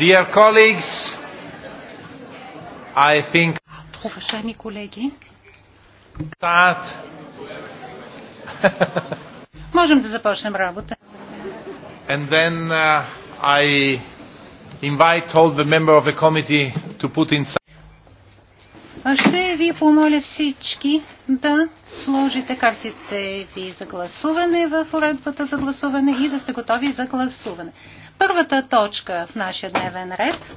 Dear colleagues, I think Уважаеми колеги, start. можем да започнем работа. And then uh, I invite all the member of the committee to put in ще ви помоля всички да сложите картите ви за гласуване в уредбата за гласуване и да сте готови за гласуване. Първата точка в нашия дневен ред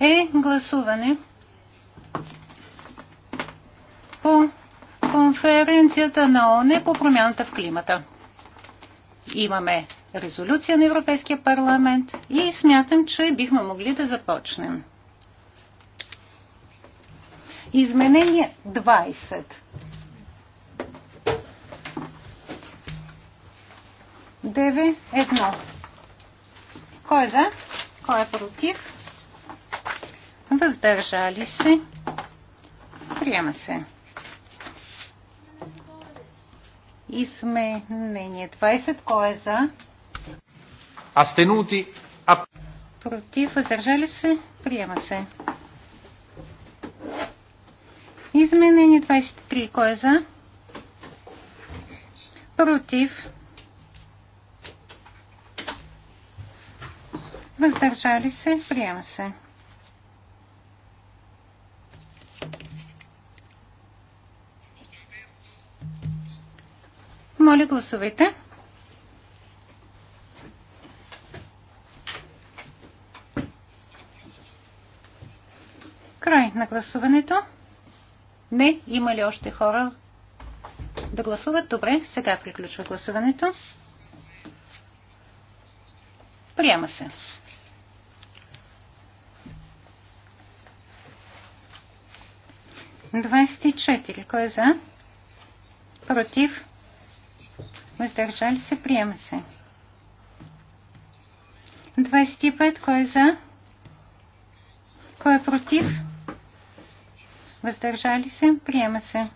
е гласуване по конференцията на ОНЕ по промяната в климата. Имаме резолюция на Европейския парламент и смятам, че бихме могли да започнем. Изменение 20. 9, 1. Кой е за? Кой е против? Въздържали се. Приема се. Изменение 20. Кой е за? Астенути. А... Против. Въздържали се. Приема се. Изменение 23. Кой е за? Против. въздържали се, приема се. Моля, гласувайте. Край на гласуването. Не, има ли още хора да гласуват? Добре, сега приключва гласуването. Приема се. 24. Кой е за? Против? Въздържали се? Приема се. 25. Кой е за? Кой е против? Въздържали се? Приема се.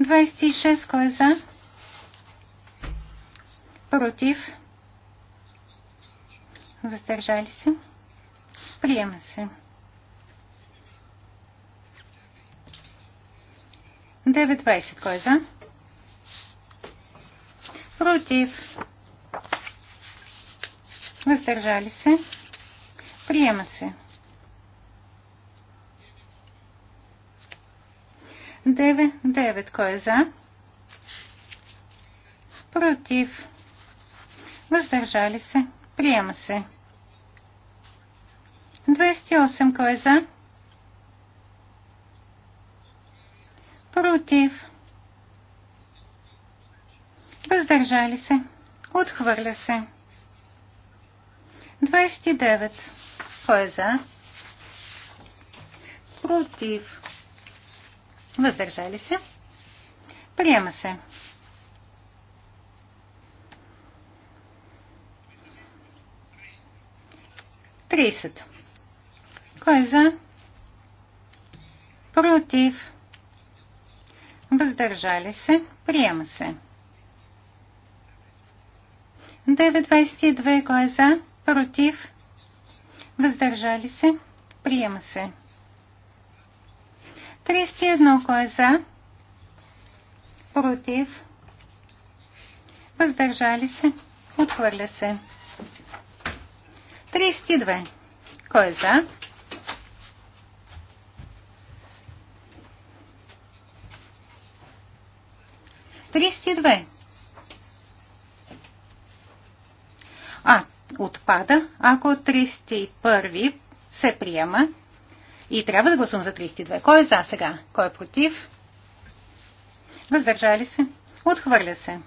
26. Кой е за? Против? Въздържали се? Приема се. 9.20. Кой е за? Против. Въздържали се. Приема се. 9.9. Кой е за? Против. Въздържали се. Приема се. 28. Кой е за? Против. против, въздържали се, отхвърля се. 29. Кой е за? Против. Въздържали се. Приема се. 30. Кой е за? Против въздържали се, приема се. 9.22, кой е за, против, въздържали се, приема се. 31, кой е за, против, въздържали се, отхвърля се. 32, кой е за, 32. А, отпада, ако 31 се приема и трябва да гласувам за 32. Кой е за сега? Кой е против? Въздържали се? Отхвърля се.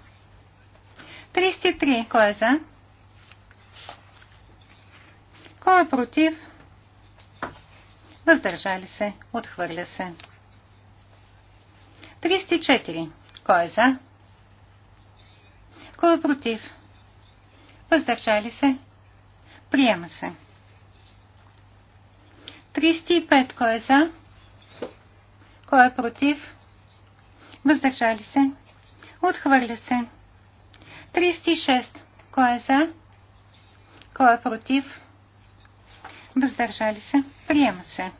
33. Кой е за? Кой е против? Въздържали се. Отхвърля се. 34. Кой е за? Кой е против? Въздържали се? Приема се. 35. Кой е за? Кой е против? Въздържали се? Отхвърля се. 36. Кой е за? Кой е против? Въздържали се? Приема се.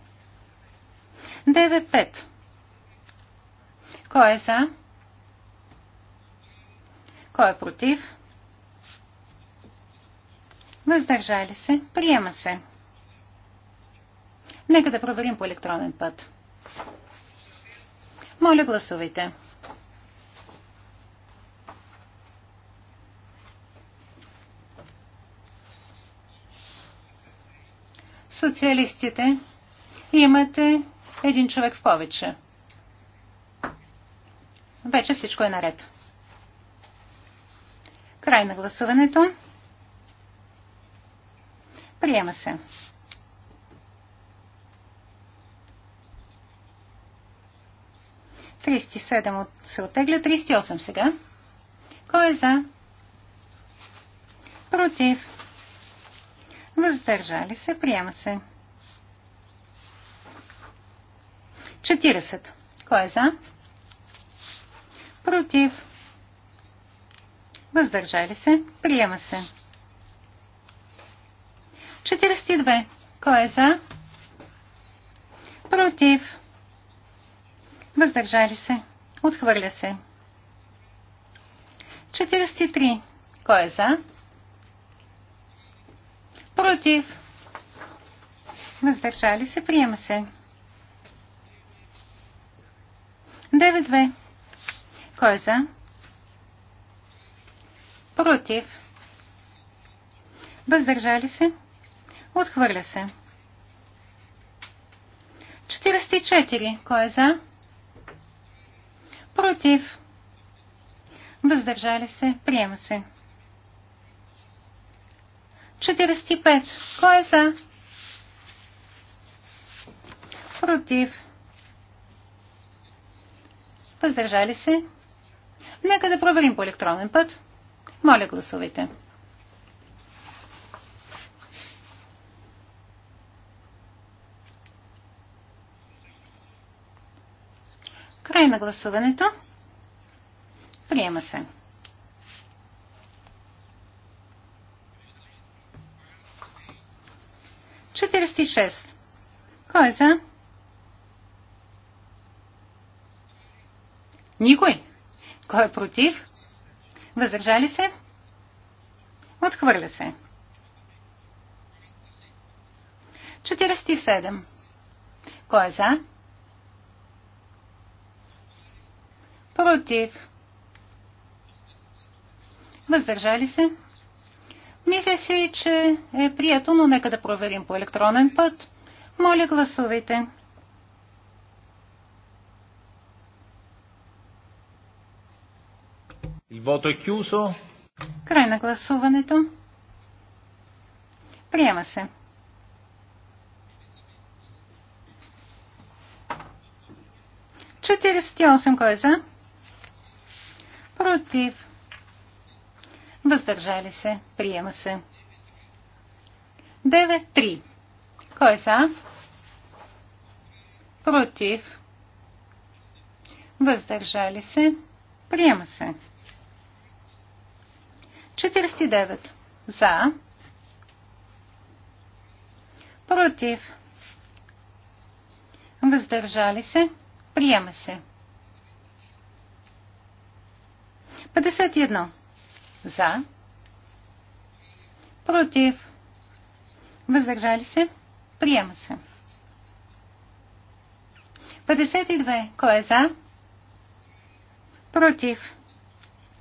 9.5. Кой е за? Кой е против? Въздържали се. Приема се. Нека да проверим по електронен път. Моля, гласувайте. Социалистите имате един човек в повече. Вече всичко е наред. Край на гласуването. Приема се. Тристи седем от... се отегля. 38 сега. Кой е за? Против. Въздържали се. Приема се. 40. Кой е за? Против. Въздържали се. Приема се. 42. Кой е за? Против. Въздържали се. Отхвърля се. 43. Кой е за? Против. Въздържали се. Приема се. 92. Кой е за? против, въздържали се, отхвърля се. 44. Кой е за? Против. Въздържали се. Приема се. 45. Кой е за? Против. Въздържали се. Нека да проверим по електронен път. Моля, гласувайте. Край на гласуването. Приема се. Четиристи шест. Кой е за? Никой. Кой е против? Въздържали се? Отхвърля се. 47. Кой е за? Против. Въздържали се? Мисля си, че е прието, но нека да проверим по електронен път. Моля, гласувайте. Вото е кюсо. Край на гласуването. Приема се. Четиридесет и осем кой е за? Против. Въздържали се. Приема се. Девет три. Кой е за? Против. Въздържали се. Приема се. 49 за, против, въздържали се, приема се. 51 за, против, въздържали се, приема се. 52. Кой е за? Против.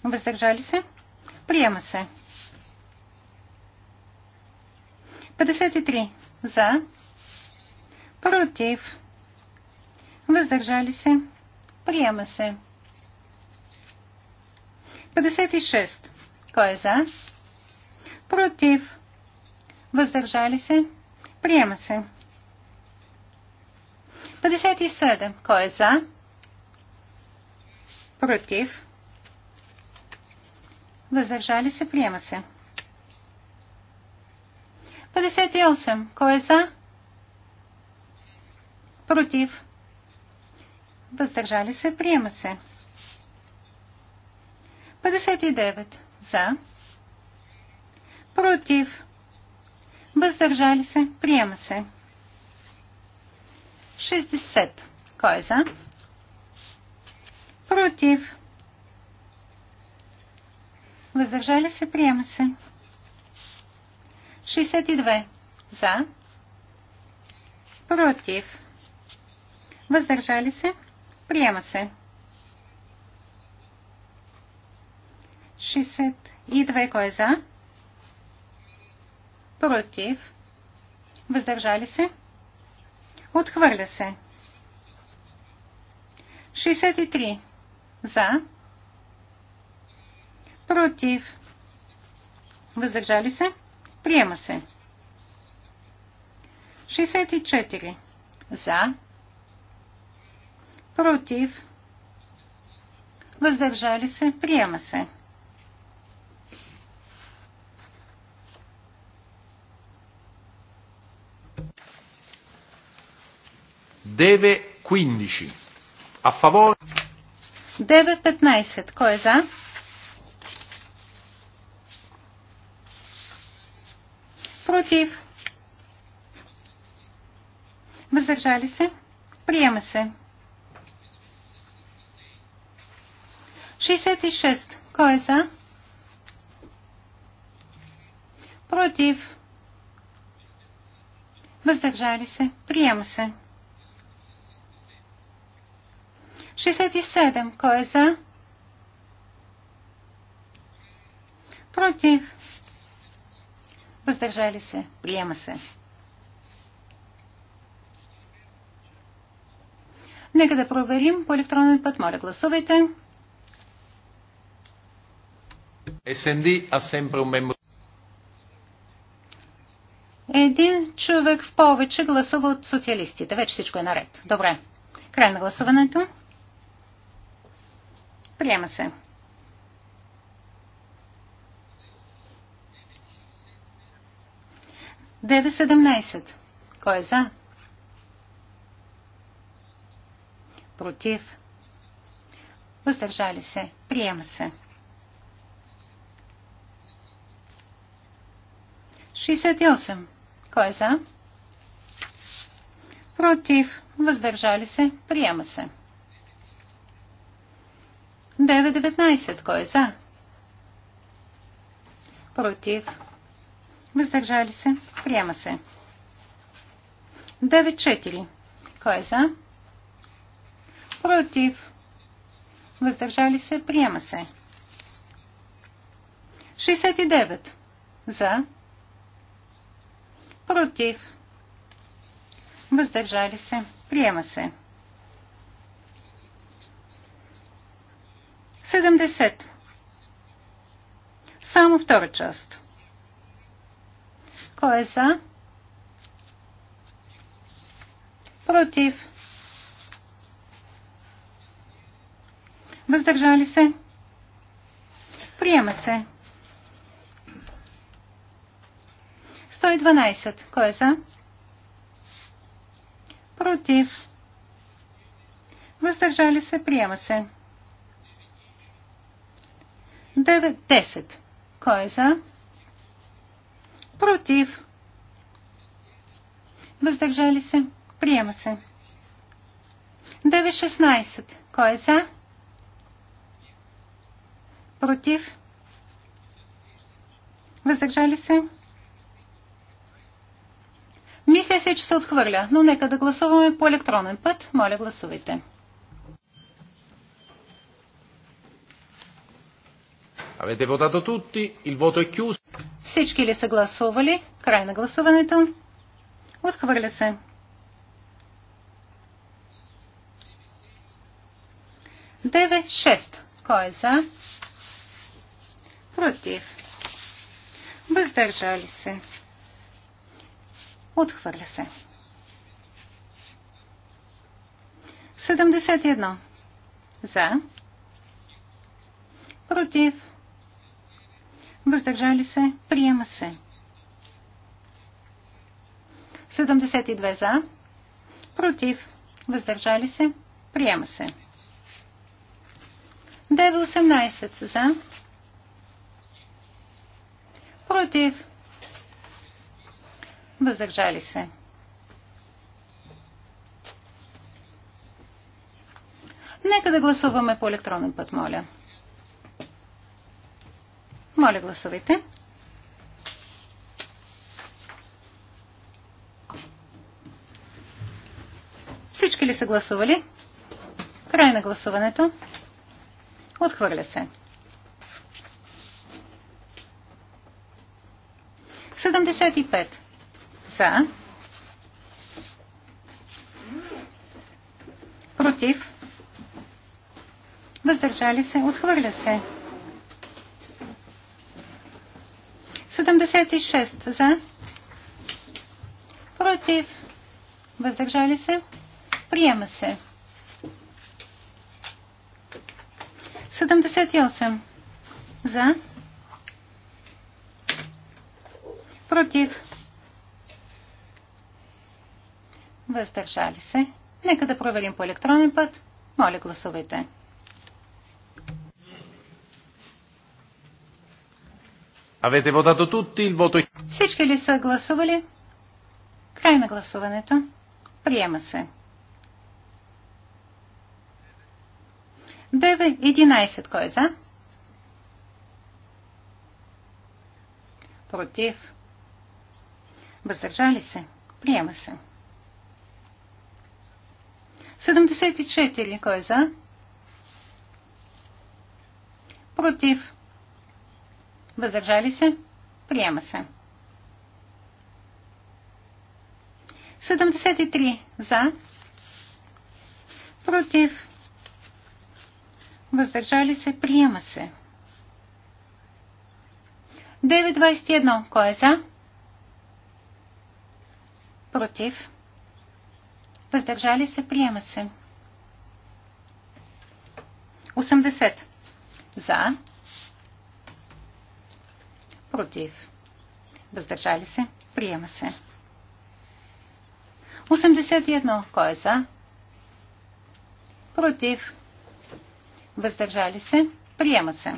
Въздържали се? Приема се. 53. За. Против. Въздържали се. Приема се. 56. Кой е за? Против. Въздържали се. Приема се. 57. Кой е за? Против. Въздържали се. Приема се. 58. Кой е за? Против. Въздържали се. Приема се. 59. За. Против. Въздържали се. Приема се. 60. Кой е за? Против. Въздържали се, приема се. 62. За. Против. Въздържали се, приема се. 62. Кой е за? Против. Въздържали се. Отхвърля се. 63. За против, въздържали се, приема се. 64 за, против, въздържали се, приема се. Деве 15. А 9.15. Кой е за? Против. Въздържали се. Приема се. 66. Кой е за? Против. Въздържали се. Приема се. 67. Кой е за? Против. Въздържали се. Приема се. Нека да проверим по електронен път. Моля, гласувайте. Един човек в повече гласува от социалистите. Вече всичко е наред. Добре. Край на гласуването. Приема се. 9.17. Кой е за? Против. Въздържали се. Приема се. 68. Кой е за? Против. Въздържали се. Приема се. 9.19. Кой е за? Против. Въздържали се. Приема се. 9-4. Кой е за? Против. Въздържали се. Приема се. 69. За. Против. Въздържали се. Приема се. 70. Само втора част. Кой е за? Против. Въздържали се? Приема се. 112. Кой е за? Против. Въздържали се? Приема се. 9. 10. Кой е за? Против. Против. Въздържали се. Приема се. 9.16. Кой е за? Против. Въздържали се. Мисля се, че се отхвърля, но нека да гласуваме по електронен път. Моля, гласувайте. Avete votato tutti, il voto è chiuso. Всички ли са гласували? Край на гласуването. Отхвърля се. Деве, шест. Кой е за? Против. Въздържали се. Отхвърля се. 71. За. Против въздържали се, приема се. 72 за, против, въздържали се, приема се. 9-18 за, против, въздържали се. Нека да гласуваме по електронен път, моля. Моля, гласувайте. Всички ли са гласували? Край на гласуването. Отхвърля се. 75. За. Против. Въздържали се. Отхвърля се. 86 за. Против. Въздържали се. Приема се. 78 за. Против. Въздържали се. Нека да проверим по електронен път. Моля, гласувайте. Avete votato tutti il voto? Всички ли са гласували? Край на гласуването. Приема се. 9, 11. Кой е за? Против. Въздържали се. Приема се. 74. Кой е за? Против. Въздържали се? Приема се. 73 за. Против. Въздържали се? Приема се. 9.21. Кой е за? Против. Въздържали се? Приема се. 80. За против, въздържали се, приема се. 81. Кой е за? Против. Въздържали се. Приема се.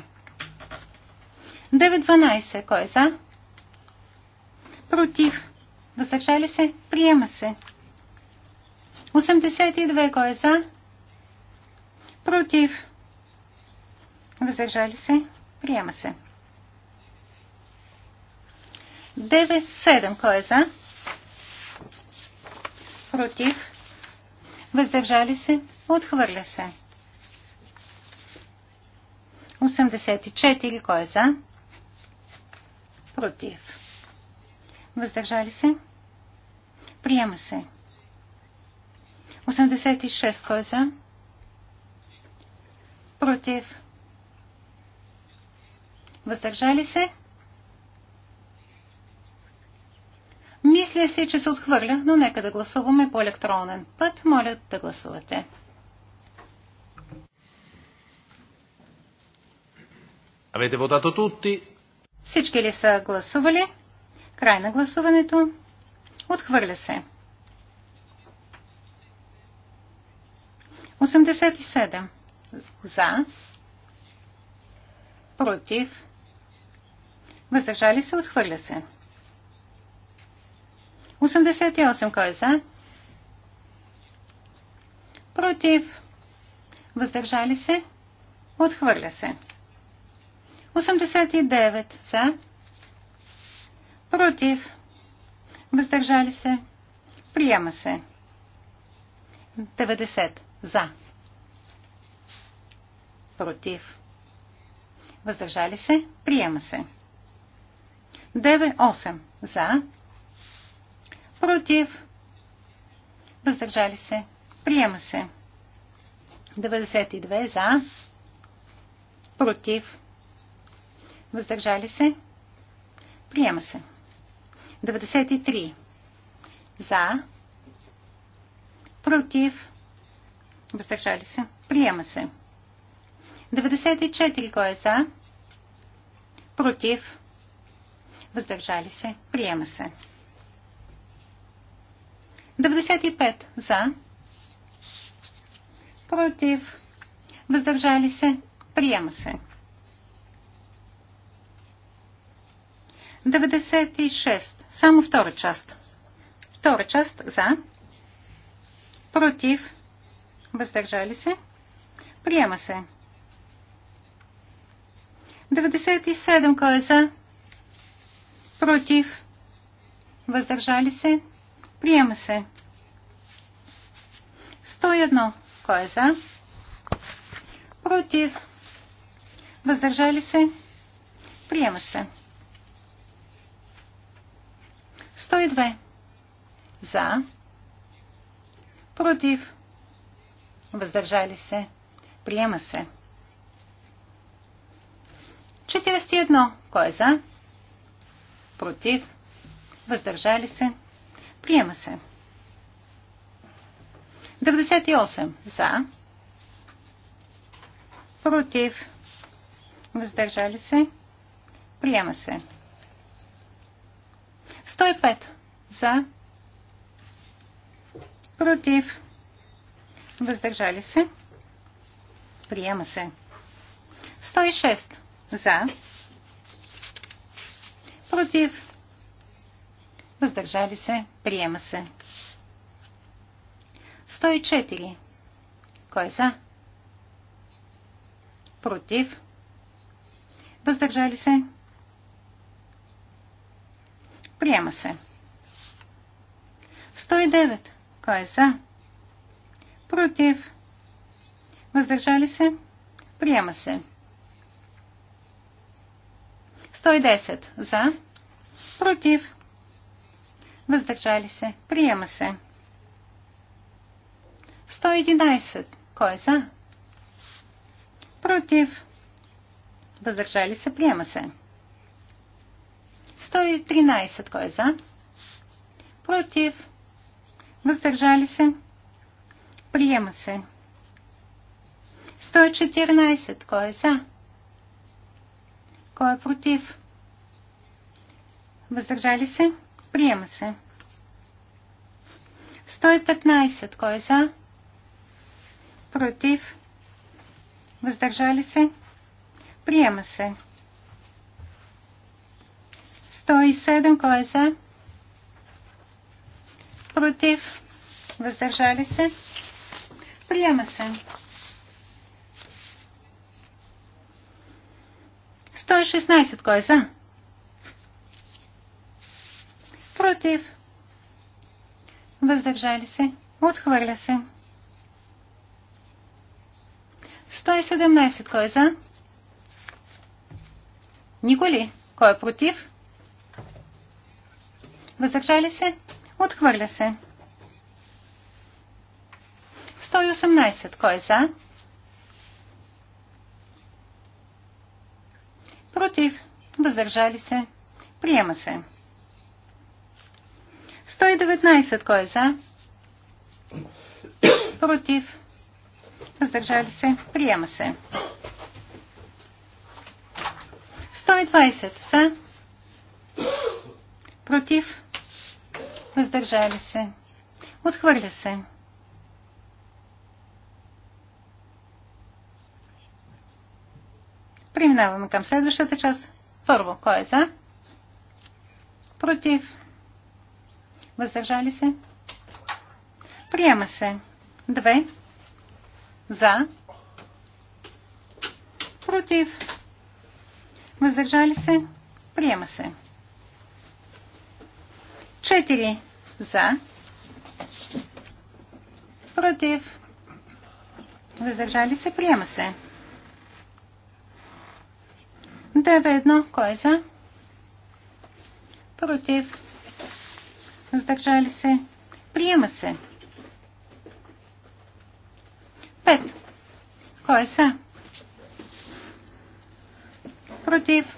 9.12. Кой е за? Против. Въздържали се. Приема се. 82. Кой е за? Против. Въздържали се. Приема се. 9-7. Кой е за? Против. Въздържали се. Отхвърля се. 84. Кой е за? Против. Въздържали се. Приема се. 86. Кой е за? Против. Въздържали се. Мисля си, че се отхвърля, но нека да гласуваме по електронен път. Моля да гласувате. Avete votato tutti? Всички ли са гласували? Край на гласуването. Отхвърля се. 87. За. Против. Въздържали се. Отхвърля се. 88. Кой е за? Против. Въздържали се? Отхвърля се. 89. За. Против. Въздържали се? Приема се. 90. За. Против. Въздържали се? Приема се. 9-8. За против, въздържали се, приема се. 92 за, против, въздържали се, приема се. 93 за, против, въздържали се, приема се. 94 кой е за, против, въздържали се, приема се. 95 за, против, въздържали се, приема се. 96. Само втора част. Втора част за, против, въздържали се, приема се. 97. Кой е за? Против. Въздържали се. Приема се. 101. Кой е за? Против. Въздържали се? Приема се. 102. За. Против. Въздържали се. Приема се. 41. Кой е за? Против. Въздържали се. Приема се. 98 за. Против. Въздържали се. Приема се. 105 за. Против. Въздържали се. Приема се. 106 за. Против въздържали се, приема се. 104. Кой е за? Против. Въздържали се. Приема се. 109. Кой е за? Против. Въздържали се. Приема се. 110. За. Против въздържали се, приема се. 111. Кой е за? Против. Въздържали се, приема се. 113. Кой е за? Против. Въздържали се. Приема се. 114. Кой е за? Кой е против? Въздържали се? Приема се. 115. Кой е за? Против. Въздържали се? Приема се. 107. Кой е за? Против. Въздържали се? Приема се. 116. Кой е за? против, въздържали се, отхвърля се. 117. Кой е за? Николи. Кой е против? Въздържали се? Отхвърля се. 118. Кой е за? Против. Въздържали се. Приема се. 119. Кой е за? Против. Въздържали се. Приема се. 120. За. Против. Въздържали се. Отхвърля се. Преминаваме към следващата част. Първо, кой е за? Против. Въздържали се? Приема се. Две. За. Против. Въздържали се? Приема се. Четири. За. Против. Въздържали се? Приема се. Деве едно. Кой е за? Против. Против. Въздържали се. Приема се. Пет. Кой е са? Против.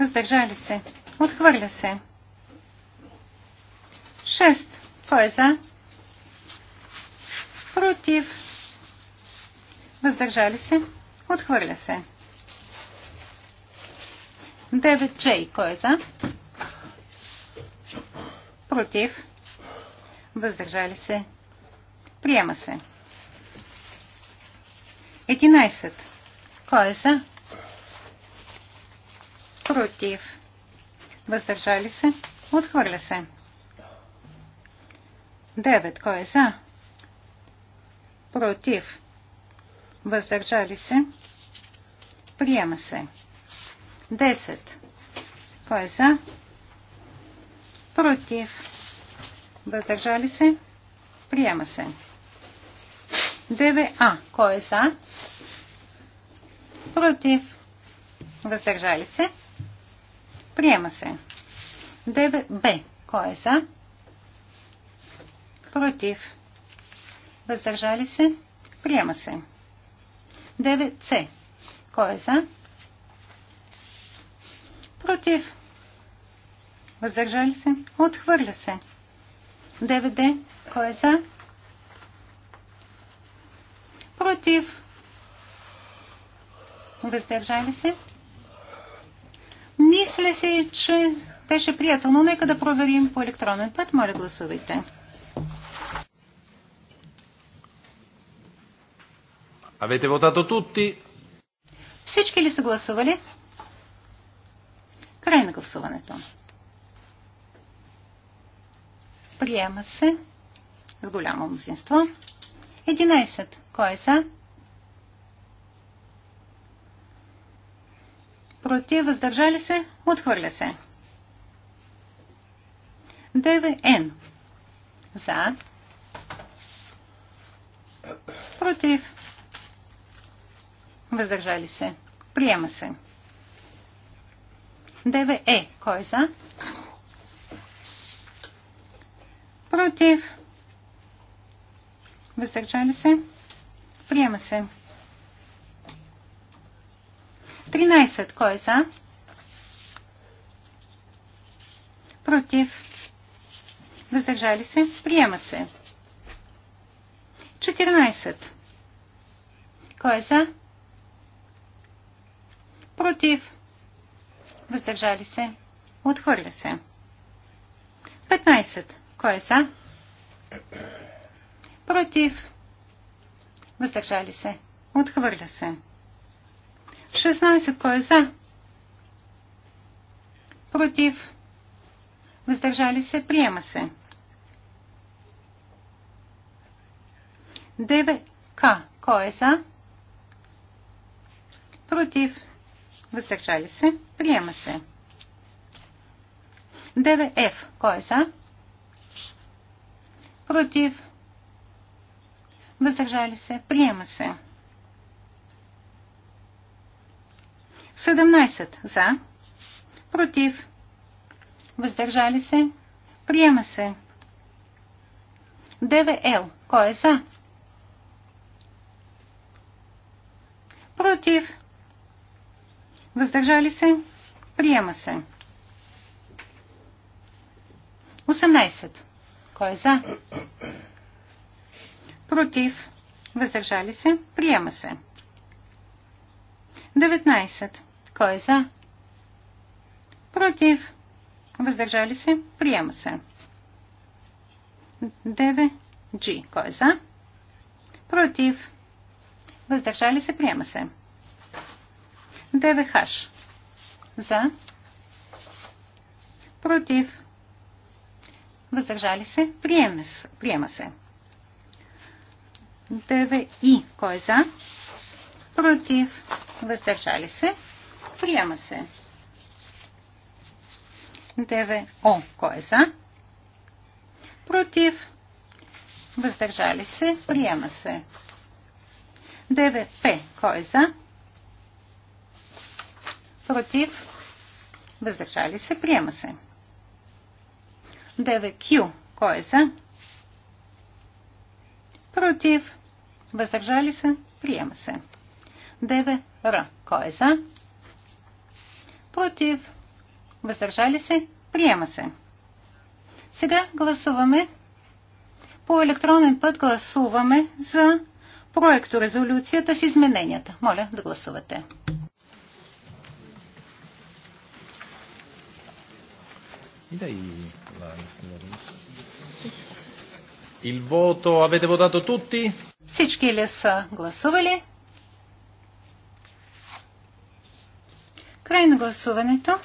Въздържали се. Отхвърля се. Шест. Кой е за? Против. Въздържали се. Отхвърля се. Девет Чей. Кой е за? против, въздържали се, приема се. 11. Кой е за? Против. Въздържали се? Отхвърля се. 9. Кой е за? Против. Въздържали се? Приема се. 10. Кой е за? против, въздържали се, приема се. 9а. Кой е за? Против. Въздържали се. Приема се. 9б. Кой е за? Против. Въздържали се. Приема се. 9 С. Кой е за? Против. Въздържали се? Отхвърля се. 9D. Кой е за? Против. Въздържали се? Мисля си, че беше приятел, но нека да проверим по електронен път. Моля, гласувайте. Avete тут ти? Всички ли са гласували? Край на гласуването. Приема се с голямо мнозинство. 11. Кой е за? Против, въздържали се, отхвърля се. 9. Н. За. Против. Въздържали се. Приема се. 9. Е. Кой е за? против, въздържали се, приема се. 13. Кой е за? Против. Въздържали се. Приема се. 14. Кой е за? Против. Въздържали се. Отхвърля се. 15. Кой е за? Против. Въздържали се. Отхвърля се. 16. Кой е за? Против. Въздържали се. Приема се. 9. К. Кой е за? Против. Въздържали се. Приема се. 9 Ф, Кой е за? против, въздържали се, приема се. 17 за, против, въздържали се, приема се. 9Л, кой е за? Против, въздържали се, приема се. 18 кой е за? Против. Въздържали се. Приема се. 19. Кой е за? Против. Въздържали се. Приема се. 9. G. Кой е за? Против. Въздържали се. Приема се. 9. H. За. Против въздържали се, приема се. 9 и кой е за, против, въздържали се, приема се. 9 о кой е за, против, въздържали се, приема се. 9 п кой е за, против, въздържали се, приема се. 9Q. Кой е за? Против. Въздържали се? Приема се. 9Р. Кой е за? Против. Въздържали се? Приема се. Сега гласуваме. По електронен път гласуваме за проекто резолюцията с измененията. Моля да гласувате. да и Il voto avete votato tutti? Всички ли са гласували? Край на гласуването.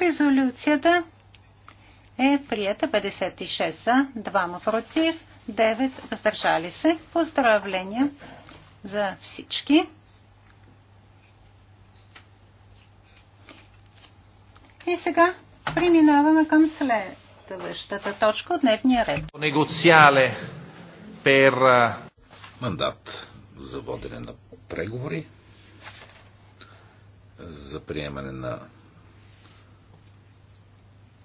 Резолюцията е прията 56 за, 2 против, 9 въздържали се. Поздравления за всички. И сега преминаваме към следващата точка от дневния ред. Негоциале пер... Мандат за водене на преговори за приемане на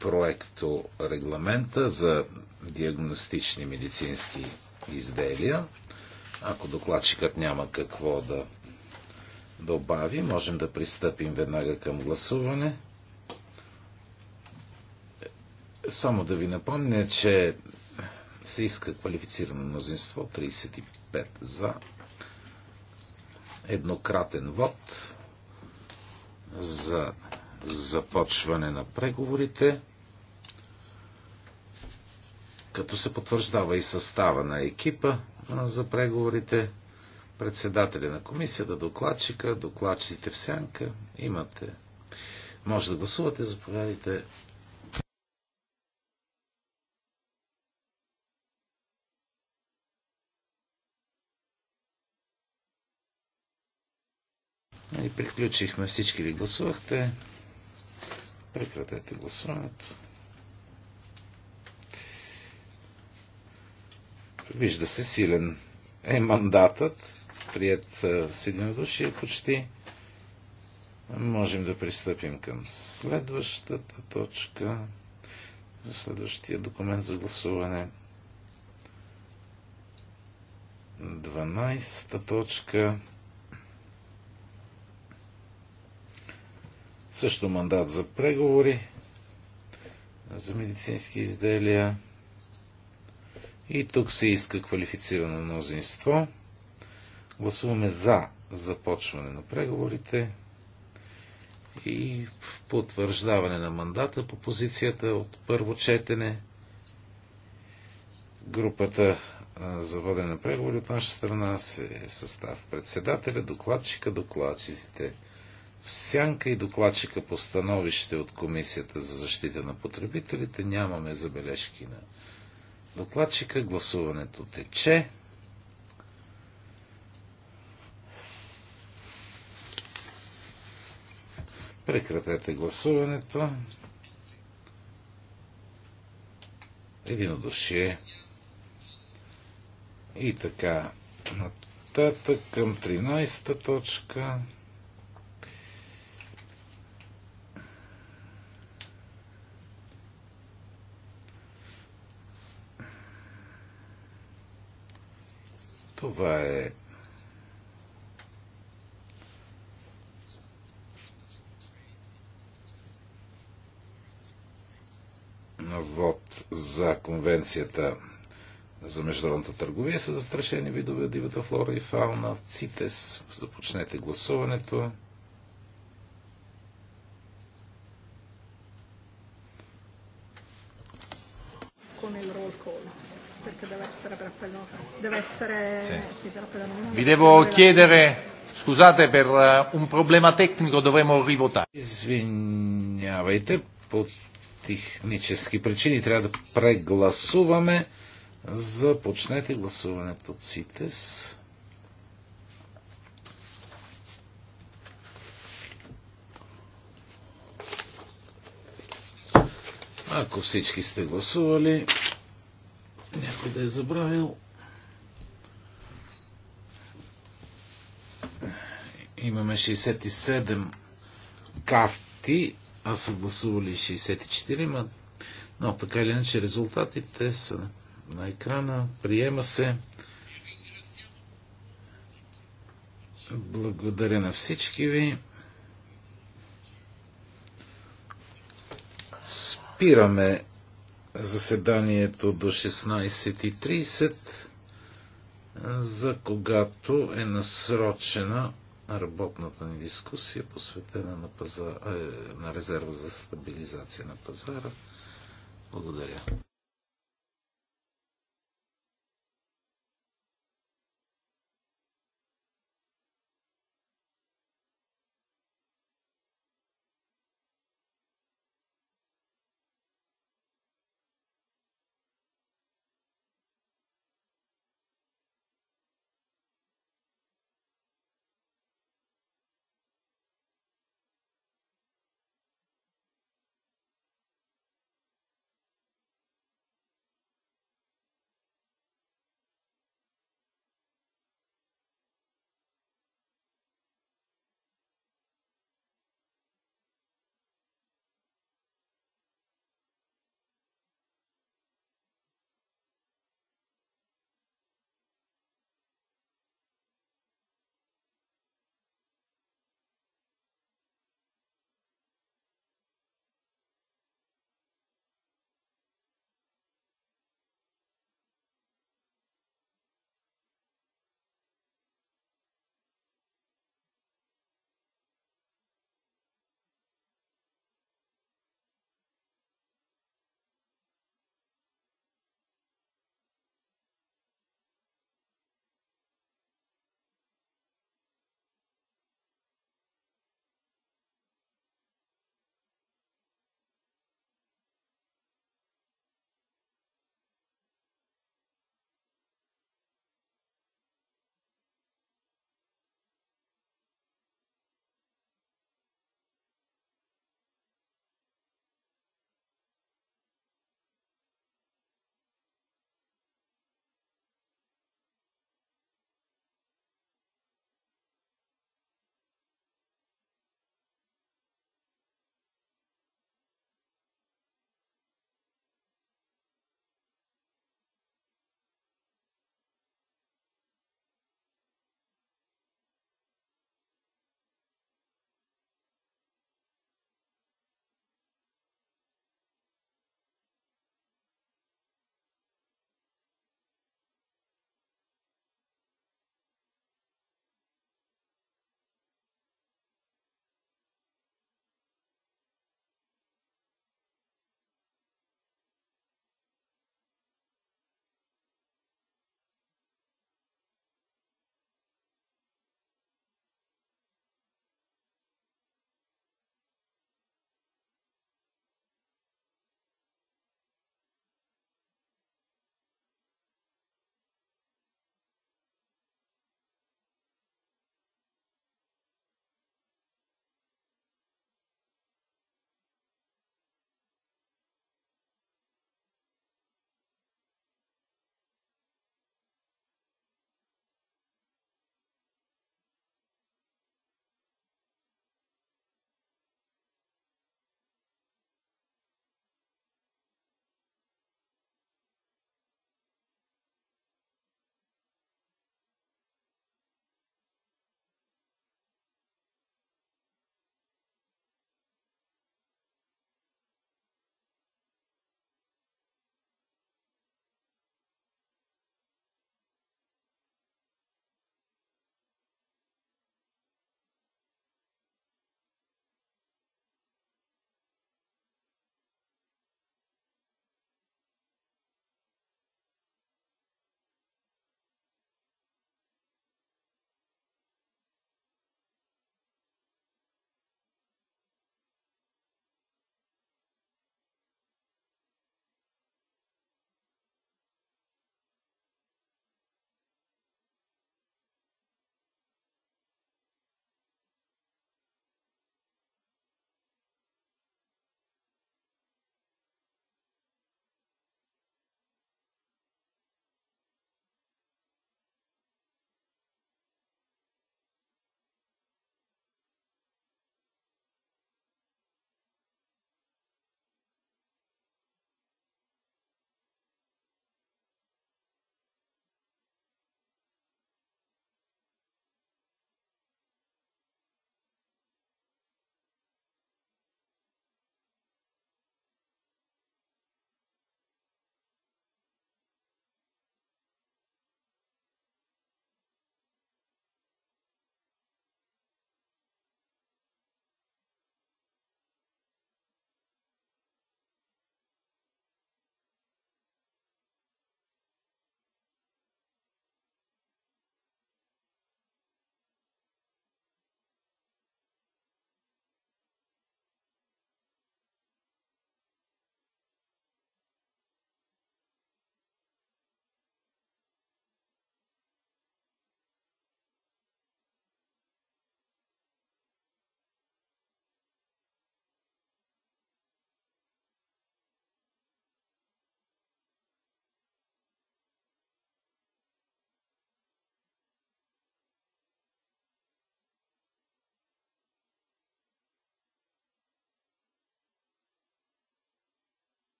проекто регламента за диагностични медицински изделия. Ако докладчикът няма какво да добави, можем да пристъпим веднага към гласуване. Само да ви напомня, че се иска квалифицирано мнозинство 35 за еднократен вод за започване на преговорите, като се потвърждава и състава на екипа за преговорите, председателя на комисията, докладчика, докладчиците в сянка, имате. Може да гласувате, заповядайте. И приключихме. Всички ли гласувахте? Прекратете гласуването. Вижда се силен е мандатът, прият с единодушие почти. Можем да пристъпим към следващата точка, следващия документ за гласуване. 12-та точка Също мандат за преговори за медицински изделия. И тук се иска квалифицирано мнозинство. Гласуваме за започване на преговорите и потвърждаване на мандата по позицията от първо четене. Групата за водене на преговори от наша страна се е в състав председателя, докладчика, докладчиците сянка и докладчика по становище от Комисията за защита на потребителите нямаме забележки на докладчика. Гласуването тече. Прекратете гласуването. Единодушие. И така, нататък към 13 точка. Това е вод за конвенцията за международната търговия са застрашени видове дивата флора и фауна. ЦИТЕС. Започнете гласуването. Devo chiedere, scusate per eh, un problema tecnico, dovremo rivotare. Извинявайте, по технически причини трябва да прегласуваме. Започнете гласуването от СИТЕС. Ако всички сте гласували, някой да е забравил. Имаме 67 карти, аз са гласували 64, ма, но така или иначе резултатите са на екрана. Приема се. Благодаря на всички ви. Спираме заседанието до 16.30, за когато е насрочена работната ни дискусия, посветена на, пазар, е, на резерва за стабилизация на пазара. Благодаря.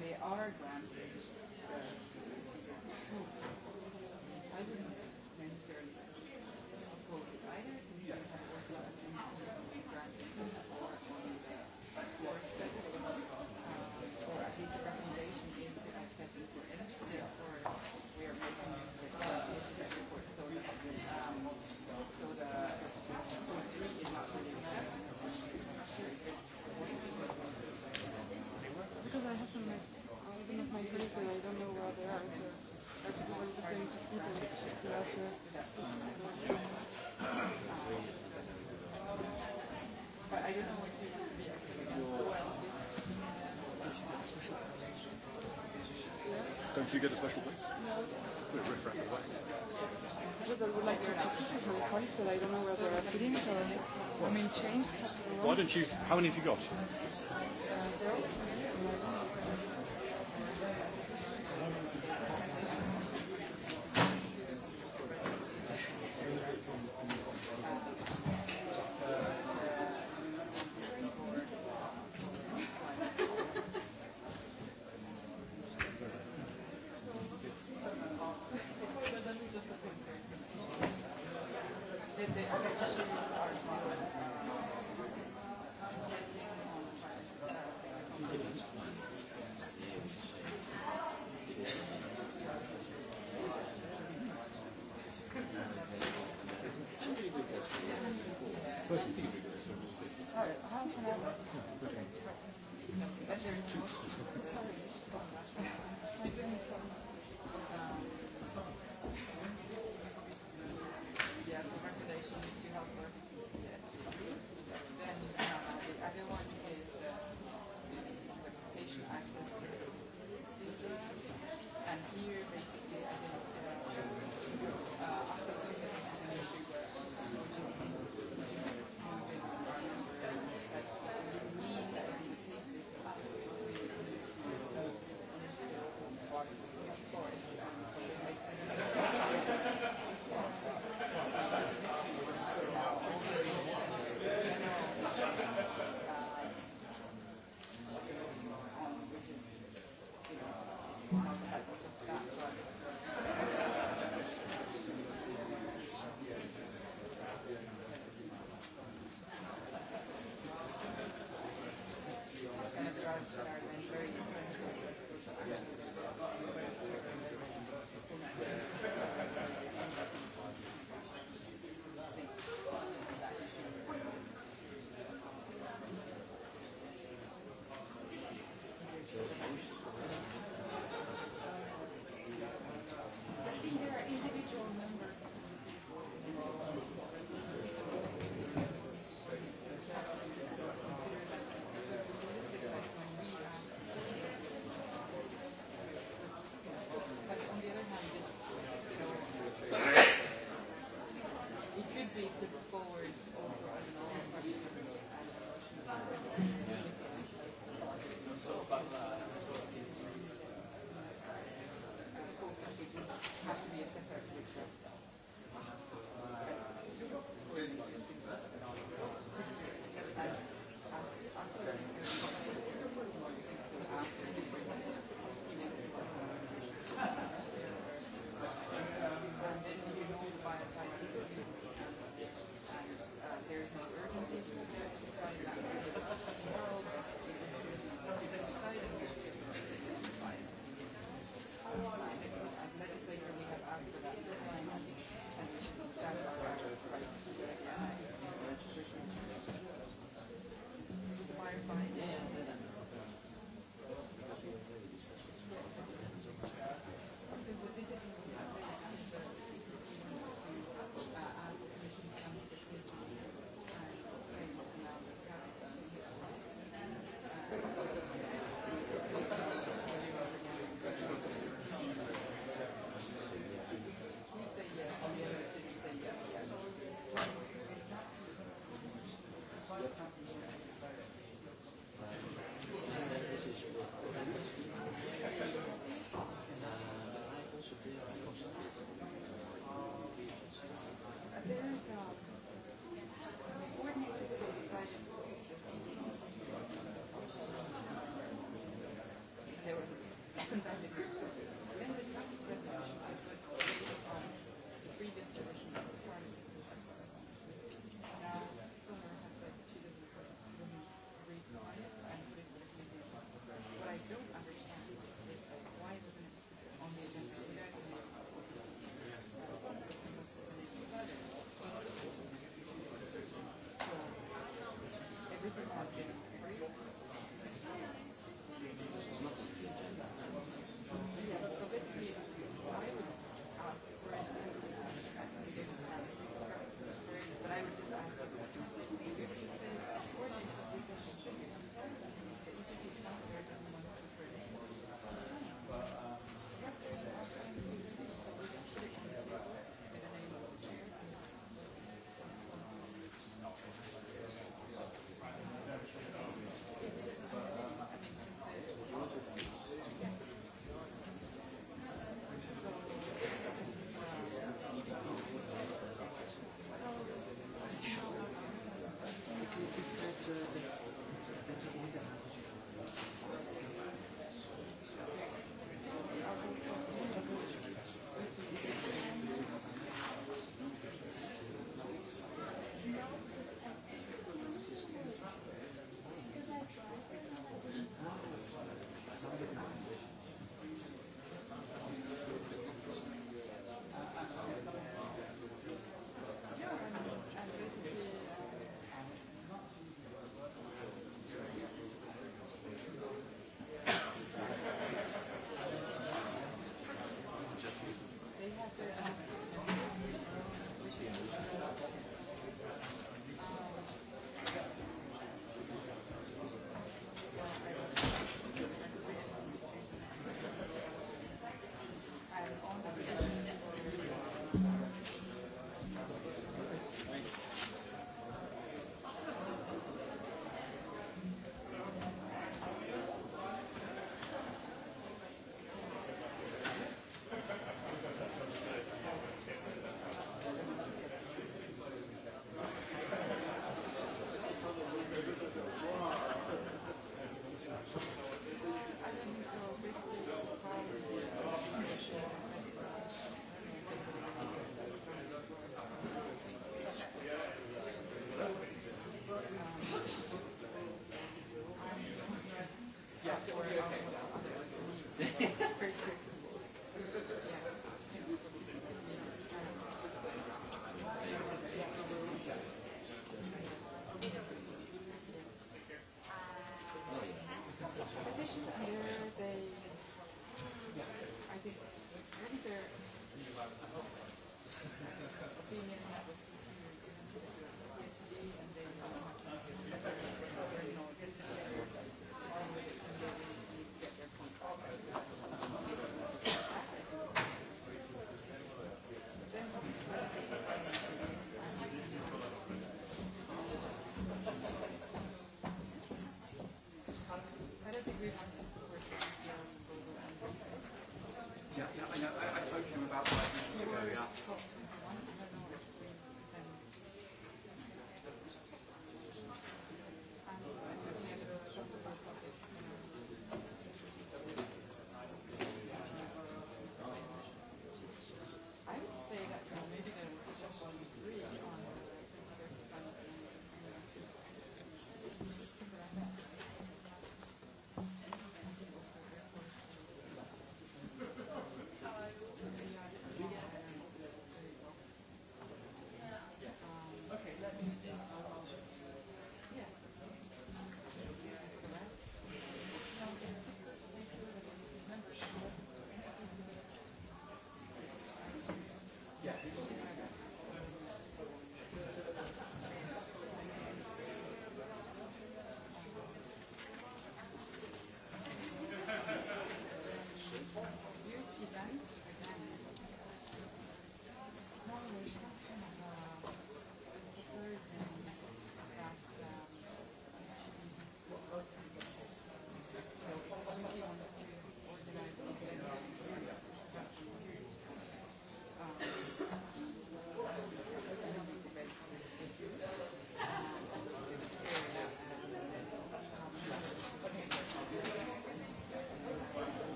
They are Oregon Don't you get a special place? No. Yeah. Just I would like to sit with my colleagues, but I don't know where they are sitting, so I mean, change. Why don't you? How many have you got? Uh, Thank you.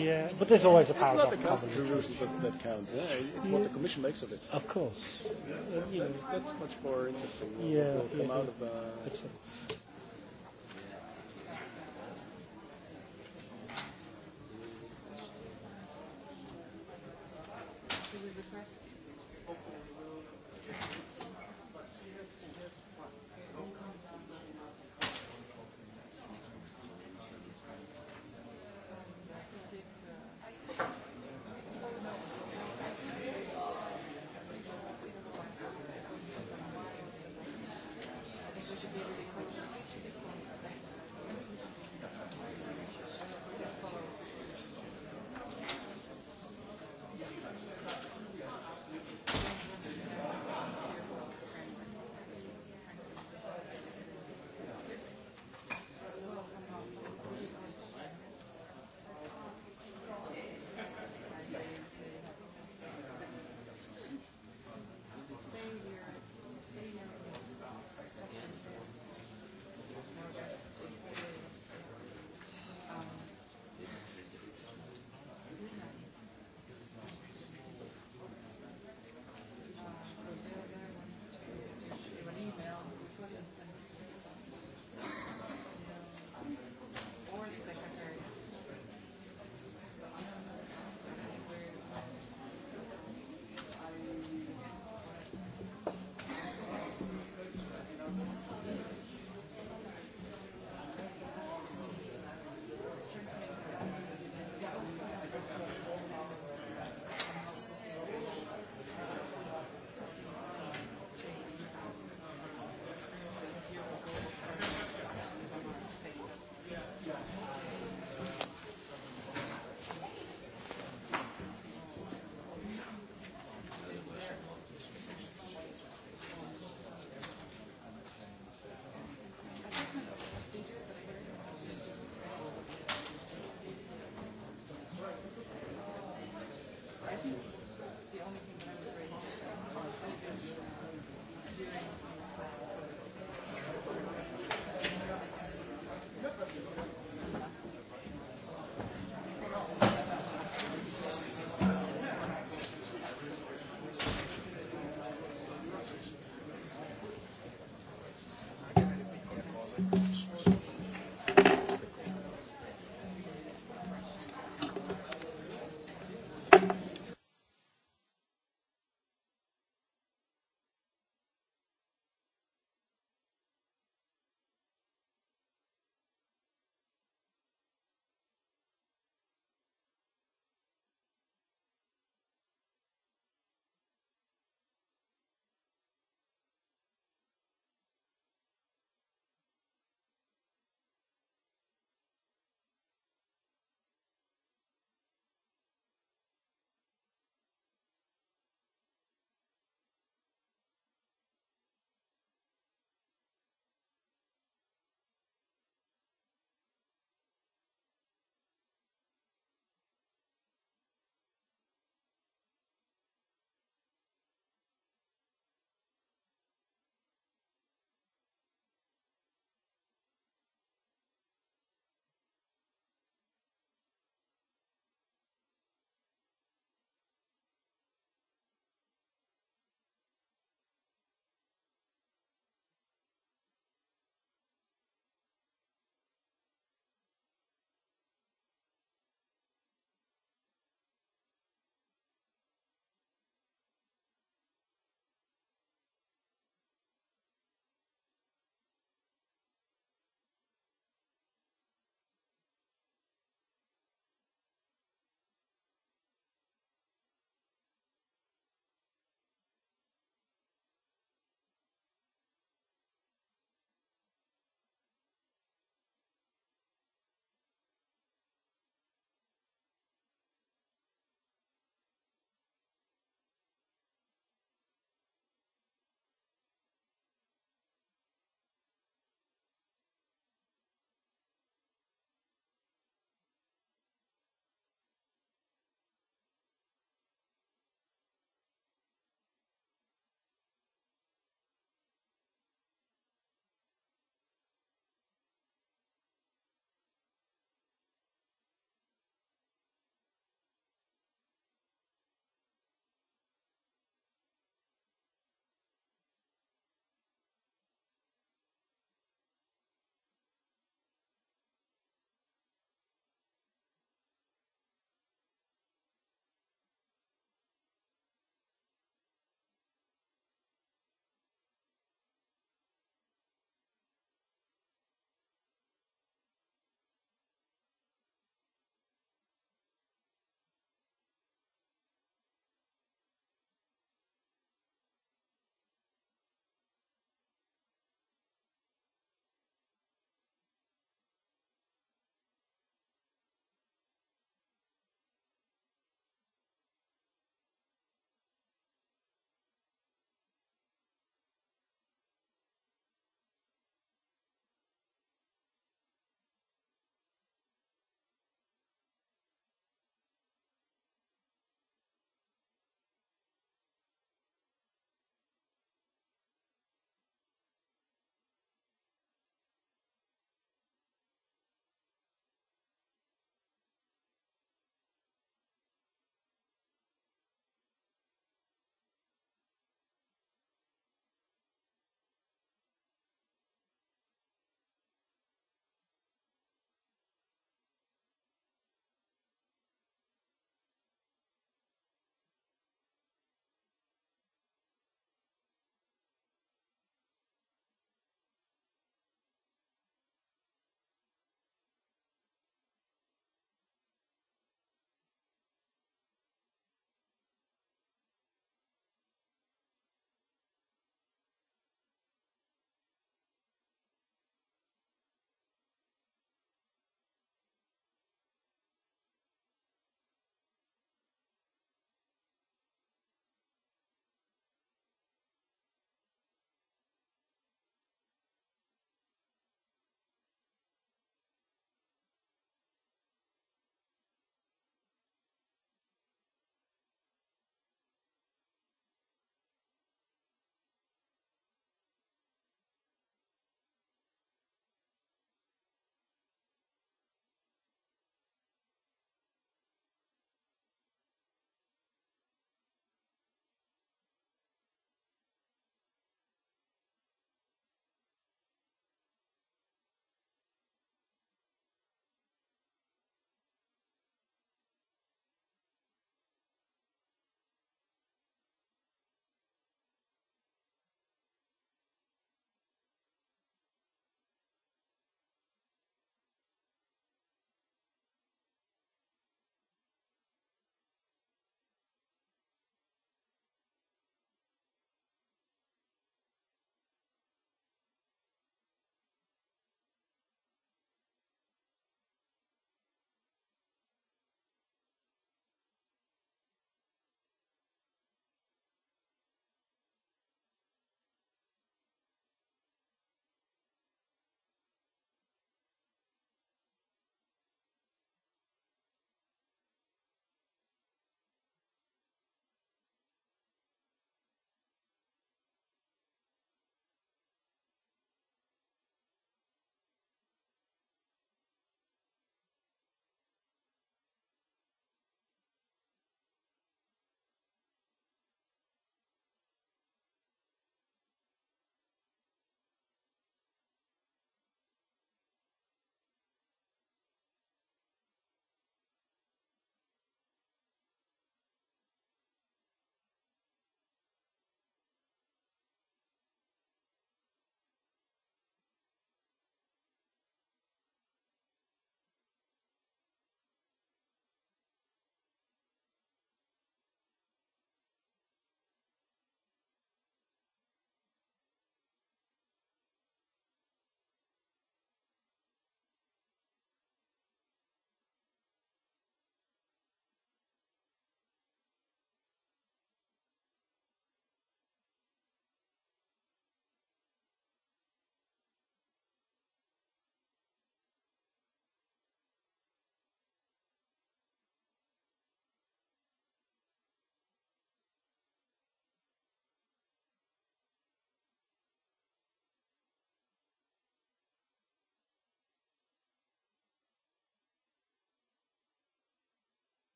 Yeah, but there's always a paragraph. It's not the council rules that, that count. Yeah, it's yeah. what the commission makes of it. Of course. Yeah, that's, that's, that's much more interesting. Yeah, yeah, come out of the.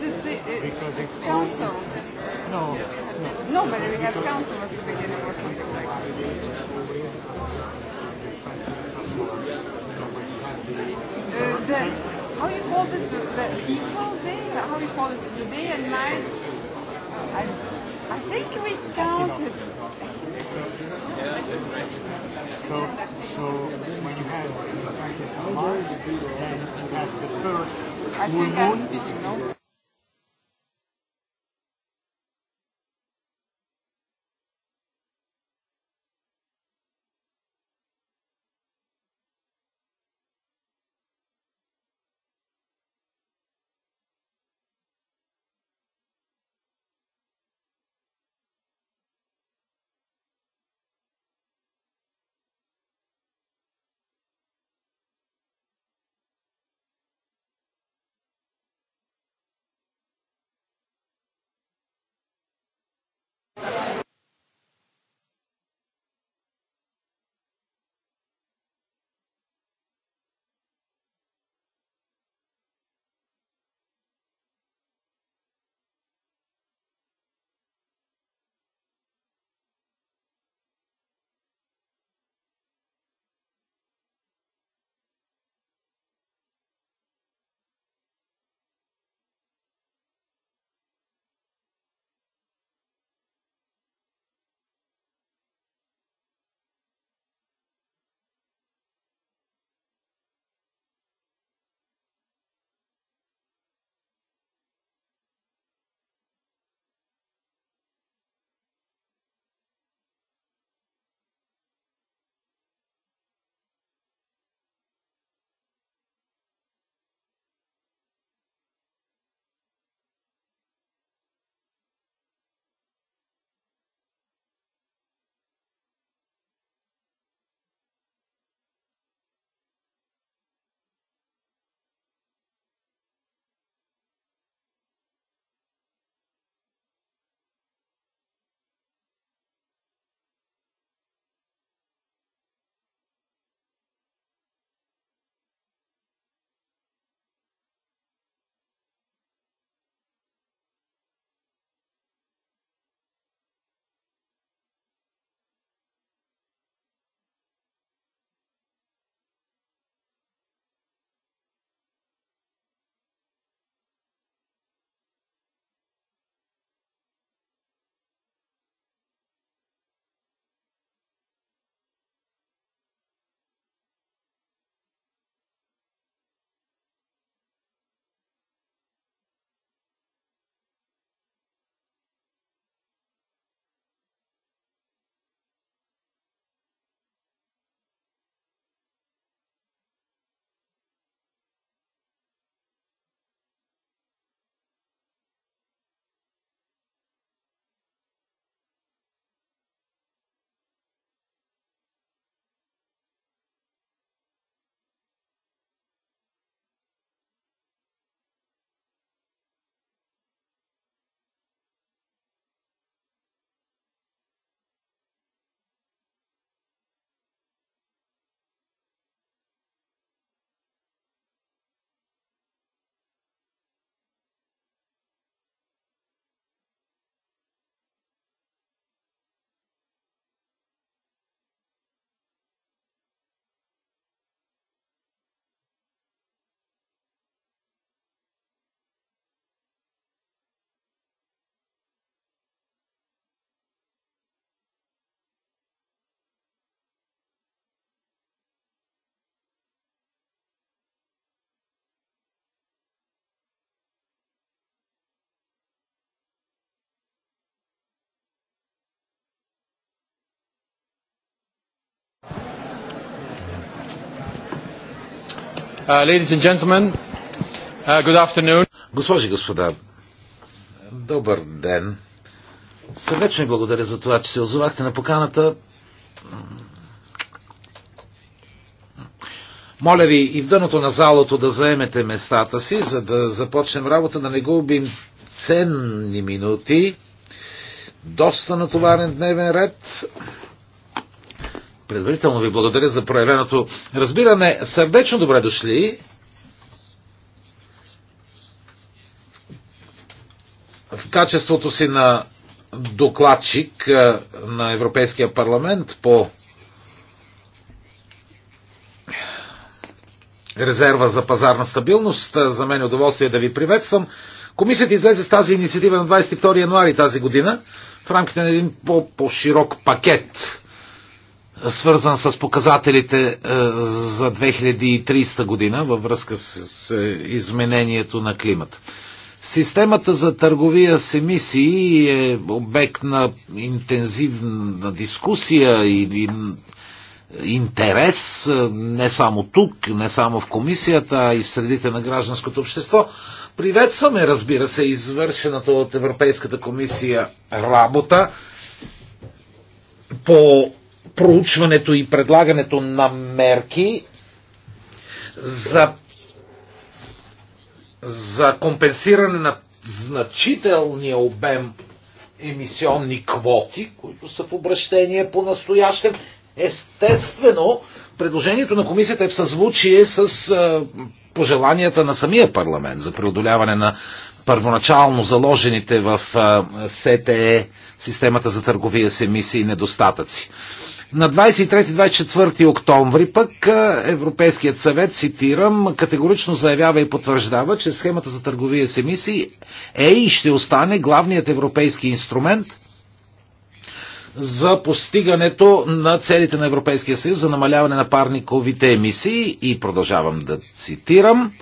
because it's, it, because it's, it's council. No, no. No, but we have council at the beginning or something like that. Uh, the, how you call this the, the equal day? How you call it the day and night? I, I think we counted. So, so when you have the hours, then you have the first full moon. Uh, uh, Госпожи и господа, добър ден. Сърдечно благодаря за това, че се озовахте на поканата. Моля ви и в дъното на залото да заемете местата си, за да започнем работа, да не губим ценни минути. Доста натоварен дневен ред. Предварително ви благодаря за проявеното разбиране. Сърдечно добре дошли. В качеството си на докладчик е, на Европейския парламент по резерва за пазарна стабилност. Е, за мен е удоволствие да ви приветствам. Комисията излезе с тази инициатива на 22 януари тази година в рамките на един по-широк пакет свързан с показателите е, за 2300 година във връзка с изменението на климата. Системата за търговия с емисии е обект на интензивна дискусия и интерес е, не само тук, не само в комисията, а и в средите на гражданското общество. Приветстваме, разбира се, извършената от Европейската комисия работа по проучването и предлагането на мерки за, за компенсиране на значителния обем емисионни квоти, които са в обращение по настоящем. Естествено, предложението на комисията е в съзвучие с а, е, пожеланията на самия парламент за преодоляване на първоначално заложените в а, е, СТЕ, системата за търговия с емисии и недостатъци. На 23-24 октомври пък Европейският съвет, цитирам, категорично заявява и потвърждава, че схемата за търговия с емисии е и ще остане главният европейски инструмент за постигането на целите на Европейския съюз за намаляване на парниковите емисии и продължавам да цитирам.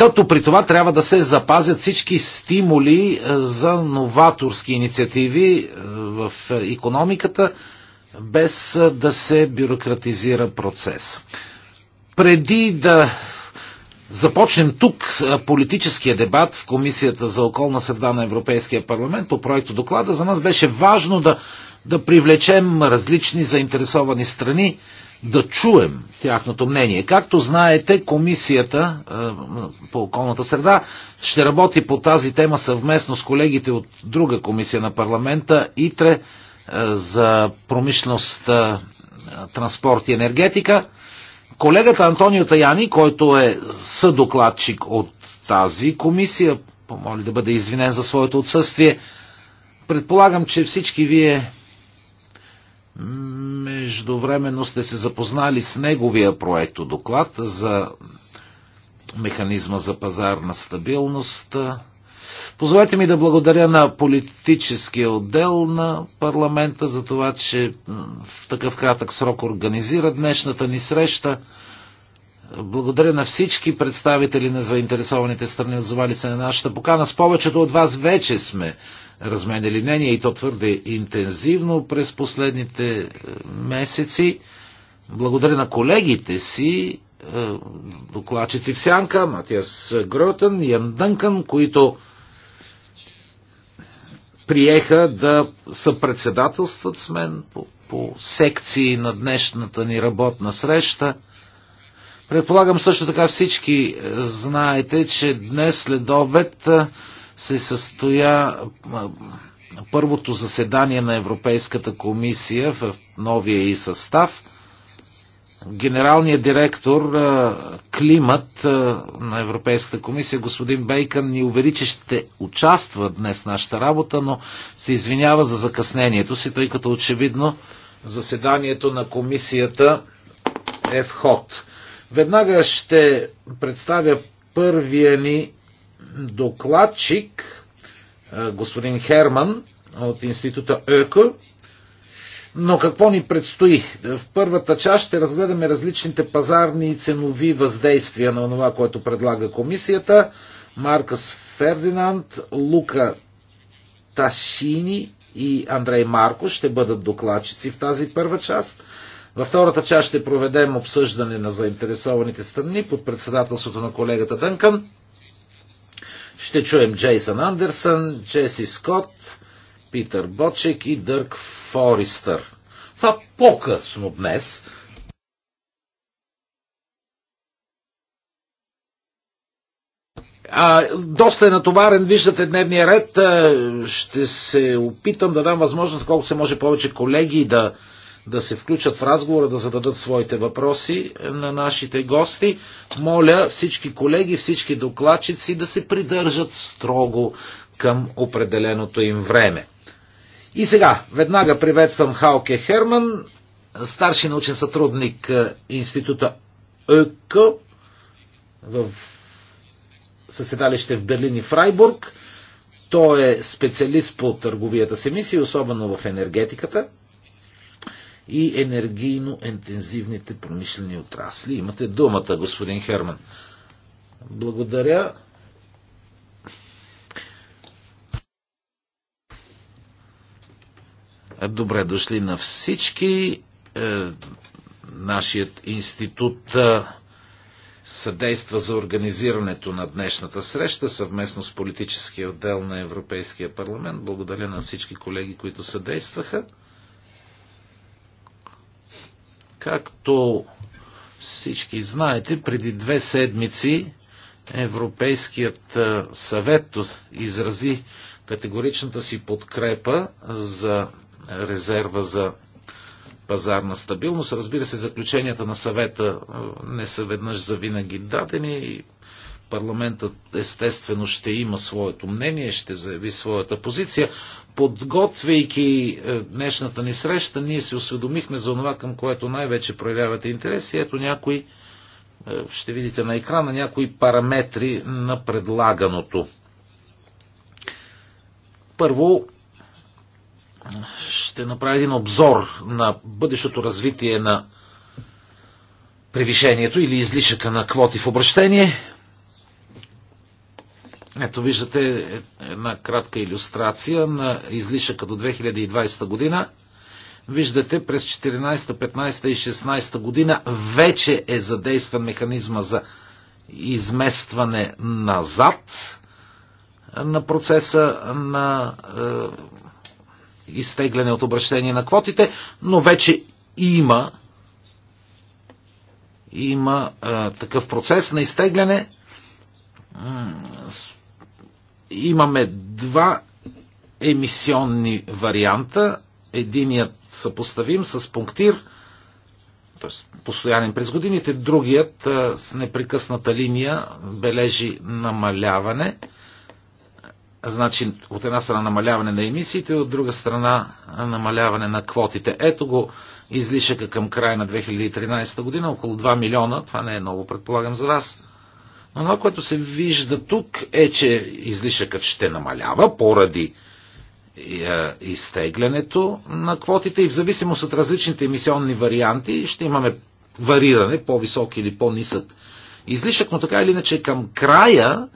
като при това трябва да се запазят всички стимули е, за новаторски инициативи е, в економиката, без е, да се бюрократизира процес. Преди да започнем тук политическия дебат в Комисията за околна среда на Европейския парламент по проекто доклада, за нас беше важно да, да привлечем различни заинтересовани страни, да чуем тяхното мнение. Както знаете, комисията е, по околната среда ще работи по тази тема съвместно с колегите от друга комисия на парламента, ИТРЕ, е, за промишленост, е, транспорт и енергетика. Колегата Антонио Таяни, който е съдокладчик от тази комисия, помоли да бъде извинен за своето отсъствие, предполагам, че всички вие Междувременно сте се запознали с неговия проекто доклад за механизма за пазарна стабилност. Позволете ми да благодаря на политическия отдел на парламента за това, че в такъв кратък срок организира днешната ни среща. Благодаря на всички представители на заинтересованите страни, отзовали се на нашата покана. С повечето от вас вече сме разменяли мнение и то твърде интензивно през последните е, месеци. Благодаря на колегите си, е, докладчици в Сянка, Матиас Гротен, Ян Дънкън, които приеха да съпредседателстват с мен по, по секции на днешната ни работна среща. Предполагам също така всички е, знаете, че днес след обед се състоя първото заседание на Европейската комисия в новия и състав. Генералният директор Климат на Европейската комисия, господин Бейкън, ни увери, че ще участва днес в нашата работа, но се извинява за закъснението си, тъй като очевидно заседанието на комисията е в ход. Веднага ще представя първия ни докладчик господин Херман от института ЕКО. Но какво ни предстои? В първата част ще разгледаме различните пазарни и ценови въздействия на това, което предлага комисията. Маркъс Фердинанд, Лука Ташини и Андрей Марко ще бъдат докладчици в тази първа част. Във втората част ще проведем обсъждане на заинтересованите страни под председателството на колегата Дънкан. Ще чуем Джейсън Андерсън, Джеси Скотт, Питър Бочек и Дърк Фористър. Това по-късно днес. А, доста е натоварен, виждате дневния ред. Е, ще се опитам да дам възможност, колко се може повече колеги да, да се включат в разговора, да зададат своите въпроси на нашите гости. Моля всички колеги, всички докладчици да се придържат строго към определеното им време. И сега, веднага приветствам Халке Херман, старши научен сътрудник е, института ОК в съседалище в Берлин и Фрайбург. Той е специалист по търговията с емисии, особено в енергетиката и енергийно интензивните промишлени отрасли. Имате думата, господин Херман. Благодаря. Добре дошли на всички. Е, нашият институт е, съдейства за организирането на днешната среща съвместно с политическия отдел на Европейския парламент. Благодаря на всички колеги, които съдействаха. Както всички знаете, преди две седмици Европейският е, съвет изрази категоричната си подкрепа за резерва за пазарна стабилност. Разбира се, заключенията на съвета е, не са веднъж за винаги дадени и Парламентът естествено ще има своето мнение, ще заяви своята позиция. Подготвяйки е, днешната ни среща, ние се осведомихме за това, към което най-вече проявявате интерес и ето някои, е, ще видите на екрана, някои параметри на предлаганото. Първо, ще направя един обзор на бъдещото развитие на превишението или излишъка на квоти в обращение. Ето виждате една кратка иллюстрация на излишъка до 2020 година. Виждате през 14, 15 и 16 година вече е задействан механизма за изместване назад на процеса на е, изтегляне от обращение на квотите, но вече има има е, такъв процес на изтегляне Имаме два емисионни варианта. Единият съпоставим с пунктир, т.е. постоянен през годините, другият с непрекъсната линия бележи намаляване. Значи, от една страна намаляване на емисиите, от друга страна намаляване на квотите. Ето го излишъка към края на 2013 година, около 2 милиона, това не е ново, предполагам за вас, но това, което се вижда тук е, че излишъкът ще намалява поради е, изтеглянето на квотите и в зависимост от различните емисионни варианти ще имаме вариране, по-висок или по-нисък излишък, но така или иначе към края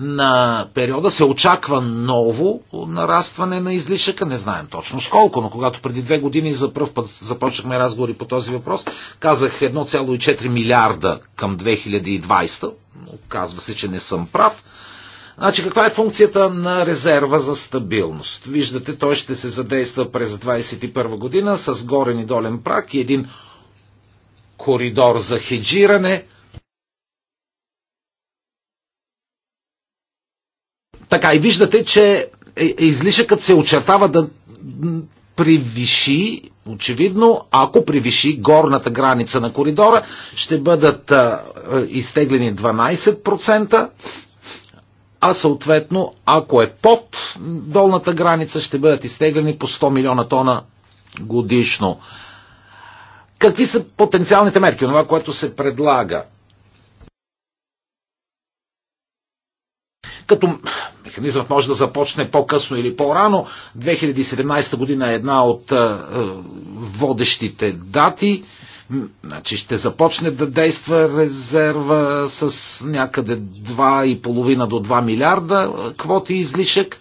на периода се очаква ново нарастване на излишъка, не знаем точно с колко, но когато преди две години за първ път започнахме разговори по този въпрос, казах 1,4 милиарда към 2020, оказва се, че не съм прав. Значи, каква е функцията на резерва за стабилност? Виждате, той ще се задейства през 2021 година с горен и долен прак и един коридор за хеджиране – Така и виждате, че е, излишъкът се очертава да превиши, очевидно, ако превиши горната граница на коридора, ще бъдат а, е, изтеглени 12%, а съответно, ако е под долната граница, ще бъдат изтеглени по 100 милиона тона годишно. Какви са потенциалните мерки, това, което се предлага? Като Механизмът може да започне по-късно или по-рано. 2017 година е една от е, водещите дати. Значи ще започне да действа резерва с някъде 2,5 до 2 милиарда е, квоти излишък.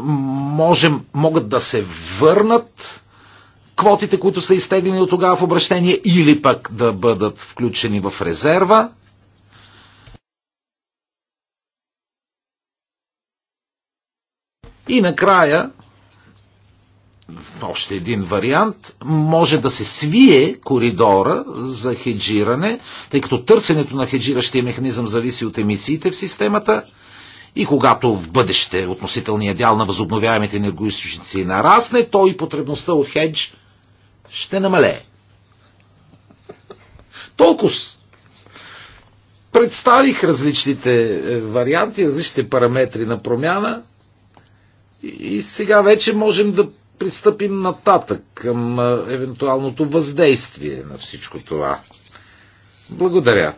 Можем, могат да се върнат квотите, които са изтеглени от тогава в обращение или пък да бъдат включени в резерва И накрая, още един вариант, може да се свие коридора за хеджиране, тъй като търсенето на хеджиращия механизъм зависи от емисиите в системата и когато в бъдеще относителният дял на възобновяемите енергоисточници нарасне, то и потребността от хедж ще намалее. Толкова представих различните е, варианти, различните параметри на промяна – и сега вече можем да пристъпим нататък към евентуалното въздействие на всичко това. Благодаря.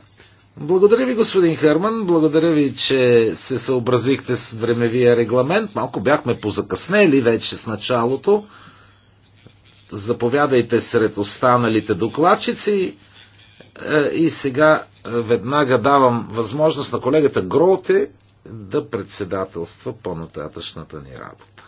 Благодаря ви, господин Хърман. Благодаря ви, че се съобразихте с времевия регламент. Малко бяхме позакъснели вече с началото. Заповядайте сред останалите докладчици. Е, и сега е, веднага давам възможност на колегата Гроте да председателства по-нататъчната ни работа.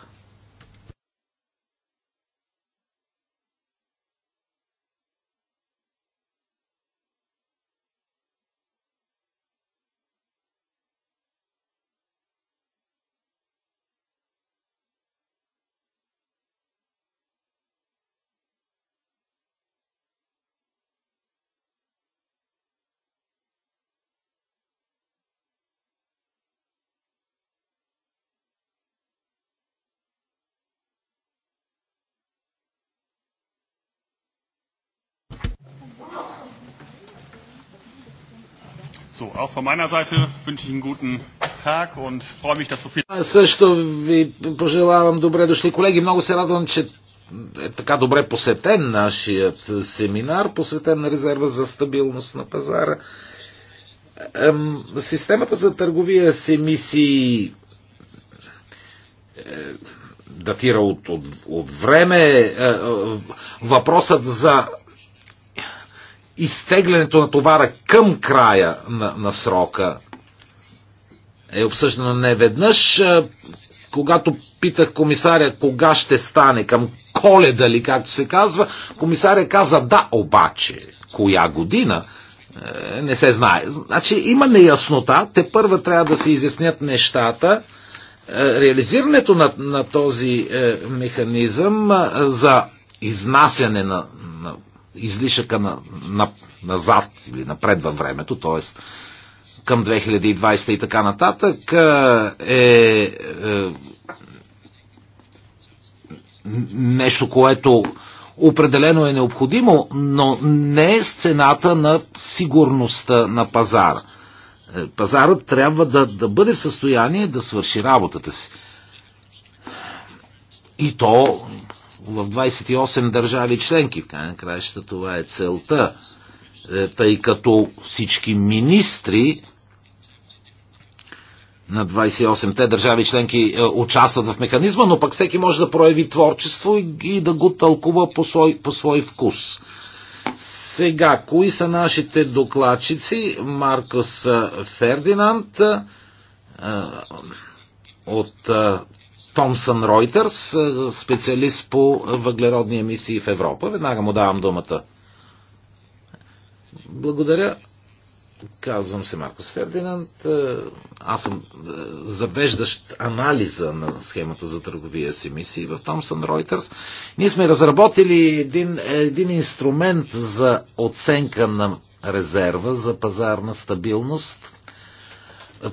So, auch von meiner Seite wünsche ich einen guten Tag und freue mich, dass so viel... Също ви пожелавам добре дошли, колеги. Много се радвам, че е така добре посетен нашият семинар, посветен на резерва за стабилност на пазара. Ем, системата за търговия с емисии е, датира от, от, от време. Е, е, въпросът за изтеглянето на товара към края на, на срока е обсъждано не веднъж. Когато питах комисаря кога ще стане, към коледа ли, както се казва, комисаря каза да, обаче, коя година е, не се знае. Значи има неяснота, те първа трябва да се изяснят нещата. Е, реализирането на, на този е, механизъм за изнасяне на, на излишъка на, на, назад или напред във времето, т.е. към 2020 и така нататък, е, е нещо, което определено е необходимо, но не е сцената на сигурността на пазара. Е, пазарът трябва да, да бъде в състояние да свърши работата си. И то в 28 държави членки. В крайна краища това е целта. Е, тъй като всички министри на 28-те държави членки е, участват в механизма, но пък всеки може да прояви творчество и да го тълкува по свой, по свой вкус. Сега, кои са нашите докладчици? Маркос Фердинанд е, от Томсън Ройтърс, е, специалист по въглеродни емисии в Европа. Веднага му давам думата. Благодаря. Казвам се Маркос Фердинанд. Е, аз съм е, завеждащ анализа на схемата за търговия с емисии в Томсън Ройтерс. Ние сме разработили един, един инструмент за оценка на резерва за пазарна стабилност –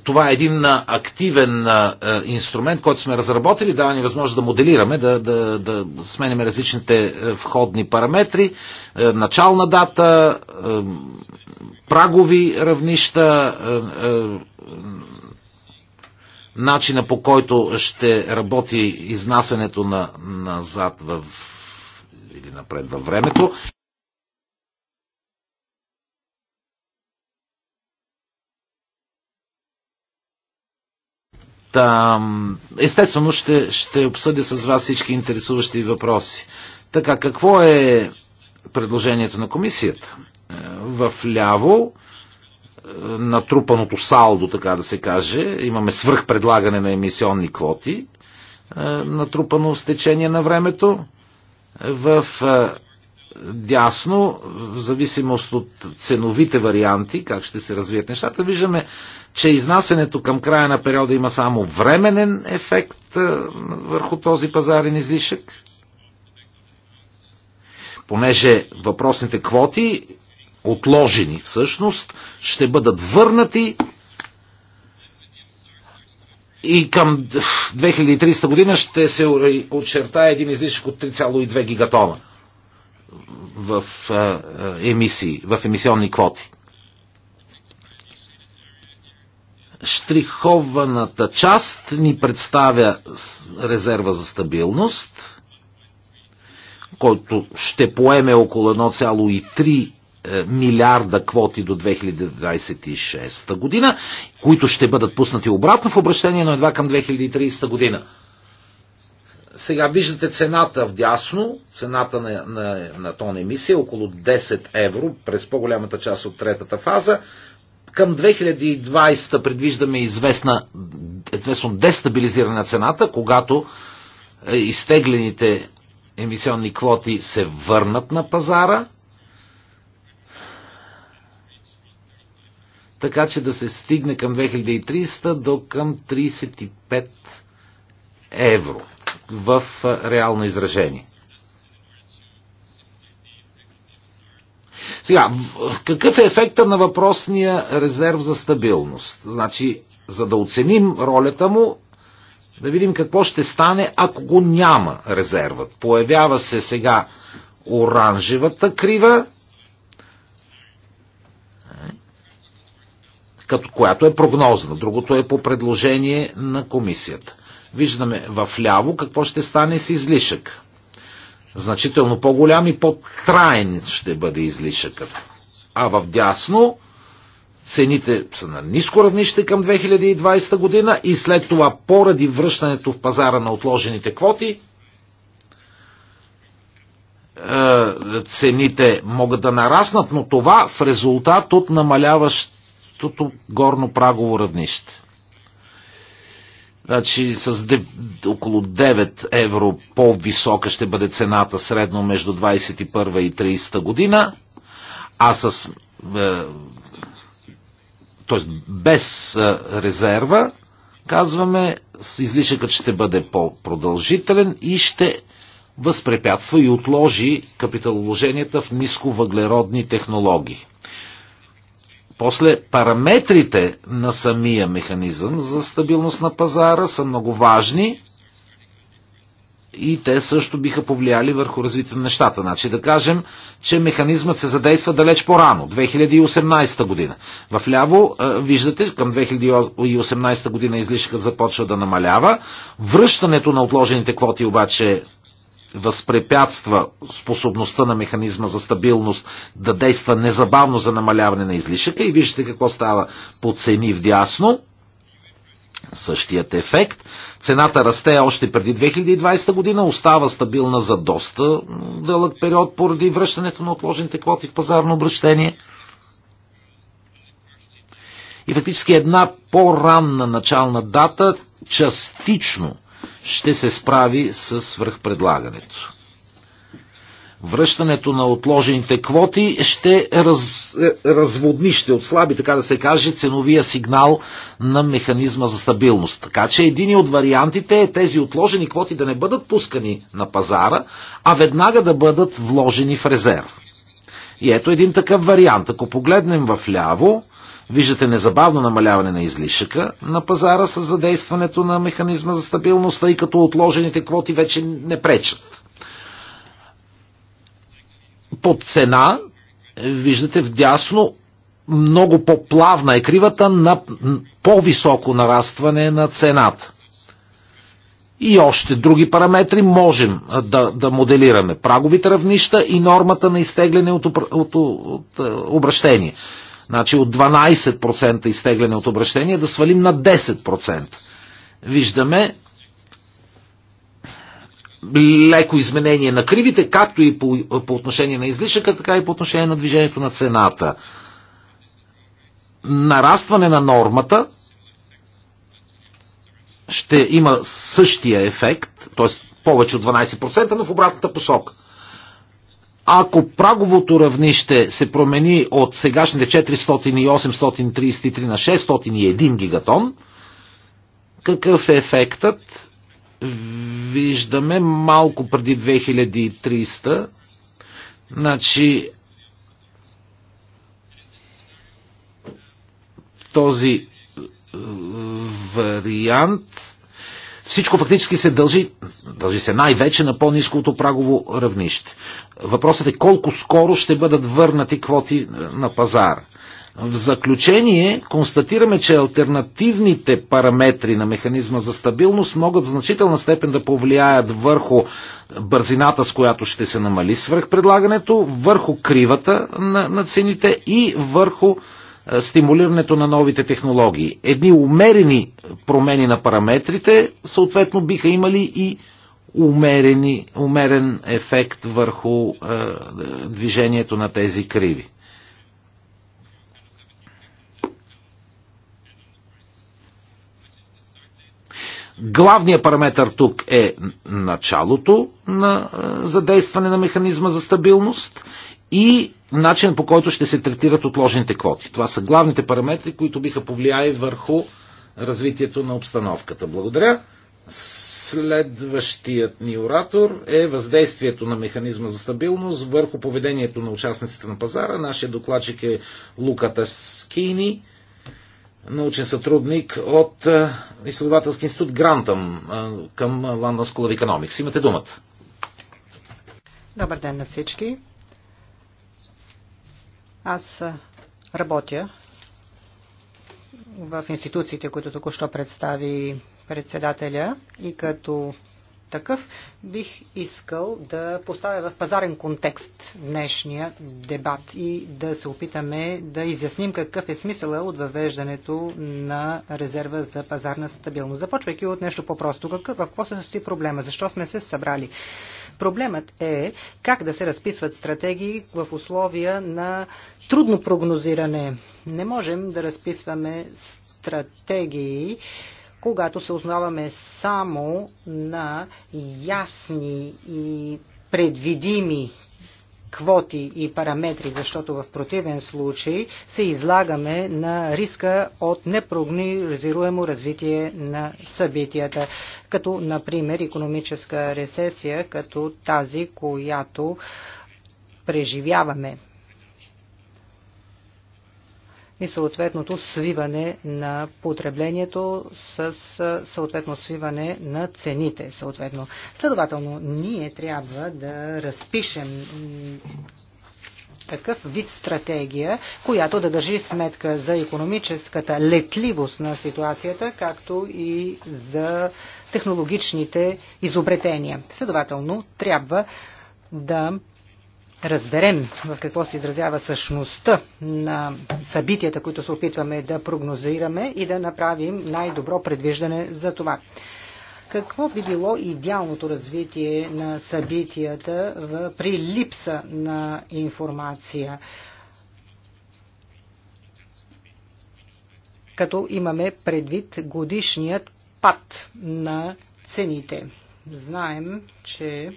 това е един активен е, инструмент, който сме разработили, дава ни възможност да моделираме, да, да, да сменяме различните е, входни параметри, е, начална дата, прагови равнища, начина по който ще работи изнасянето на, назад в, или напред във времето. Та, естествено ще, ще обсъдя с вас всички интересуващи въпроси. Така, какво е предложението на комисията? Е, в ляво е, натрупаното салдо, така да се каже, имаме свръхпредлагане на емисионни квоти, е, натрупано с течение на времето. В дясно, в зависимост от ценовите варианти, как ще се развият нещата, виждаме, че изнасенето към края на периода има само временен ефект върху този пазарен излишък, понеже въпросните квоти, отложени всъщност, ще бъдат върнати и към 2300 година ще се очертае един излишък от 3,2 гигатона в емисии, в емисионни квоти. Штрихованата част ни представя резерва за стабилност, който ще поеме около 1,3 е, милиарда квоти до 2026 година, които ще бъдат пуснати обратно в обращение, но едва към 2030 година. Сега виждате цената в дясно, цената на, на, на тон емисия е около 10 евро през по-голямата част от третата фаза. Към 2020 предвиждаме известна, известно дестабилизиране на цената, когато е, изтеглените емисионни квоти се върнат на пазара, така че да се стигне към 2300 до към 35 евро в реално изражение. Сега, какъв е ефекта на въпросния резерв за стабилност? Значи, за да оценим ролята му, да видим какво ще стане, ако го няма резервът. Появява се сега оранжевата крива, като която е прогнозна. Другото е по предложение на комисията виждаме в ляво какво ще стане с излишък. Значително по-голям и по-траен ще бъде излишъкът. А в дясно цените са на ниско равнище към 2020 година и след това поради връщането в пазара на отложените квоти е, цените могат да нараснат, но това в резултат от намаляващото горно прагово равнище. Значи с около 9 евро по-висока ще бъде цената средно между 21 и 30 година, а с е, т.е. без е, резерва, казваме, излишъкът ще бъде по-продължителен и ще възпрепятства и отложи капиталовложенията в нисковъглеродни технологии. После параметрите на самия механизъм за стабилност на пазара са много важни и те също биха повлияли върху развитие на нещата. Значи да кажем, че механизмът се задейства далеч по-рано, 2018 година. В ляво е, виждате, към 2018 година излишъкът започва да намалява. Връщането на отложените квоти обаче възпрепятства способността на механизма за стабилност да действа незабавно за намаляване на излишъка и виждате какво става по цени в дясно. Същият ефект. Цената расте още преди 2020 година, остава стабилна за доста дълъг период поради връщането на отложените квоти в пазарно обращение. И фактически една по-ранна начална дата частично – ще се справи с свръхпредлагането. Връщането на отложените квоти ще раз, е, разводни, ще отслаби, така да се каже, ценовия сигнал на механизма за стабилност. Така че един от вариантите е тези отложени квоти да не бъдат пускани на пазара, а веднага да бъдат вложени в резерв. И ето един такъв вариант. Ако погледнем в ляво, Виждате незабавно намаляване на излишъка на пазара с задействането на механизма за стабилност, тъй като отложените квоти вече не пречат. По цена, виждате вдясно, много по-плавна е кривата на по-високо нарастване на цената. И още други параметри можем да, да моделираме. Праговите равнища и нормата на изтегляне от, от, от, от е, обращение. Значи от 12% изтегляне от обращение да свалим на 10%. Виждаме леко изменение на кривите, както и по, по отношение на излишъка, така и по отношение на движението на цената. Нарастване на нормата ще има същия ефект, т.е. повече от 12%, но в обратната посока. Ако праговото равнище се промени от сегашните 400 и 833 на 601 гигатон, какъв е ефектът? Виждаме малко преди 2300. Значи този э, вариант всичко фактически се дължи, дължи се най-вече на по-низкото прагово равнище. Въпросът е колко скоро ще бъдат върнати квоти е, на пазара. В заключение констатираме, че альтернативните параметри на механизма за стабилност могат в значителна степен да повлияят върху бързината, с която ще се намали свръхпредлагането, върху кривата на, на цените и върху е, стимулирането на новите технологии. Едни умерени промени на параметрите, съответно биха имали и умерени, умерен ефект върху е, движението на тези криви. Главният параметр тук е началото на е, задействане на механизма за стабилност и начин по който ще се третират отложените квоти. Това са главните параметри, които биха повлияли върху развитието на обстановката. Благодаря. Следващият ни оратор е въздействието на механизма за стабилност върху поведението на участниците на пазара. Нашия докладчик е Лука Таскини, научен сътрудник от изследователски институт Грантъм към London School of Economics. Имате думата. Добър ден на всички. Аз работя в институциите, които току-що представи председателя и като такъв, бих искал да поставя в пазарен контекст днешния дебат и да се опитаме да изясним какъв е смисъла от въвеждането на резерва за пазарна стабилност. Започвайки от нещо по-просто, какъв, какво се състои проблема, защо сме се събрали? Проблемът е как да се разписват стратегии в условия на трудно прогнозиране. Не можем да разписваме стратегии, когато се основаме само на ясни и предвидими квоти и параметри, защото в противен случай се излагаме на риска от непрогнозируемо развитие на събитията, като например економическа ресесия, като тази, която преживяваме и съответното свиване на потреблението с съответно свиване на цените. Съответно. Следователно, ние трябва да разпишем такъв вид стратегия, която да държи сметка за економическата летливост на ситуацията, както и за технологичните изобретения. Следователно, трябва да разберем в какво се изразява същността на събитията, които се опитваме да прогнозираме и да направим най-добро предвиждане за това. Какво би било идеалното развитие на събитията в, при липса на информация? като имаме предвид годишният пад на цените. Знаем, че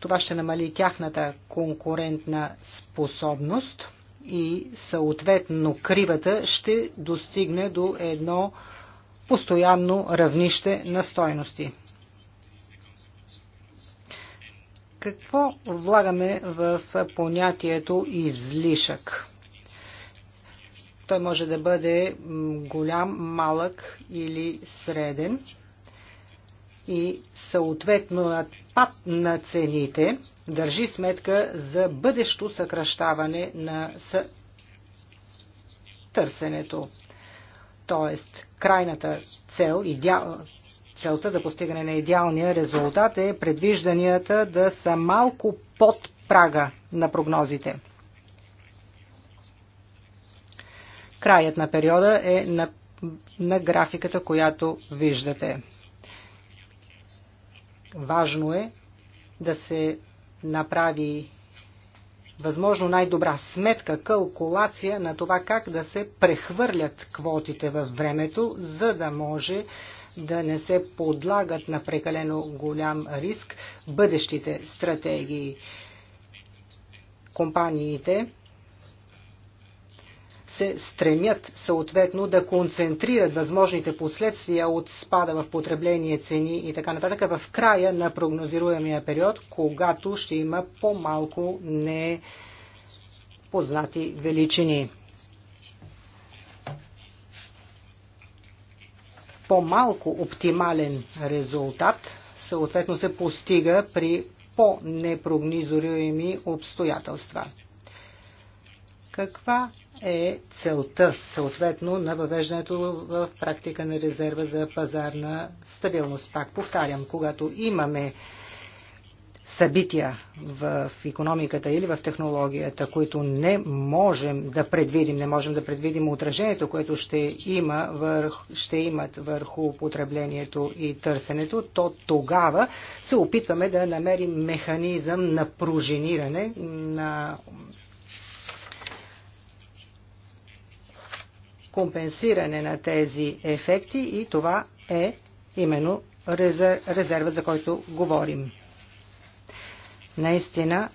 това ще намали тяхната конкурентна способност и съответно кривата ще достигне до едно постоянно равнище на стойности. Какво влагаме в понятието излишък? Той може да бъде голям, малък или среден и съответно пад на цените държи сметка за бъдещо съкръщаване на търсенето. Тоест, крайната цел, идеал, целта за постигане на идеалния резултат е предвижданията да са малко под прага на прогнозите. Краят на периода е на, на графиката, която виждате. Важно е да се направи възможно най-добра сметка, калкулация на това как да се прехвърлят квотите във времето, за да може да не се подлагат на прекалено голям риск бъдещите стратегии. Компаниите се стремят съответно да концентрират възможните последствия от спада в потребление цени и така нататък в края на прогнозируемия период, когато ще има по-малко непознати величини. По-малко оптимален резултат съответно се постига при по-непрогнозируеми обстоятелства. Каква е целта, съответно, на въвеждането в практика на резерва за пазарна стабилност. Пак повтарям, когато имаме събития в економиката или в технологията, които не можем да предвидим, не можем да предвидим отражението, което ще, има върх, ще имат върху потреблението и търсенето, то тогава се опитваме да намерим механизъм на пружиниране на компенсиране на тези ефекти и това е именно резерва, за който говорим. Наистина,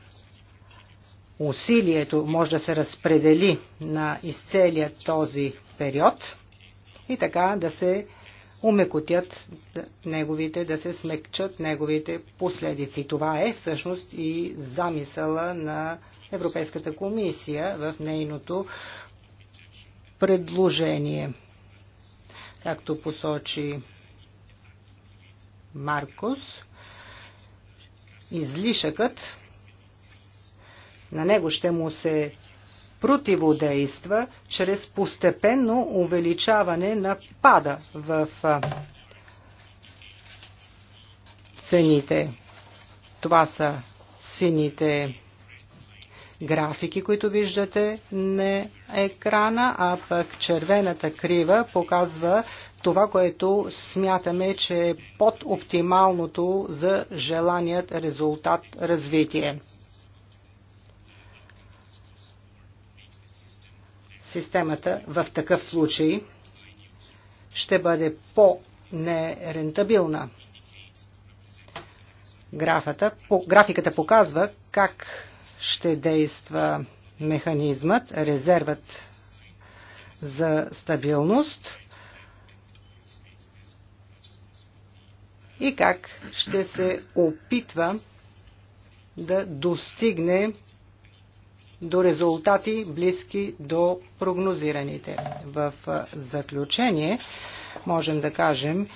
усилието може да се разпредели на изцелия този период и така да се умекотят неговите, да се смекчат неговите последици. Това е всъщност и замисъла на Европейската комисия в нейното предложение. Както посочи Маркос, излишъкът на него ще му се противодейства чрез постепенно увеличаване на пада в цените. Това са сините графики, които виждате на екрана, а пък червената крива показва това, което смятаме, че е под оптималното за желаният резултат развитие. Системата в такъв случай ще бъде по-нерентабилна. графиката показва как ще действа механизмът, резервът за стабилност и как ще се опитва да достигне до резултати близки до прогнозираните. В заключение можем да кажем,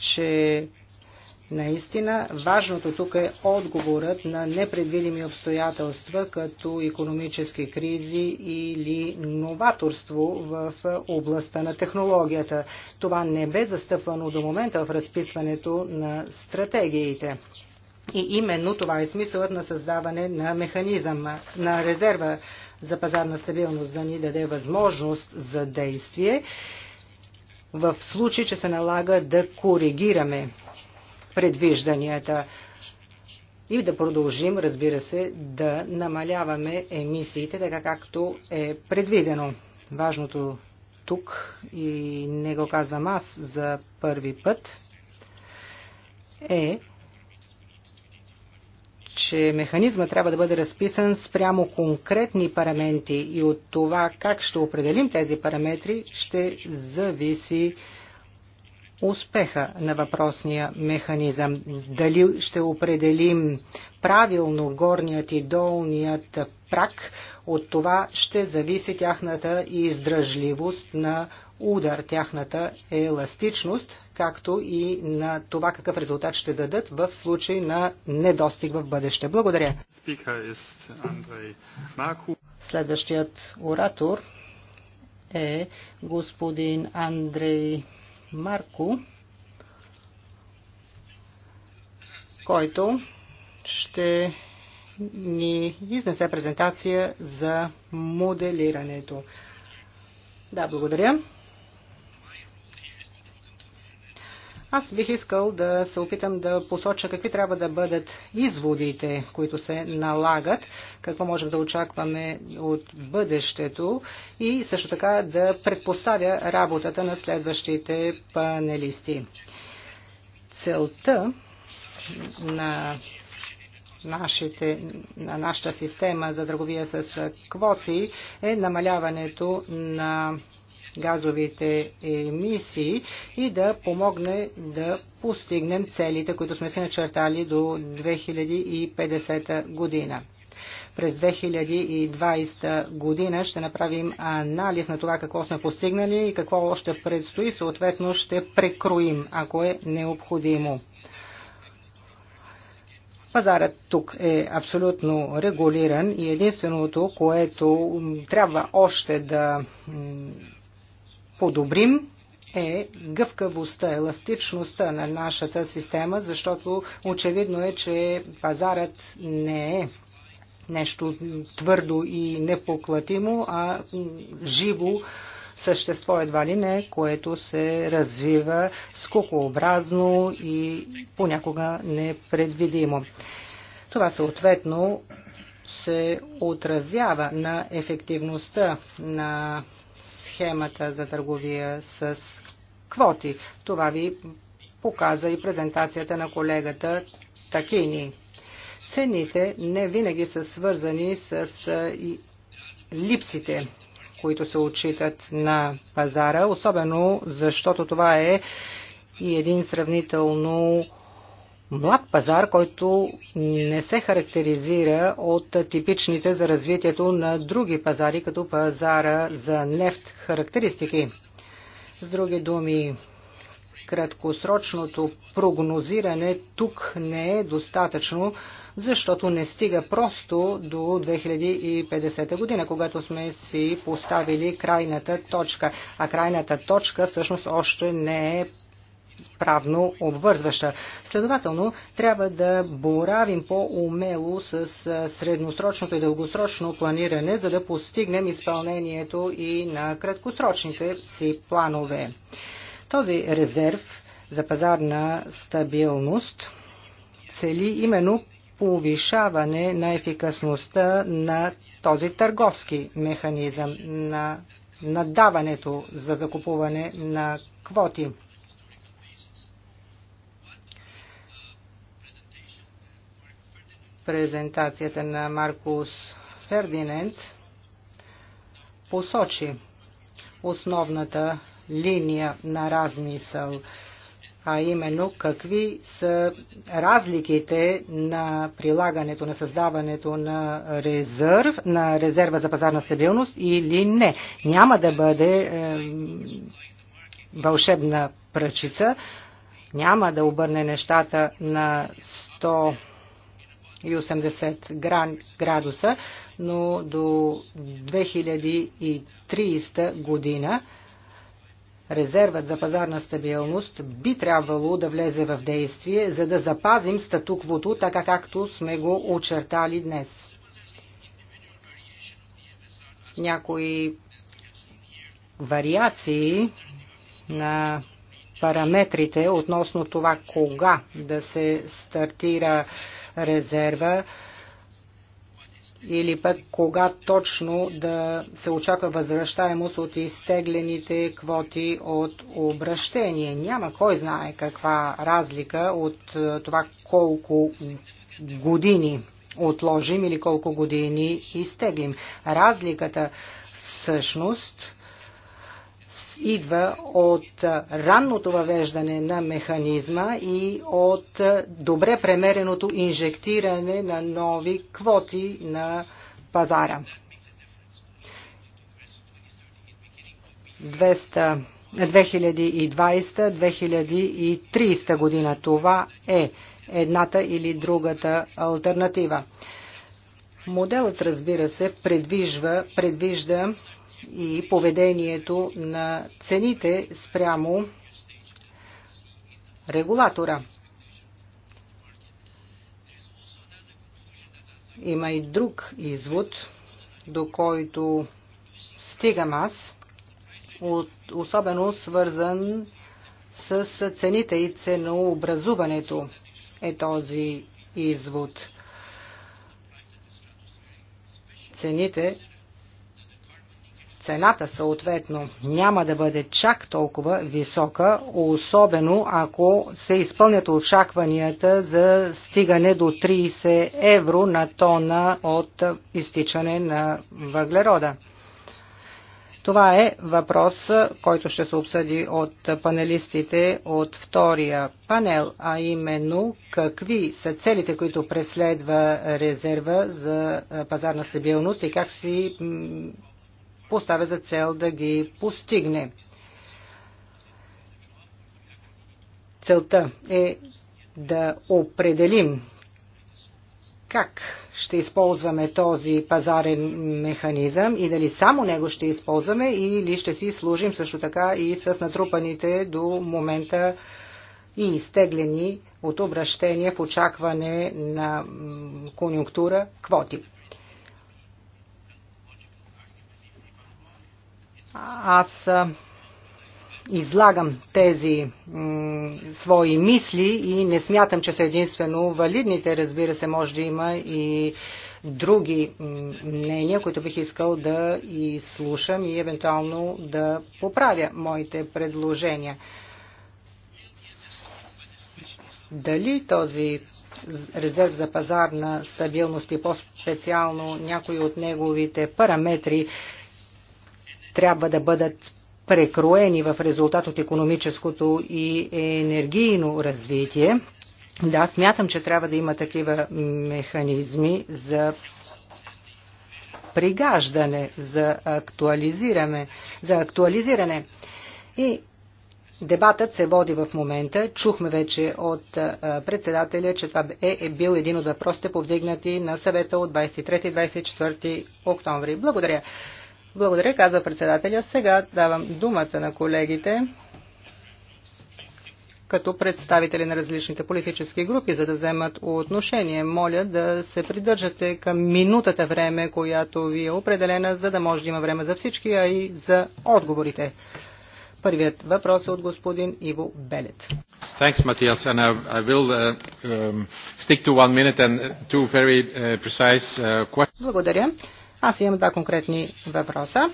че Наистина, важното тук е отговорът на непредвидими обстоятелства, като економически кризи или новаторство в областта на технологията. Това не бе застъпвано до момента в разписването на стратегиите. И именно това е смисълът на създаване на механизъм, на резерва за пазарна стабилност, да ни даде възможност за действие в случай, че се налага да коригираме предвижданията. И да продължим, разбира се, да намаляваме емисиите, така както е предвидено. Важното тук, и не го казвам аз за първи път, е, че механизма трябва да бъде разписан спрямо конкретни параметри и от това как ще определим тези параметри ще зависи успеха на въпросния механизъм. Дали ще определим правилно горният и долният прак, от това ще зависи тяхната издръжливост на удар, тяхната еластичност, както и на това какъв резултат ще дадат в случай на недостиг в бъдеще. Благодаря. Следващият оратор е господин Андрей Марко, който ще ни изнесе презентация за моделирането. Да, благодаря. Аз бих искал да се опитам да посоча какви трябва да бъдат изводите, които се налагат, какво можем да очакваме от бъдещето и също така да предпоставя работата на следващите панелисти. Целта на нашите, на нашата система за дърговия с квоти е намаляването на газовите емисии и да помогне да постигнем целите, които сме се начертали до 2050 година през 2020 година ще направим анализ на това какво сме постигнали и какво още предстои, съответно ще прекроим, ако е необходимо. Пазарът тук е абсолютно регулиран и единственото, което трябва още да подобрим е гъвкавостта, еластичността на нашата система, защото очевидно е, че пазарът не е нещо твърдо и непоклатимо, а живо същество едва ли не, което се развива скокообразно и понякога непредвидимо. Това съответно се отразява на ефективността на схемата за търговия с квоти. Това ви показа и презентацията на колегата Такини. Цените не винаги са свързани с липсите, които се отчитат на пазара, особено защото това е и един сравнително млад пазар, който не се характеризира от типичните за развитието на други пазари, като пазара за нефт характеристики. С други думи, краткосрочното прогнозиране тук не е достатъчно, защото не стига просто до 2050 година, когато сме си поставили крайната точка. А крайната точка всъщност още не е правно обвързваща. Следователно, трябва да боравим по-умело с средносрочното и дългосрочно планиране, за да постигнем изпълнението и на краткосрочните си планове. Този резерв за пазарна стабилност цели именно повишаване на ефикасността на този търговски механизъм на надаването за закупуване на квоти. презентацията на Маркус Фердинент посочи основната линия на размисъл, а именно какви са разликите на прилагането, на създаването на резерв, на резерва за пазарна стабилност или не. Няма да бъде е, вълшебна пръчица, няма да обърне нещата на 100 180 градуса, но до 2030 година резервът за пазарна стабилност би трябвало да влезе в действие, за да запазим статуквото така както сме го очертали днес. Някои вариации на параметрите относно това кога да се стартира резерва или пък кога точно да се очаква възвръщаемост от изтеглените квоти от обращение. Няма кой знае каква разлика от е, това колко години отложим или колко години изтеглим. Разликата всъщност идва от ранното въвеждане на механизма и от добре премереното инжектиране на нови квоти на пазара. 2020-2030 година. Това е едната или другата альтернатива. Моделът, разбира се, предвижда, предвижда и поведението на цените спрямо регулатора. Има и друг извод, до който стигам аз, от, особено свързан с цените и ценообразуването е този извод. Цените цената съответно няма да бъде чак толкова висока, особено ако се изпълнят очакванията за стигане до 30 евро на тона от изтичане на въглерода. Това е въпрос, който ще се обсъди от панелистите от втория панел, а именно какви са целите, които преследва резерва за пазарна стабилност и как си поставя за цел да ги постигне. Целта е да определим как ще използваме този пазарен механизъм и дали само него ще използваме или ще си служим също така и с натрупаните до момента и изтеглени от обращение в очакване на конюнктура квоти. аз излагам тези свои мисли и не смятам, че са единствено валидните. Разбира се, може да има и други мнения, които бих искал да слушам и евентуално да поправя моите предложения. Дали този резерв за пазарна стабилност и по-специално някои от неговите параметри трябва да бъдат прекроени в резултат от економическото и енергийно развитие. Да, смятам, че трябва да има такива механизми за пригаждане, за актуализиране. За актуализиране. И Дебатът се води в момента. Чухме вече от председателя, че това е, е бил един от въпросите повдигнати на съвета от 23-24 октомври. Благодаря. Благодаря, каза председателя. Сега давам думата на колегите като представители на различните политически групи, за да вземат отношение. Моля да се придържате към минутата време, която ви е определена, за да може да има време за всички, а и за отговорите. Първият въпрос е от господин Иво Белет. Thanks, Matthias, and I, I will uh, um, stick to one minute and two very uh, precise uh, questions. Благодаря. Аз имам два конкретни въпроса.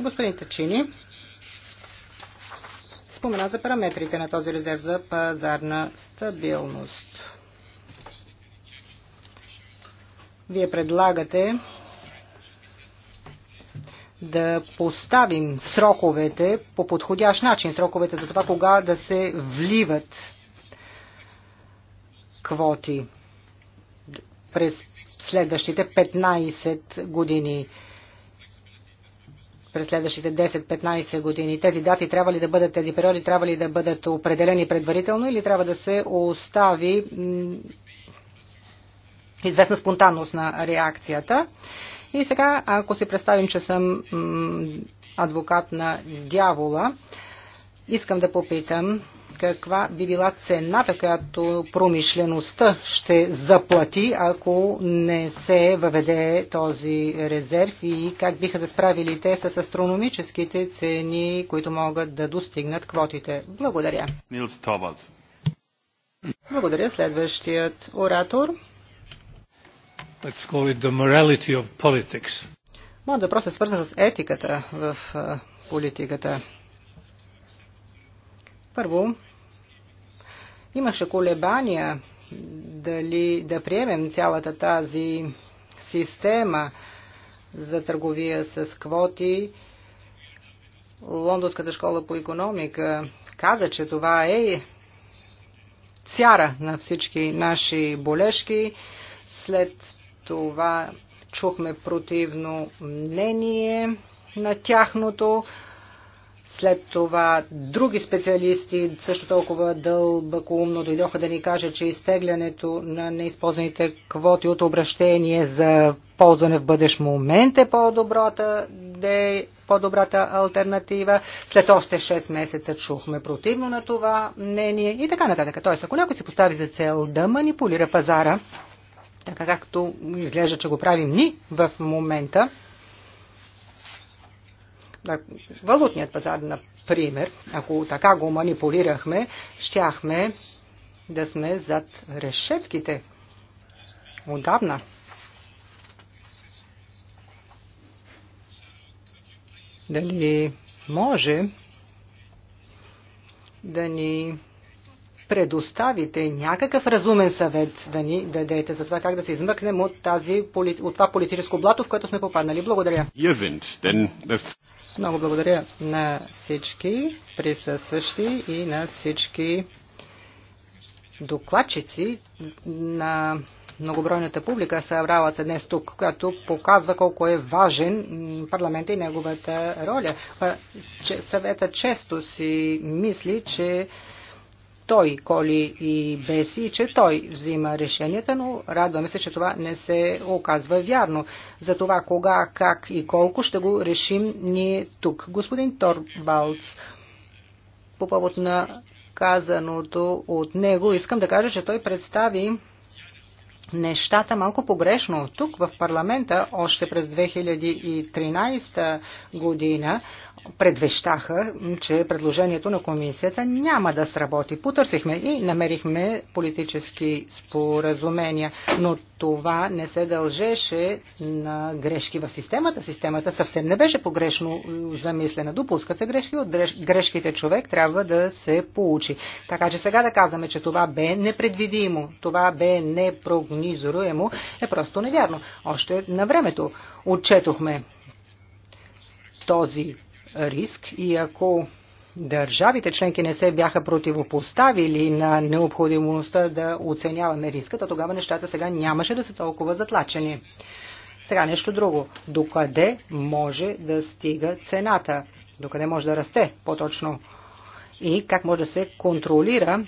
Господин Тачини спомена за параметрите на този резерв за пазарна стабилност. Вие предлагате да поставим сроковете по подходящ начин, сроковете за това кога да се вливат квоти през следващите 15 години. През следващите 10-15 години. Тези дати трябва ли да бъдат, тези периоди трябва ли да бъдат определени предварително или трябва да се остави известна спонтанност на реакцията. И сега, ако си представим, че съм адвокат на дявола, искам да попитам каква би била цената, която промишлеността ще заплати, ако не се въведе този резерв и как биха се справили те с астрономическите цени, които могат да достигнат квотите. Благодаря. Нилс Тобалц. Благодаря. Следващият оратор. Let's call it the morality of politics. Моят въпрос е свързан с етиката в политиката. Първо, Имаше колебания дали да приемем цялата тази система за търговия с квоти. Лондонската школа по економика каза, че това е цяра на всички наши болешки. След това чухме противно мнение на тяхното. След това други специалисти също толкова дълбоко умно дойдоха да ни кажат, че изтеглянето на неизползваните квоти от обращение за ползване в бъдещ момент е по-добрата, де, по-добрата альтернатива. След още 6 месеца чухме противно на това мнение и така нататък. Тоест, ако някой си постави за цел да манипулира пазара, така както изглежда, че го правим ни в момента, валутният пазар, например, ако така го манипулирахме, щяхме да сме зад решетките. Отдавна. Дали може да ни предоставите някакъв разумен съвет да ни дадете за това как да се измъкнем от, тази, от това политическо блато, в което сме попаднали. Благодаря. Много благодаря на всички присъстващи и на всички докладчици на многобройната публика, събрала се днес тук, която показва колко е важен парламент и неговата роля. Съвета често си мисли, че той коли и беси, че той взима решенията, но радваме се, че това не се оказва вярно. За това кога, как и колко ще го решим ние тук. Господин Торбалц, по повод на казаното от него, искам да кажа, че той представи нещата малко погрешно. Тук в парламента още през 2013 година предвещаха, че предложението на комисията няма да сработи. Потърсихме и намерихме политически споразумения, но това не се дължеше на грешки в системата. Системата съвсем не беше погрешно замислена. Допускат се грешки, от грешките човек трябва да се получи. Така че сега да казваме, че това бе непредвидимо, това бе непрогнозно унизуемо е просто невярно. Още на времето отчетохме този риск и ако държавите членки не се бяха противопоставили на необходимостта да оценяваме риска, то тогава нещата сега нямаше да са толкова затлачени. Сега нещо друго. Докъде може да стига цената? Докъде може да расте, по-точно? И как може да се контролира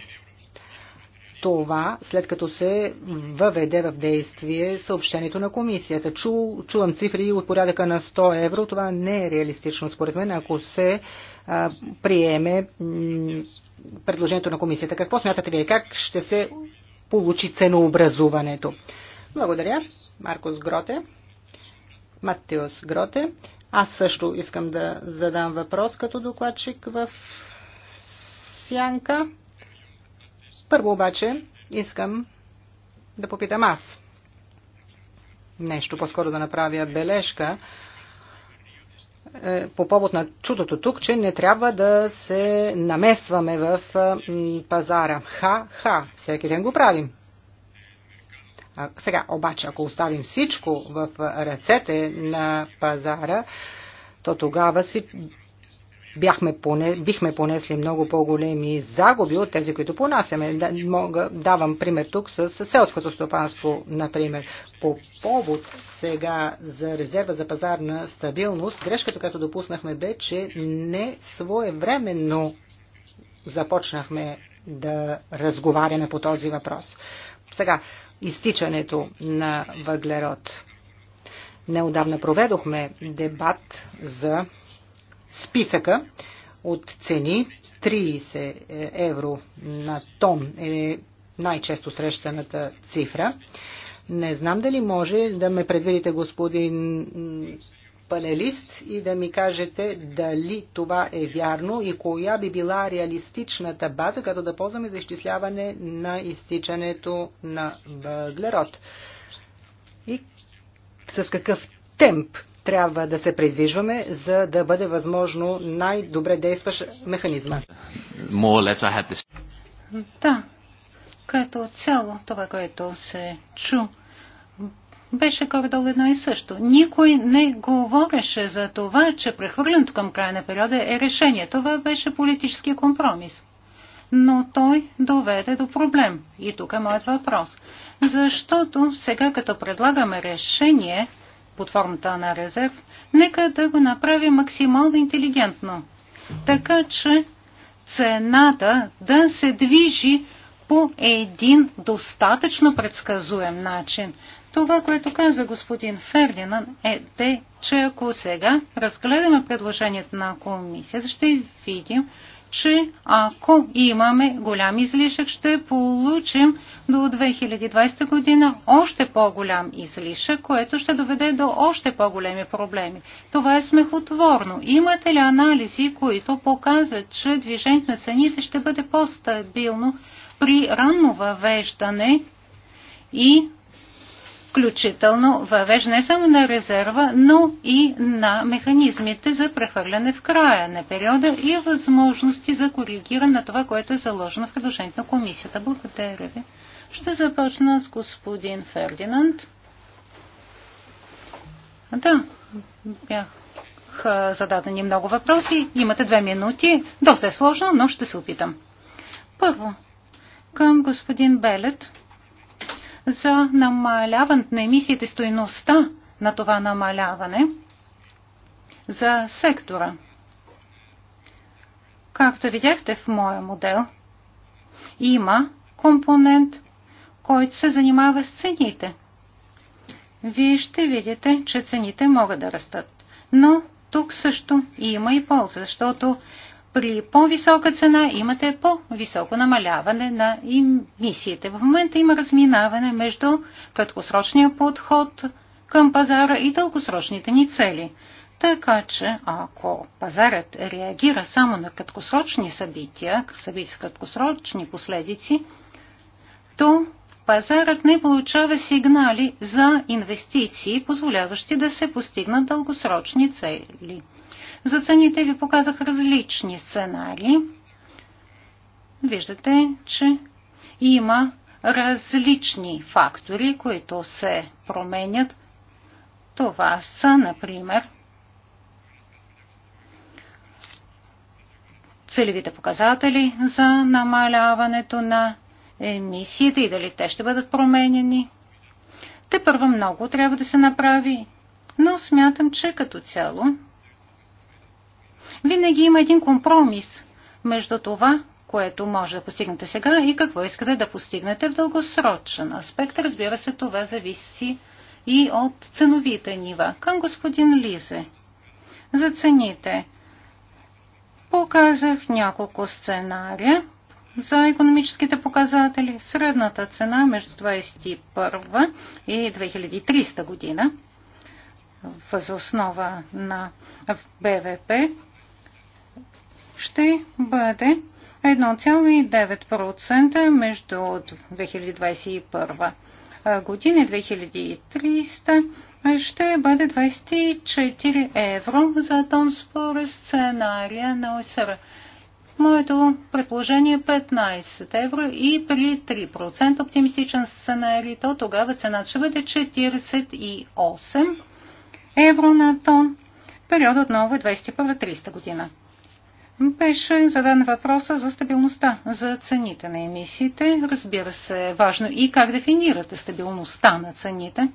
това, след като се въведе в действие съобщението на комисията. Чу, чувам цифри от порядъка на 100 евро. Това не е реалистично, според мен, ако се а, приеме предложението на комисията. Какво смятате вие? Как ще се получи ценообразуването? Благодаря. Маркос Гроте. Матеос Гроте. Аз също искам да задам въпрос като докладчик в Сянка. Първо обаче искам да попитам аз. Нещо по-скоро да направя бележка е, по повод на чудото тук, че не трябва да се намесваме в е, пазара. Ха-ха, всеки ден го правим. А, сега, обаче, ако оставим всичко в е, ръцете на пазара, то тогава си бяхме поне, бихме понесли много по-големи загуби от тези, които понасяме. давам пример тук с селското стопанство, например. По повод сега за резерва за пазарна стабилност, грешката, която допуснахме бе, че не своевременно започнахме да разговаряме по този въпрос. Сега, изтичането на въглерод. Неодавна проведохме дебат за списъка от цени. 30 е, евро на тон е най-често срещаната цифра. Не знам дали може да ме предвидите, господин панелист, и да ми кажете дали това е вярно и коя би била реалистичната база, като да ползваме за изчисляване на изтичането на въглерод. И с какъв темп трябва да се придвижваме, за да бъде възможно най-добре действащ механизма. Да, като цяло това, което се чу, беше горе едно и също. Никой не говореше за това, че прехвърлянето към края на периода е решение. Това беше политически компромис. Но той доведе до проблем. И тук е моят въпрос. Защото сега, като предлагаме решение, под формата на резерв, нека да го направи максимално интелигентно. Така че цената да се движи по един достатъчно предсказуем начин. Това, което каза господин Фердинан, е те, че ако сега разгледаме предложението на комисията, ще видим, че ако имаме голям излишък, ще получим до 2020 година още по-голям излишък, което ще доведе до още по-големи проблеми. Това е смехотворно. Имате ли анализи, които показват, че движението на цените ще бъде по-стабилно при ранно въвеждане и включително въвеж не само на резерва, но и на механизмите за прехвърляне в края на периода и възможности за коригиране на това, което е заложено в предложението на комисията. Благодаря ви. Ще започна с господин Фердинанд. Да, бях зададени много въпроси. Имате две минути. Доста е сложно, но ще се опитам. Първо, към господин Белет за намаляването на емисиите, стоеността на това намаляване за сектора. Както видяхте в моя модел, има компонент, който се занимава с цените. Вие ще видите, че цените могат да растат. Но тук също има и полза, защото при по-висока цена имате по-високо намаляване на емисиите. В момента има разминаване между краткосрочния подход към пазара и дългосрочните ни цели. Така че, ако пазарът реагира само на краткосрочни събития, събития с краткосрочни последици, то пазарът не получава сигнали за инвестиции, позволяващи да се постигнат дългосрочни цели. За цените ви показах различни сценарии. Виждате, че има различни фактори, които се променят. Това са, например, целевите показатели за намаляването на емисиите и дали те ще бъдат променени. Те първо много трябва да се направи, но смятам, че като цяло винаги има един компромис между това, което може да постигнете сега и какво искате да постигнете в дългосрочен аспект. Разбира се, това зависи и от ценовите нива. Към господин Лизе. За цените. Показах няколко сценария за економическите показатели. Средната цена между 2021 и 2300 година възоснова на БВП ще бъде 1,9% между 2021 година и 2300 ще бъде 24 евро за тон според сценария на ОСР. Моето предложение е 15 евро и при 3% оптимистичен сценарий, то тогава цената ще бъде 48 евро на тон. Период отново е 21-30 година беше задан въпроса за стабилността, за цените на емисиите. Разбира се, е важно и как дефинирате стабилността на цените.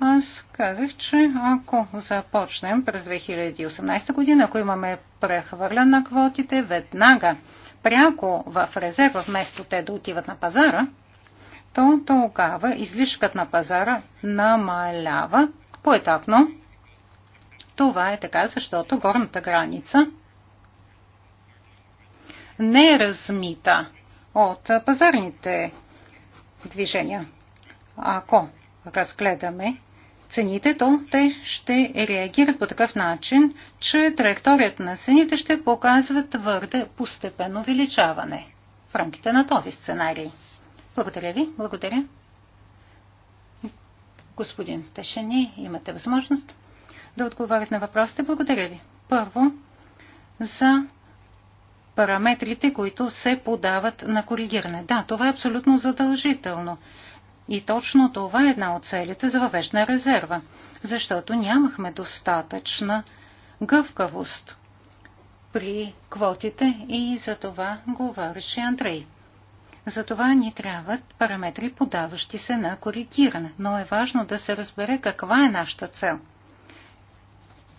Аз казах, че ако започнем през 2018 година, ако имаме прехвърля на квотите, веднага пряко в резерва, вместо те да отиват на пазара, то тогава излишкът на пазара намалява поетапно. Това е така, защото горната граница – не е размита от пазарните движения. Ако разгледаме цените, то те ще реагират по такъв начин, че траекторията на цените ще показва твърде постепенно увеличаване в рамките на този сценарий. Благодаря ви. Благодаря. Господин Тешени, имате възможност да отговорите на въпросите. Благодаря ви. Първо, за параметрите, които се подават на коригиране. Да, това е абсолютно задължително. И точно това е една от целите за въвешна резерва, защото нямахме достатъчна гъвкавост при квотите и за това говореше Андрей. За това ни трябват параметри, подаващи се на коригиране, но е важно да се разбере каква е нашата цел.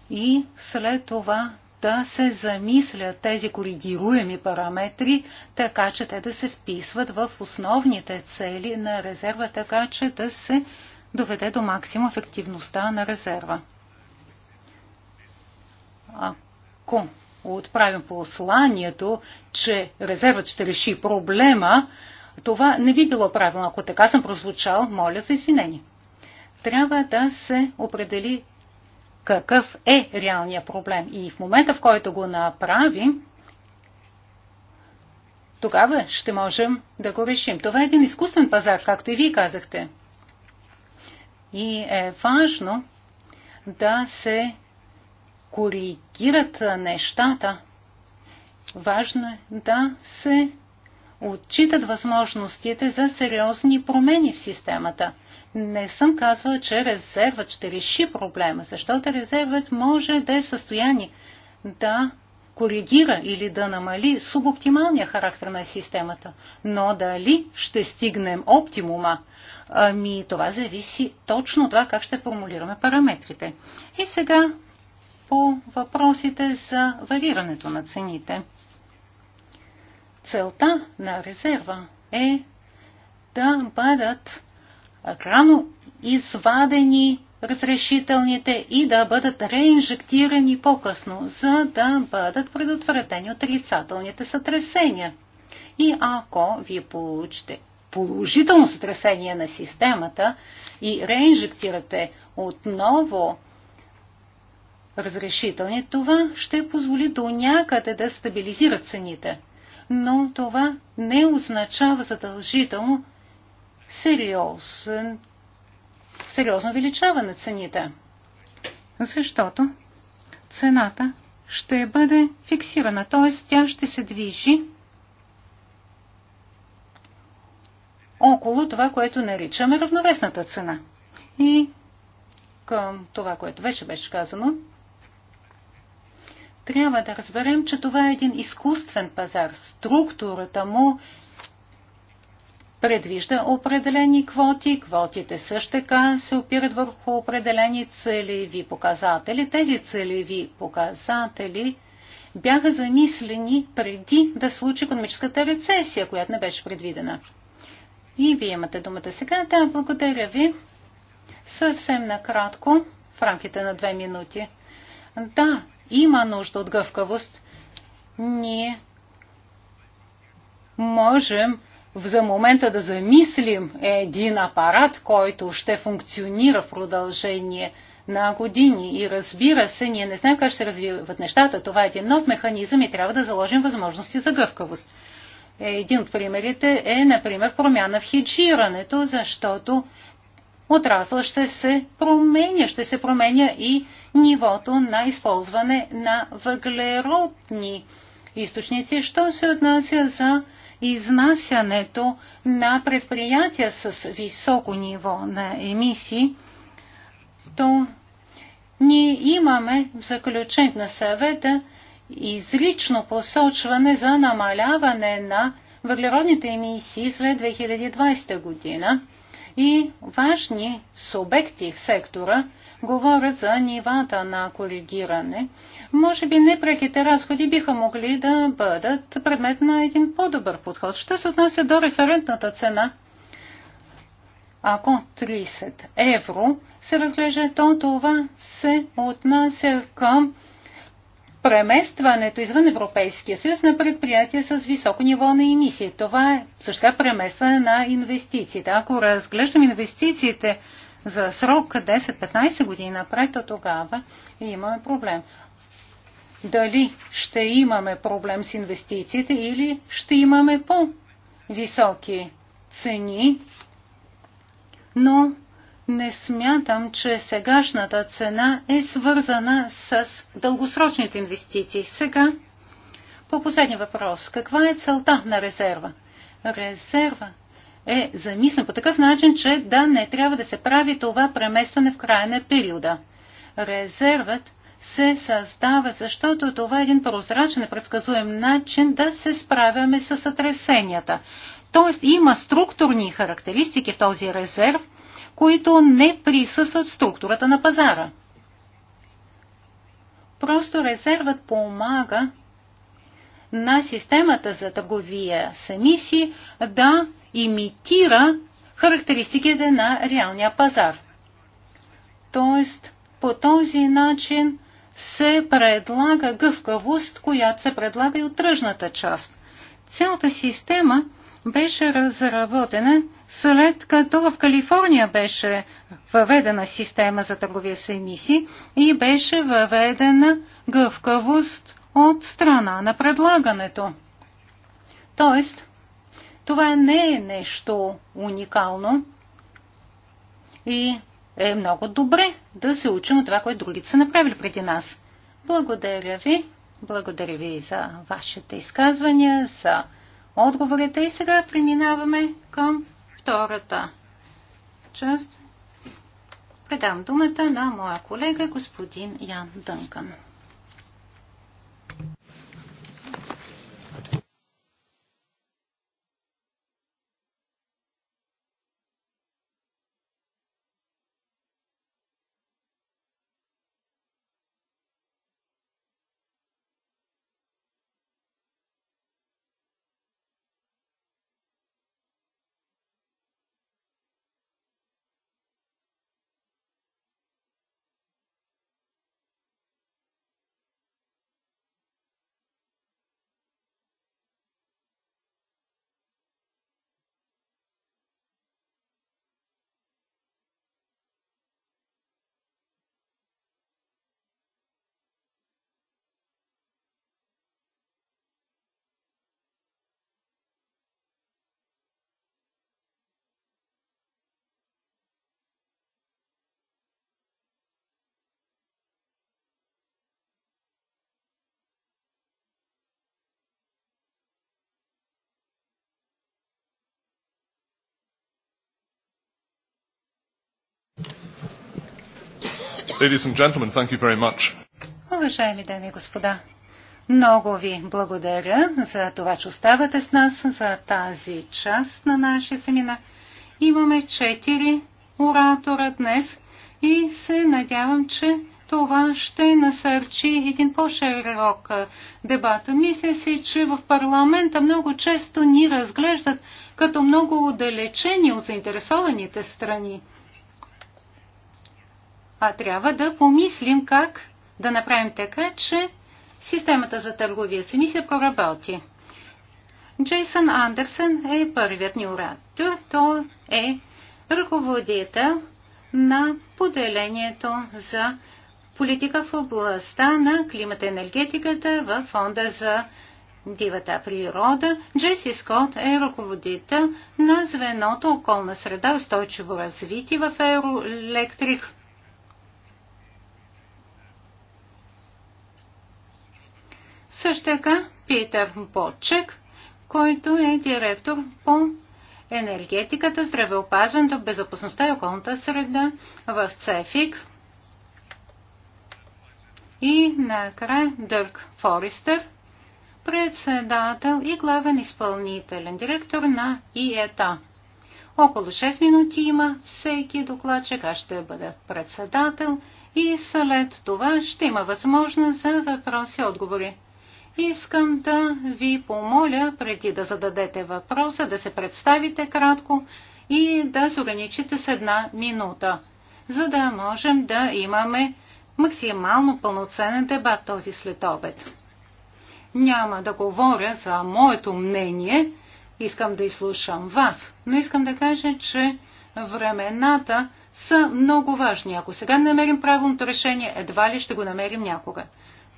И след това да се замислят тези коригируеми параметри, така че те да се вписват в основните цели на резерва, така че да се доведе до максимум ефективността на резерва. Ако отправим посланието, че резервът ще реши проблема, това не би било правилно. Ако така съм прозвучал, моля за извинение. Трябва да се определи какъв е реалният проблем. И в момента, в който го направим, тогава ще можем да го решим. Това е един изкуствен пазар, както и вие казахте. И е важно да се коригират нещата. Важно е да се отчитат възможностите за сериозни промени в системата не съм казвал, че резервът ще реши проблема, защото резервът може да е в състояние да коригира или да намали субоптималния характер на системата. Но дали ще стигнем оптимума, ами това зависи точно от това как ще формулираме параметрите. И сега по въпросите за варирането на цените. Целта на резерва е да бъдат рано извадени разрешителните и да бъдат реинжектирани по-късно, за да бъдат предотвратени отрицателните сътресения. И ако вие получите положително сътресение на системата и реинжектирате отново разрешителни, това ще позволи до някъде да стабилизира цените. Но това не означава задължително, сериозен, сериозно увеличаване на цените. Защото цената ще бъде фиксирана, т.е. тя ще се движи около това, което наричаме равновесната цена. И към това, което вече беше казано, трябва да разберем, че това е един изкуствен пазар. Структурата му предвижда определени квоти. Квотите също така се опират върху определени целеви показатели. Тези целеви показатели бяха замислени преди да случи економическата рецесия, която не беше предвидена. И вие имате думата сега. Да, благодаря ви. Съвсем накратко, в рамките на две минути. Да, има нужда от гъвкавост. Ние можем за момента да замислим един апарат, който ще функционира в продължение на години. И разбира се, ние не знаем как ще се развиват нещата. Това е един нов механизъм и трябва да заложим възможности за гъвкавост. Един от примерите е, например, промяна в хеджирането, защото отрасъл ще се променя, ще се променя и нивото на използване на въглеродни източници. Що се отнася за изнасянето на предприятия с високо ниво на емисии, то ние имаме в заключение на съвета изрично посочване за намаляване на въглеродните емисии след 2020 година и важни субекти в сектора – говорят за нивата на коригиране. Може би непреките разходи биха могли да бъдат предмет на един по-добър подход. Ще се отнася до референтната цена. Ако 30 евро се разглежда, то това се отнася към преместването извън Европейския съюз на предприятия с високо ниво на емисии. Това е също преместване на инвестициите. Ако разглеждам инвестициите за срок 10-15 години напред, а тогава имаме проблем. Дали ще имаме проблем с инвестициите или ще имаме по-високи цени, но не смятам, че сегашната цена е свързана с дългосрочните инвестиции. Сега по последния въпрос. Каква е целта на резерва? Резерва е замислен по такъв начин, че да не трябва да се прави това преместване в края на периода. Резервът се създава, защото това е един прозрачен и предсказуем начин да се справяме с сътресенията. Тоест има структурни характеристики в този резерв, които не присъстват в структурата на пазара. Просто резервът помага на системата за търговия с емисии да имитира характеристиките на реалния пазар. Тоест, по този начин се предлага гъвкавост, която се предлага и от тръжната част. Цялата система беше разработена след като в Калифорния беше въведена система за търговия с емисии и беше въведена гъвкавост от страна на предлагането. Тоест, това не е нещо уникално и е много добре да се учим от това, което другите са направили преди нас. Благодаря ви. Благодаря ви за вашите изказвания, за отговорите и сега преминаваме към втората част. Предам думата на моя колега господин Ян Дънкан. Ladies and gentlemen, thank you very much. Уважаеми дами и господа, много ви благодаря за това, че оставате с нас за тази част на нашия семинар. Имаме четири оратора днес и се надявам, че това ще насърчи един по-широк дебат. Мисля си, че в парламента много често ни разглеждат като много отдалечени от заинтересованите страни а трябва да помислим как да направим така, че системата за търговия с емисия проработи. Джейсън Андерсън е първият ни оратор. Той е ръководител на поделението за политика в областта на климата и енергетиката в Фонда за дивата природа. Джеси Скот е ръководител на звеното околна среда устойчиво развитие в Euroelectric Също така Питър Бочек, който е директор по енергетиката, здравеопазването, безопасността и околната среда в ЦЕФИК. И накрая Дърк Форестър, председател и главен изпълнителен директор на ИЕТА. Около 6 минути има всеки докладчик, аз ще бъда председател и след това ще има възможност за въпроси и отговори. Искам да ви помоля, преди да зададете въпроса, да се представите кратко и да се ограничите с една минута, за да можем да имаме максимално пълноценен дебат този следобед. Няма да говоря за моето мнение, искам да изслушам вас, но искам да кажа, че времената са много важни. Ако сега намерим правилното решение, едва ли ще го намерим някога.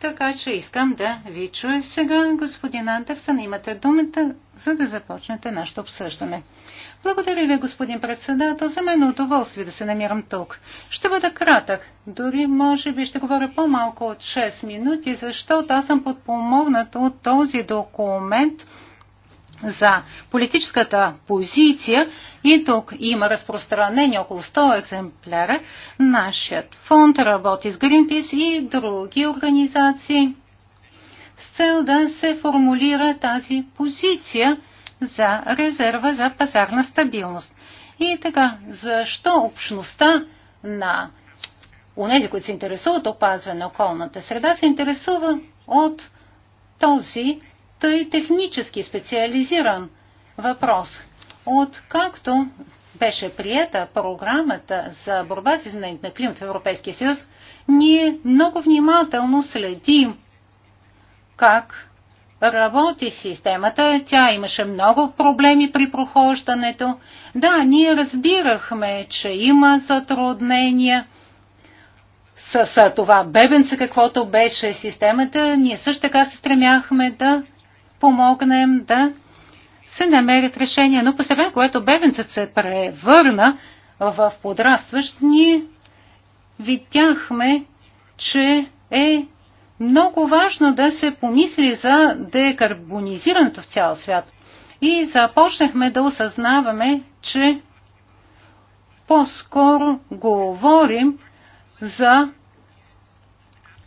Така че искам да ви чуя сега, господин Андерсън, имате думата, за да започнете нашето обсъждане. Благодаря ви, господин председател. За мен е удоволствие да се намирам тук. Ще бъда кратък. Дори, може би, ще говоря по-малко от 6 минути, защото аз съм подпомогнат от този документ за политическата позиция, и тук има разпространение около 100 екземпляра. Нашият фонд работи с Greenpeace и други организации с цел да се формулира тази позиция за резерва за пазарна стабилност. И така, защо общността на Унези, които се интересуват опазване на околната среда, се интересува от този той технически специализиран въпрос. Откакто беше приета програмата за борба с изменението на климата в Европейския съюз, ние много внимателно следим как работи системата. Тя имаше много проблеми при прохождането. Да, ние разбирахме, че има затруднения с, с това бебенце, каквото беше системата. Ние също така се стремяхме да помогнем да се намерят решения, но постепенно, което бебенцът се превърна в подрастващ, ние видяхме, че е много важно да се помисли за декарбонизирането в цял свят. И започнахме да осъзнаваме, че по-скоро говорим за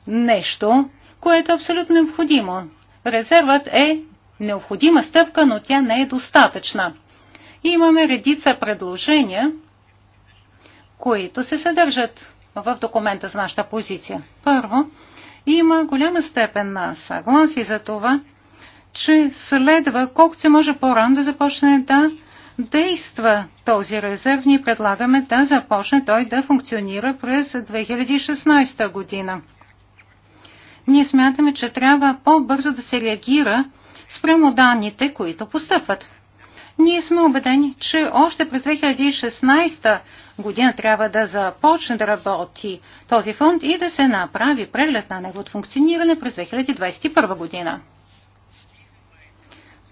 нещо, което е абсолютно необходимо. Резервът е необходима стъпка, но тя не е достатъчна. И имаме редица предложения, които се съдържат в документа за нашата позиция. Първо, има голяма степен на съгласие за това, че следва колкото се може по-рано да започне да действа този резерв. Ние предлагаме да започне той да функционира през 2016 година. Ние смятаме, че трябва по-бързо да се реагира спрямо данните, които постъпват. Ние сме убедени, че още през 2016 година трябва да започне да работи този фонд и да се направи преглед на неговото функциониране през 2021 година.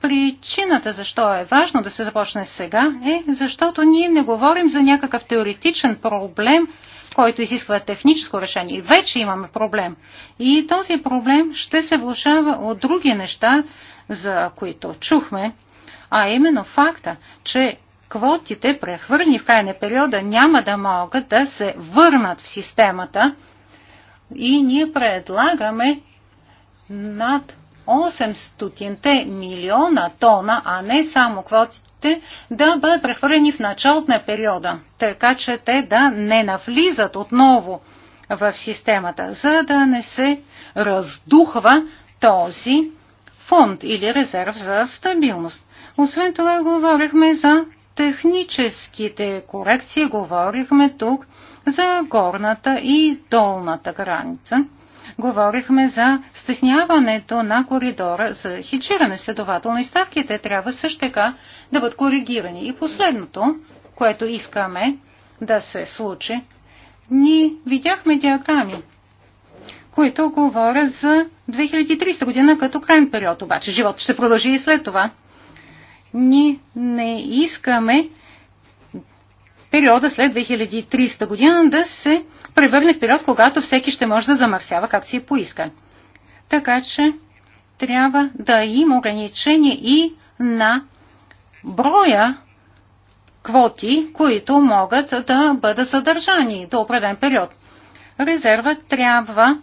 Причината защо е важно да се започне сега е, защото ние не говорим за някакъв теоретичен проблем, който изисква техническо решение. И вече имаме проблем. И този проблем ще се влушава от други неща, за които чухме, а именно факта, че квотите, прехвърни в крайна периода, няма да могат да се върнат в системата и ние предлагаме над 800 милиона тона, а не само квотите, да бъдат прехвърлени в началото на периода, така че те да не навлизат отново в системата, за да не се раздухва този фонд или резерв за стабилност. Освен това говорихме за техническите корекции, говорихме тук за горната и долната граница. Говорихме за стесняването на коридора за хичиране. Следователно и ставките трябва също така да бъдат коригирани. И последното, което искаме да се случи, ние видяхме диаграми които говорят за 2300 година като крайен период. Обаче живот ще продължи и след това. Ние не искаме периода след 2300 година да се превърне в период, когато всеки ще може да замърсява как си поиска. Така че трябва да има ограничение и на броя квоти, които могат да бъдат задържани до определен период. Резерва трябва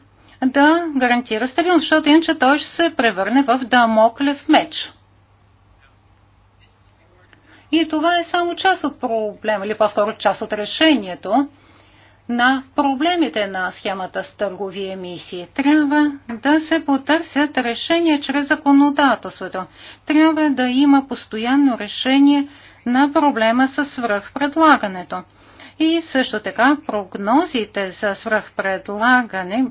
да гарантира стабилност, защото иначе той ще се превърне в дамоклев меч. И това е само част от проблема, или по-скоро част от решението на проблемите на схемата с търгови емисии. Трябва да се потърсят решения чрез законодателството. Трябва да има постоянно решение на проблема с свръхпредлагането. И също така прогнозите за свръхпредлагане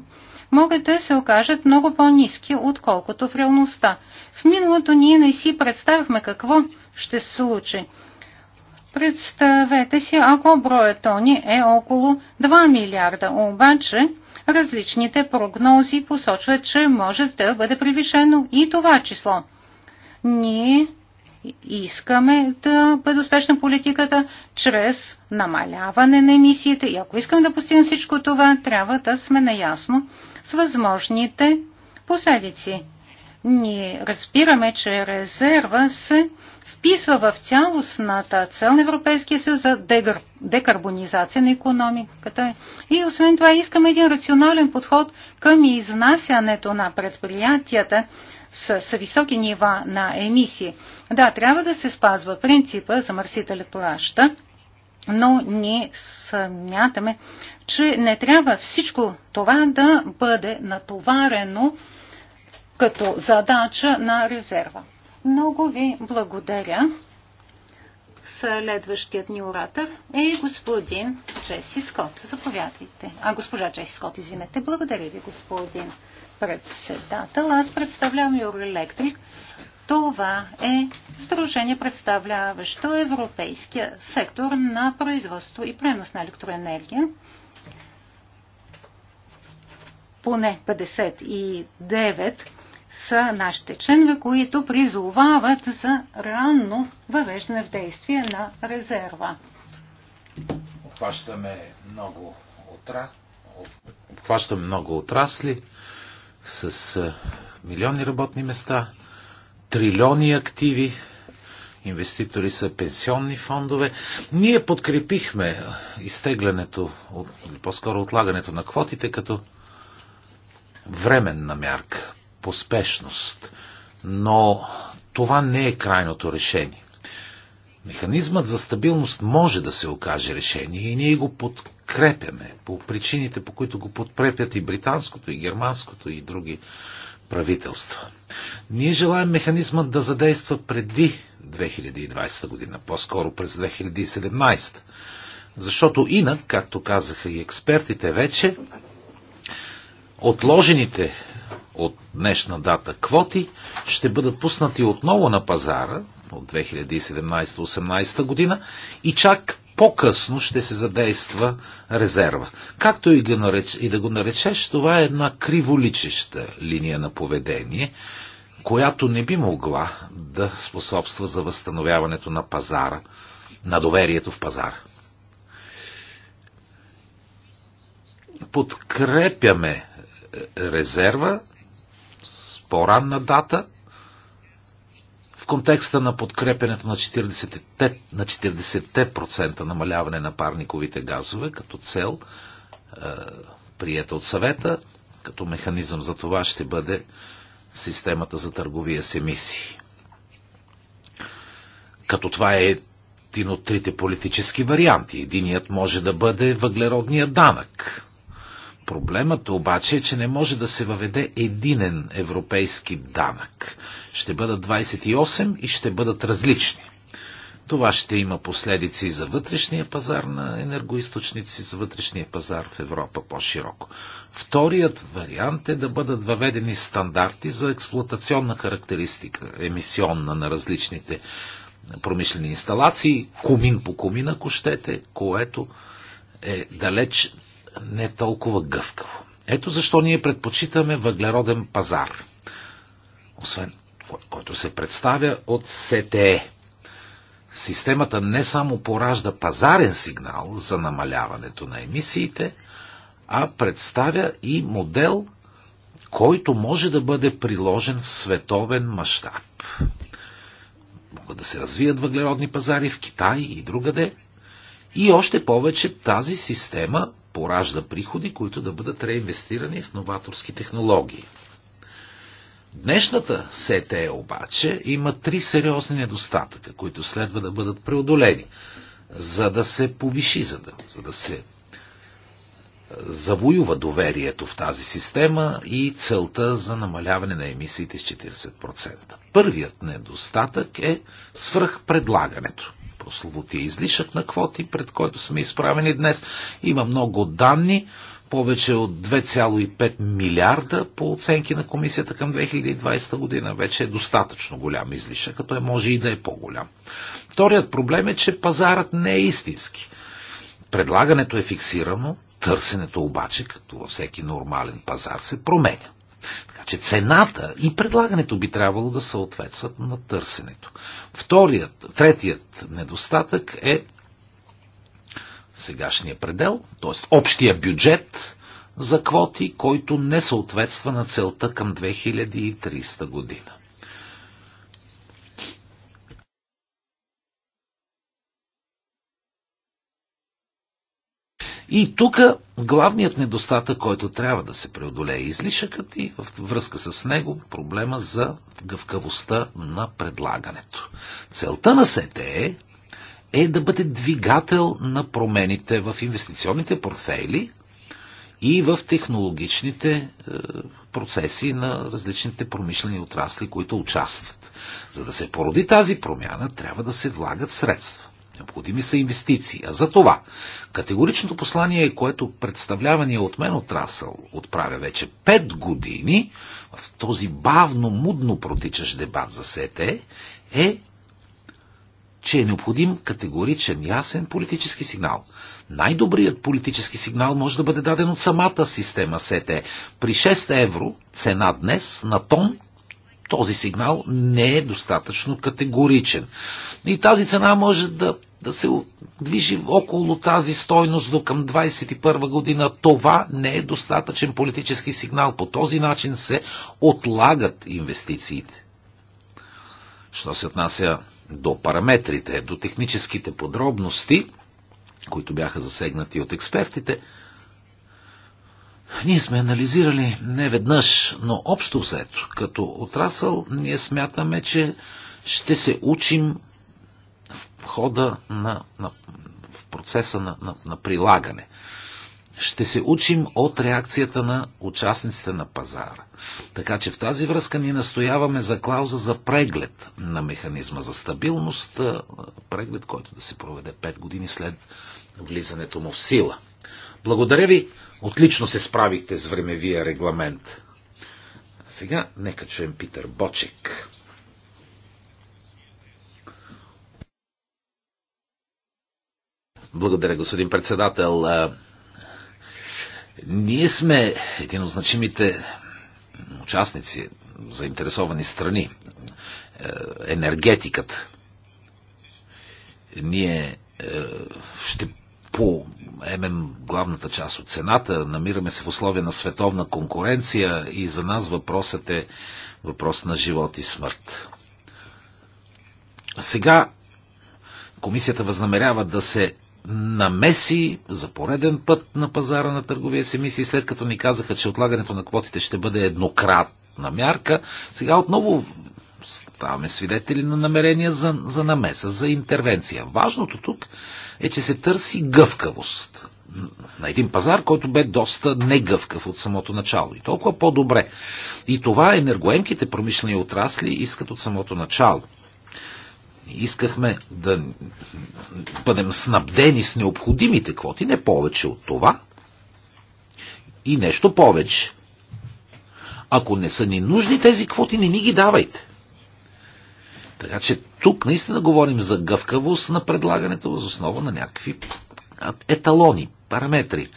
могат да се окажат много по-низки, отколкото в реалността. В миналото ние не си представяхме какво ще се случи. Представете си, ако броят тони е около 2 милиарда, обаче различните прогнози посочват, че може да бъде превишено и това число. Ние искаме да бъде успешна политиката чрез намаляване на емисиите и ако искаме да постигнем всичко това, трябва да сме наясно с възможните последици. Ние разбираме, че резерва се вписва в цялостната цел на Европейския съюз за декарбонизация на економиката. И освен това искаме един рационален подход към изнасянето на предприятията с, с високи нива на емисии. Да, трябва да се спазва принципа замърсителят плаща, но ние смятаме, че не трябва всичко това да бъде натоварено като задача на резерва. Много ви благодаря. Следващият ни оратор е господин Чеси Скот. Заповядайте. А, госпожа Чеси Скот, извинете. Благодаря ви, господин председател. Аз представлявам Юроелектрик. Това е сдружение, представляващо европейския сектор на производство и пренос на електроенергия поне 59 са нашите членове, които призовават за ранно въвеждане в действие на резерва. Обхващаме много, отра... Обхващаме много отрасли с милиони работни места, трилиони активи, инвеститори са пенсионни фондове. Ние подкрепихме изтеглянето, по-скоро отлагането на квотите, като временна мярка, поспешност, но това не е крайното решение. Механизмът за стабилност може да се окаже решение и ние го подкрепяме по причините, по които го подкрепят и британското, и германското, и други правителства. Ние желаем механизмът да задейства преди 2020 година, по-скоро през 2017. Защото инак, както казаха и експертите вече, отложените от днешна дата квоти ще бъдат пуснати отново на пазара от 2017-18 година и чак по-късно ще се задейства резерва. Както и, нареч... и да го наречеш, това е една криволичеща линия на поведение, която не би могла да способства за възстановяването на пазара, на доверието в пазара. Подкрепяме резерва с по-ранна дата в контекста на подкрепенето на 40-те, на 40 намаляване на парниковите газове като цел, е, прията от съвета, като механизъм за това ще бъде системата за търговия с емисии. Като това е един от трите политически варианти. Единият може да бъде въглеродният данък, Проблемът обаче е, че не може да се въведе единен европейски данък. Ще бъдат 28 и ще бъдат различни. Това ще има последици и за вътрешния пазар на енергоисточници, за вътрешния пазар в Европа по-широко. Вторият вариант е да бъдат въведени стандарти за експлуатационна характеристика, емисионна на различните промишлени инсталации, комин по комин, ако щете, което е далеч не толкова гъвкаво. Ето защо ние предпочитаме въглероден пазар, освен който се представя от СТЕ. Системата не само поражда пазарен сигнал за намаляването на емисиите, а представя и модел, който може да бъде приложен в световен мащаб. Могат да се развият въглеродни пазари в Китай и другаде. И още повече тази система поражда приходи, които да бъдат реинвестирани в новаторски технологии. Днешната СТ обаче има три сериозни недостатъка, които следва да бъдат преодолени, за да се повиши, за да, за да се е, завоюва доверието в тази система и целта за намаляване на емисиите с 40%. Първият недостатък е свръхпредлагането прословутия излишък на квоти, пред който сме изправени днес. Има много данни, повече от 2,5 милиарда по оценки на комисията към 2020 година. Вече е достатъчно голям излишък, като е може и да е по-голям. Вторият проблем е, че пазарът не е истински. Предлагането е фиксирано, търсенето обаче, като във всеки нормален пазар, се променя. Значи цената и предлагането би трябвало да съответстват на търсенето. Вторият, третият недостатък е сегашния предел, т.е. общия бюджет за квоти, който не съответства на целта към 2300 година. И тук главният недостатък, който трябва да се преодолее излишъкът и в връзка с него проблема за гъвкавостта на предлагането. Целта на СЕТЕ е да бъде двигател на промените в инвестиционните портфейли и в технологичните е, процеси на различните промишлени отрасли, които участват. За да се породи тази промяна, трябва да се влагат средства. Необходими са инвестиции. А за това категоричното послание, което представлявания от мен от Расъл отправя вече 5 години в този бавно, мудно протичащ дебат за СЕТЕ, е, че е необходим категоричен, ясен политически сигнал. Най-добрият политически сигнал може да бъде даден от самата система СЕТЕ. При 6 евро цена днес на тон този сигнал не е достатъчно категоричен. И тази цена може да да се движи около тази стойност до към 21 година. Това не е достатъчен политически сигнал. По този начин се отлагат инвестициите. Що се отнася до параметрите, до техническите подробности, които бяха засегнати от експертите, ние сме анализирали не веднъж, но общо взето, като отрасъл, ние смятаме, че ще се учим хода на, на в процеса на, на, на прилагане. Ще се учим от реакцията на участниците на пазара. Така че в тази връзка ние настояваме за клауза за преглед на механизма за стабилност, преглед, който да се проведе 5 години след влизането му в сила. Благодаря ви, отлично се справихте с времевия регламент. Сега нека чуем Питър Бочек. Благодаря, господин председател. Ние сме един от значимите участници, заинтересовани страни, е, енергетиката. Ние е, ще поемем главната част от цената, намираме се в условия на световна конкуренция и за нас въпросът е въпрос на живот и смърт. Сега комисията възнамерява да се намеси за пореден път на пазара на търговия с емисии, след като ни казаха, че отлагането на квотите ще бъде еднократна мярка. Сега отново ставаме свидетели на намерения за, за намеса, за интервенция. Важното тук е, че се търси гъвкавост на един пазар, който бе доста негъвкав от самото начало. И толкова по-добре. И това енергоемките промишлени отрасли искат от самото начало – Искахме да бъдем снабдени с необходимите квоти, не повече от това. И нещо повече. Ако не са ни нужни тези квоти, не ни ги давайте. Така че тук наистина говорим за гъвкавост на предлагането въз основа на някакви еталони, параметри.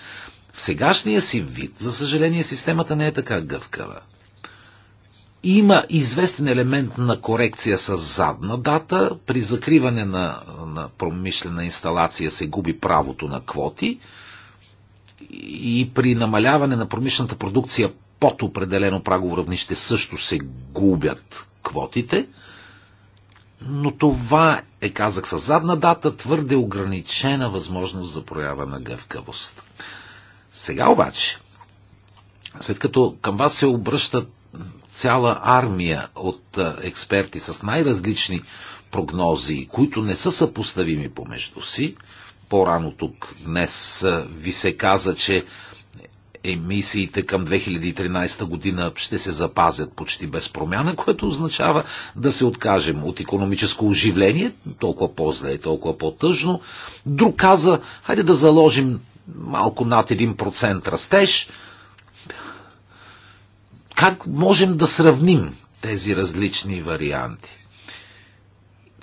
В сегашния си вид, за съжаление, системата не е така гъвкава има известен елемент на корекция с задна дата. При закриване на, на промишлена инсталация се губи правото на квоти и при намаляване на промишлената продукция под определено прагово равнище също се губят квотите. Но това е, казах с задна дата, твърде ограничена възможност за проява на гъвкавост. Сега обаче, след като към вас се обръщат цяла армия от експерти с най-различни прогнози, които не са съпоставими помежду си. По-рано тук днес ви се каза, че емисиите към 2013 година ще се запазят почти без промяна, което означава да се откажем от економическо оживление, толкова по-зле и толкова по-тъжно. Друг каза, хайде да заложим малко над 1% растеж, как можем да сравним тези различни варианти?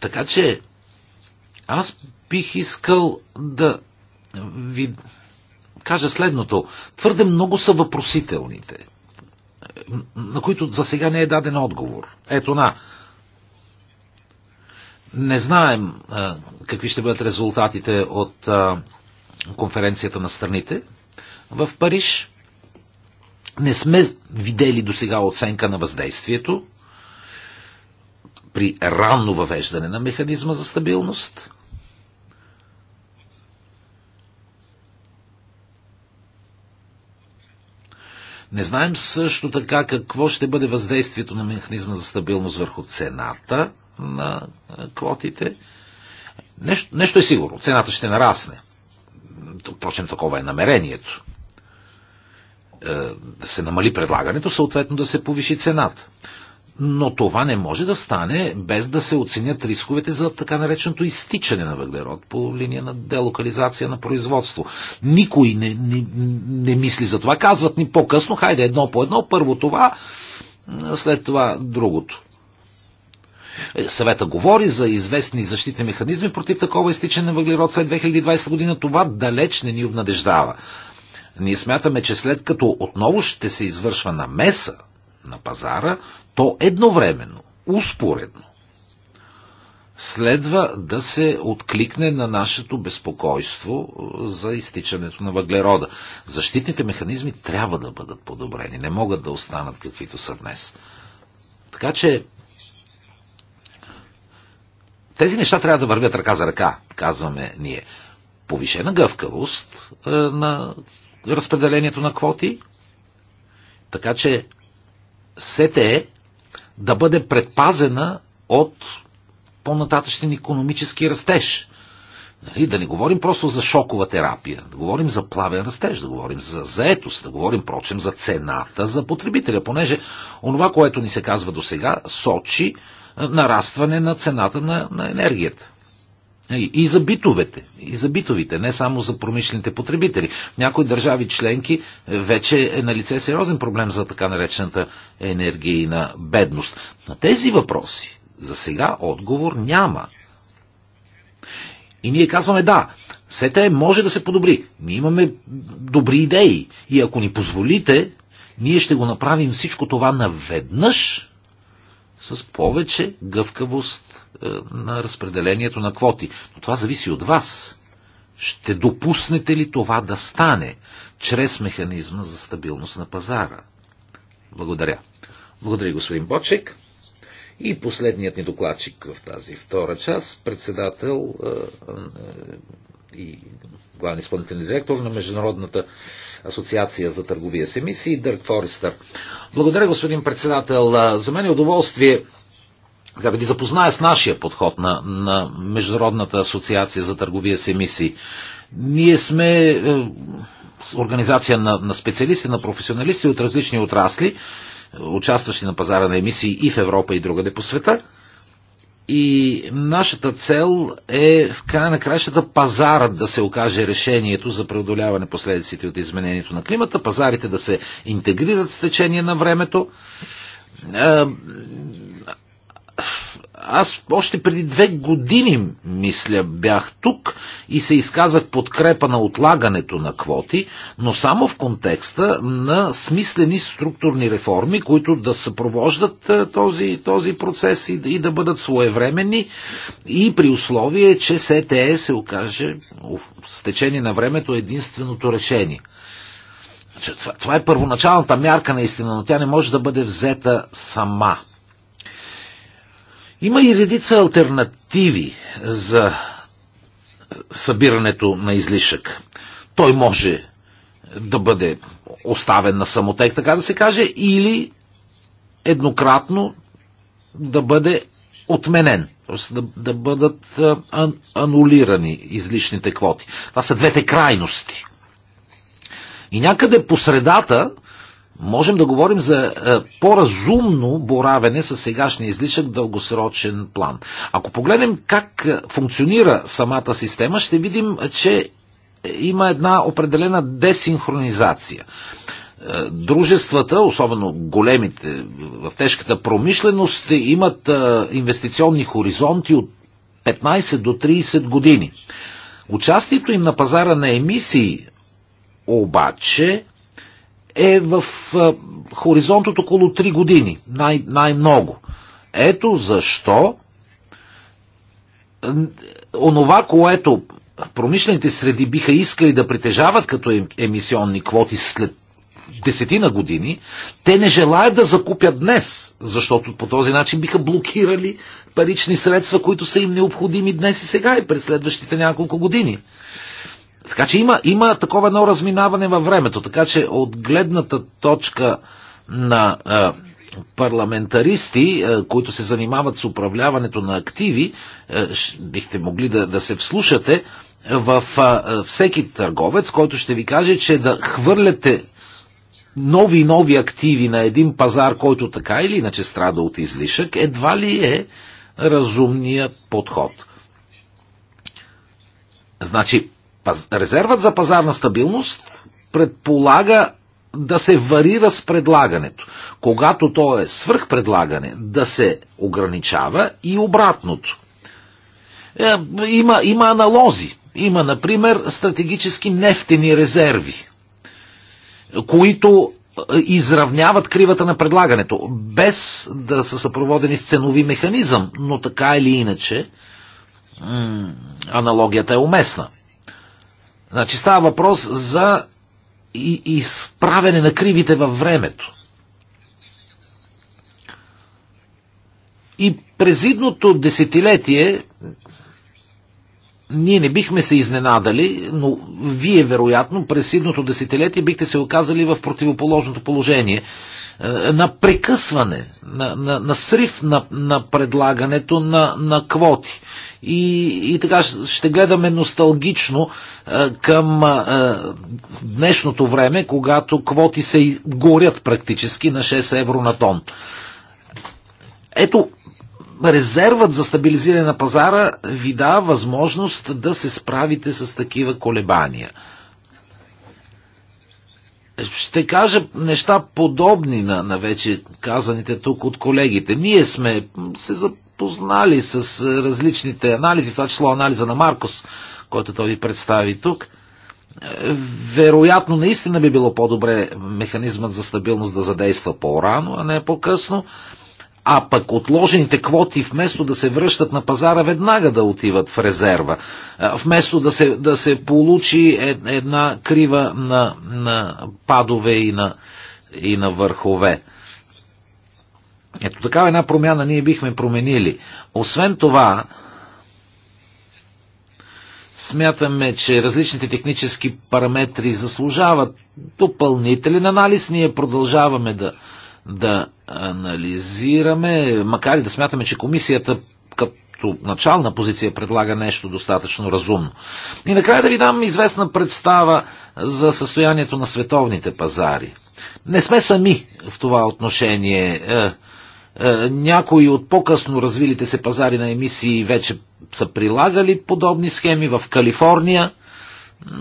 Така че аз бих искал да ви кажа следното. Твърде много са въпросителните, на които за сега не е даден отговор. Ето на. Не знаем а, какви ще бъдат резултатите от а, конференцията на страните в Париж. Не сме видели до сега оценка на въздействието при ранно въвеждане на механизма за стабилност. Не знаем също така какво ще бъде въздействието на механизма за стабилност върху цената на квотите. Нещо, нещо е сигурно. Цената ще нарасне. Впрочем, такова е намерението. Е, да се намали предлагането, съответно да се повиши цената. Но това не може да стане без да се оценят рисковете за така нареченото изтичане на въглерод по линия на делокализация на производство. Никой не, не, не мисли за това. Казват ни по-късно, хайде едно по едно, първо това, след това другото. Е, съвета говори за известни защитни механизми против такова изтичане на въглерод след 2020 година. Това далеч не ни обнадеждава. Ние смятаме, че след като отново ще се извършва намеса на пазара, то едновременно, успоредно, следва да се откликне на нашето безпокойство е, за изтичането на въглерода. Защитните механизми трябва да бъдат подобрени, не могат да останат каквито са днес. Така че тези неща трябва да вървят ръка за ръка, казваме ние. Повишена гъвкавост е, на разпределението на квоти, така че СТЕ да бъде предпазена от по-нататъчен економически растеж. Нали? Да не говорим просто за шокова терапия, да говорим за плавен растеж, да говорим за заетост, да говорим, прочем, за цената за потребителя, понеже онова, което ни се казва до сега, сочи нарастване на цената на, на енергията. Нали, и за битовете, и за битовите, не само за промишлените потребители. В някои държави членки вече е на лице сериозен проблем за така наречената енергийна бедност. На тези въпроси за сега отговор няма. И ние казваме да, сета е, може да се подобри. Ние имаме добри идеи. И ако ни позволите, ние ще го направим всичко това наведнъж с повече гъвкавост е, на разпределението на квоти. Но това зависи от вас. Ще допуснете ли това да стане чрез механизма за стабилност на пазара? Благодаря. Благодаря, господин Бочек. И последният ни докладчик в тази втора част, председател е, е, и главен изпълнителен директор на Международната асоциация за търговия с емисии Дърк Форестър. Благодаря, господин председател. За мен е удоволствие да ви запозная с нашия подход на, на Международната асоциация за търговия с емисии. Ние сме е, организация на, на специалисти, на професионалисти от различни отрасли, участващи на пазара на емисии и в Европа и другаде по света. И нашата цел е в края на кращата пазарът да се окаже решението за преодоляване последиците от изменението на климата, пазарите да се интегрират с течение на времето. Аз още преди две години, мисля, бях тук и се изказах подкрепа на отлагането на квоти, но само в контекста на смислени структурни реформи, които да съпровождат е, този, този процес и, и да бъдат своевременни и при условие, че СТЕ се окаже с течение на времето единственото решение. Значи, това е първоначалната мярка наистина, но тя не може да бъде взета сама – има и редица альтернативи за събирането на излишък. Той може да бъде оставен на самотек, така да се каже, или еднократно да бъде отменен, т.е. Да, да бъдат а, анулирани излишните квоти. Това са двете крайности. И някъде по средата можем да говорим за е, по-разумно боравене с сегашния излишък дългосрочен план. Ако погледнем как е, функционира самата система, ще видим, е, че има една определена десинхронизация. Дружествата, особено големите в тежката промишленост, имат инвестиционни хоризонти от 15 до 30 години. Участието им на пазара на емисии обаче е в хоризонт от около 3 години, най- най-много. Ето защо онова, което промишлените среди биха искали да притежават като емисионни квоти след десетина години, те не желаят да закупят днес, защото по този начин биха блокирали парични средства, които са им необходими днес и сега и през следващите няколко години. Така че има, има такова едно разминаване във времето. Така че от гледната точка на а, парламентаристи, а, които се занимават с управляването на активи, а, бихте могли да, да се вслушате в а, всеки търговец, който ще ви каже, че да хвърляте нови и нови активи на един пазар, който така или иначе страда от излишък, едва ли е разумният подход. Значи, резервът за пазарна стабилност предполага да се варира с предлагането. Когато то е свръхпредлагане, да се ограничава и обратното. Е, има, има аналози. Има, например, стратегически нефтени резерви, които е, изравняват кривата на предлагането, без да са съпроводени с ценови механизъм, но така или иначе аналогията е уместна. Значи става въпрос за и, изправене на кривите във времето. И през идното десетилетие ние не бихме се изненадали, но вие вероятно през идното десетилетие бихте се оказали в противоположното положение е, на прекъсване, на, на, на срив на, на предлагането на, на квоти и, и така ще гледаме носталгично а, е, към а, е, днешното време, когато квоти се горят практически на 6 евро на тон. Ето, резервът за стабилизиране на пазара ви дава възможност да се справите с такива колебания. Ще кажа неща подобни на, на вече казаните тук от колегите. Ние сме се запознали с е, различните анализи, в това число анализа на Маркос, който той ви представи тук, е, вероятно наистина би било по-добре механизмът за стабилност да задейства по-рано, а не по-късно, а пък отложените квоти вместо да се връщат на пазара, веднага да отиват в резерва. Е, вместо да се, да се получи една крива на, на падове и на, и на върхове. Ето такава една промяна ние бихме променили. Освен това, смятаме, че различните технически параметри заслужават допълнителен анализ. Ние продължаваме да, да анализираме, макар и да смятаме, че комисията като начална позиция предлага нещо достатъчно разумно. И накрая да ви дам известна представа за състоянието на световните пазари. Не сме сами в това отношение. Е, е, някои от по-късно развилите се пазари на емисии вече са прилагали подобни схеми в Калифорния,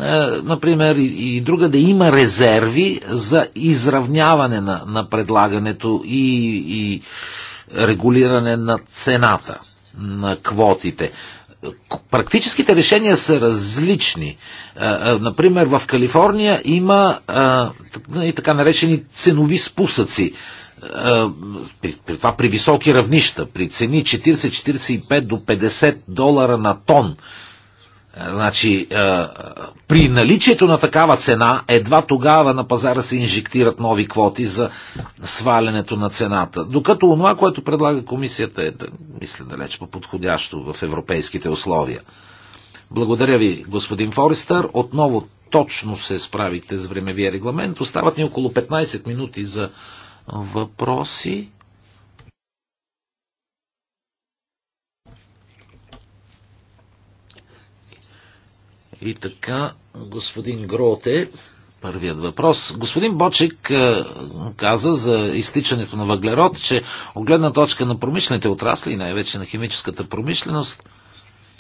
е, например, и друга да има резерви за изравняване на, на предлагането и, и регулиране на цената на квотите практическите решения са различни. Е, например, в Калифорния има и така наречени ценови спусъци при, при това при високи равнища, при цени 40-45 до 50 долара на тон. Значи, при наличието на такава цена, едва тогава на пазара се инжектират нови квоти за свалянето на цената. Докато онова, което предлага комисията е, да, мисля, далеч по-подходящо в европейските условия. Благодаря ви, господин Форестър. Отново точно се справихте с времевия регламент. Остават ни около 15 минути за въпроси. И така, господин Гроте, първият въпрос. Господин Бочик е, каза за изтичането на въглерод, че от гледна точка на промишлените отрасли, най-вече на химическата промишленост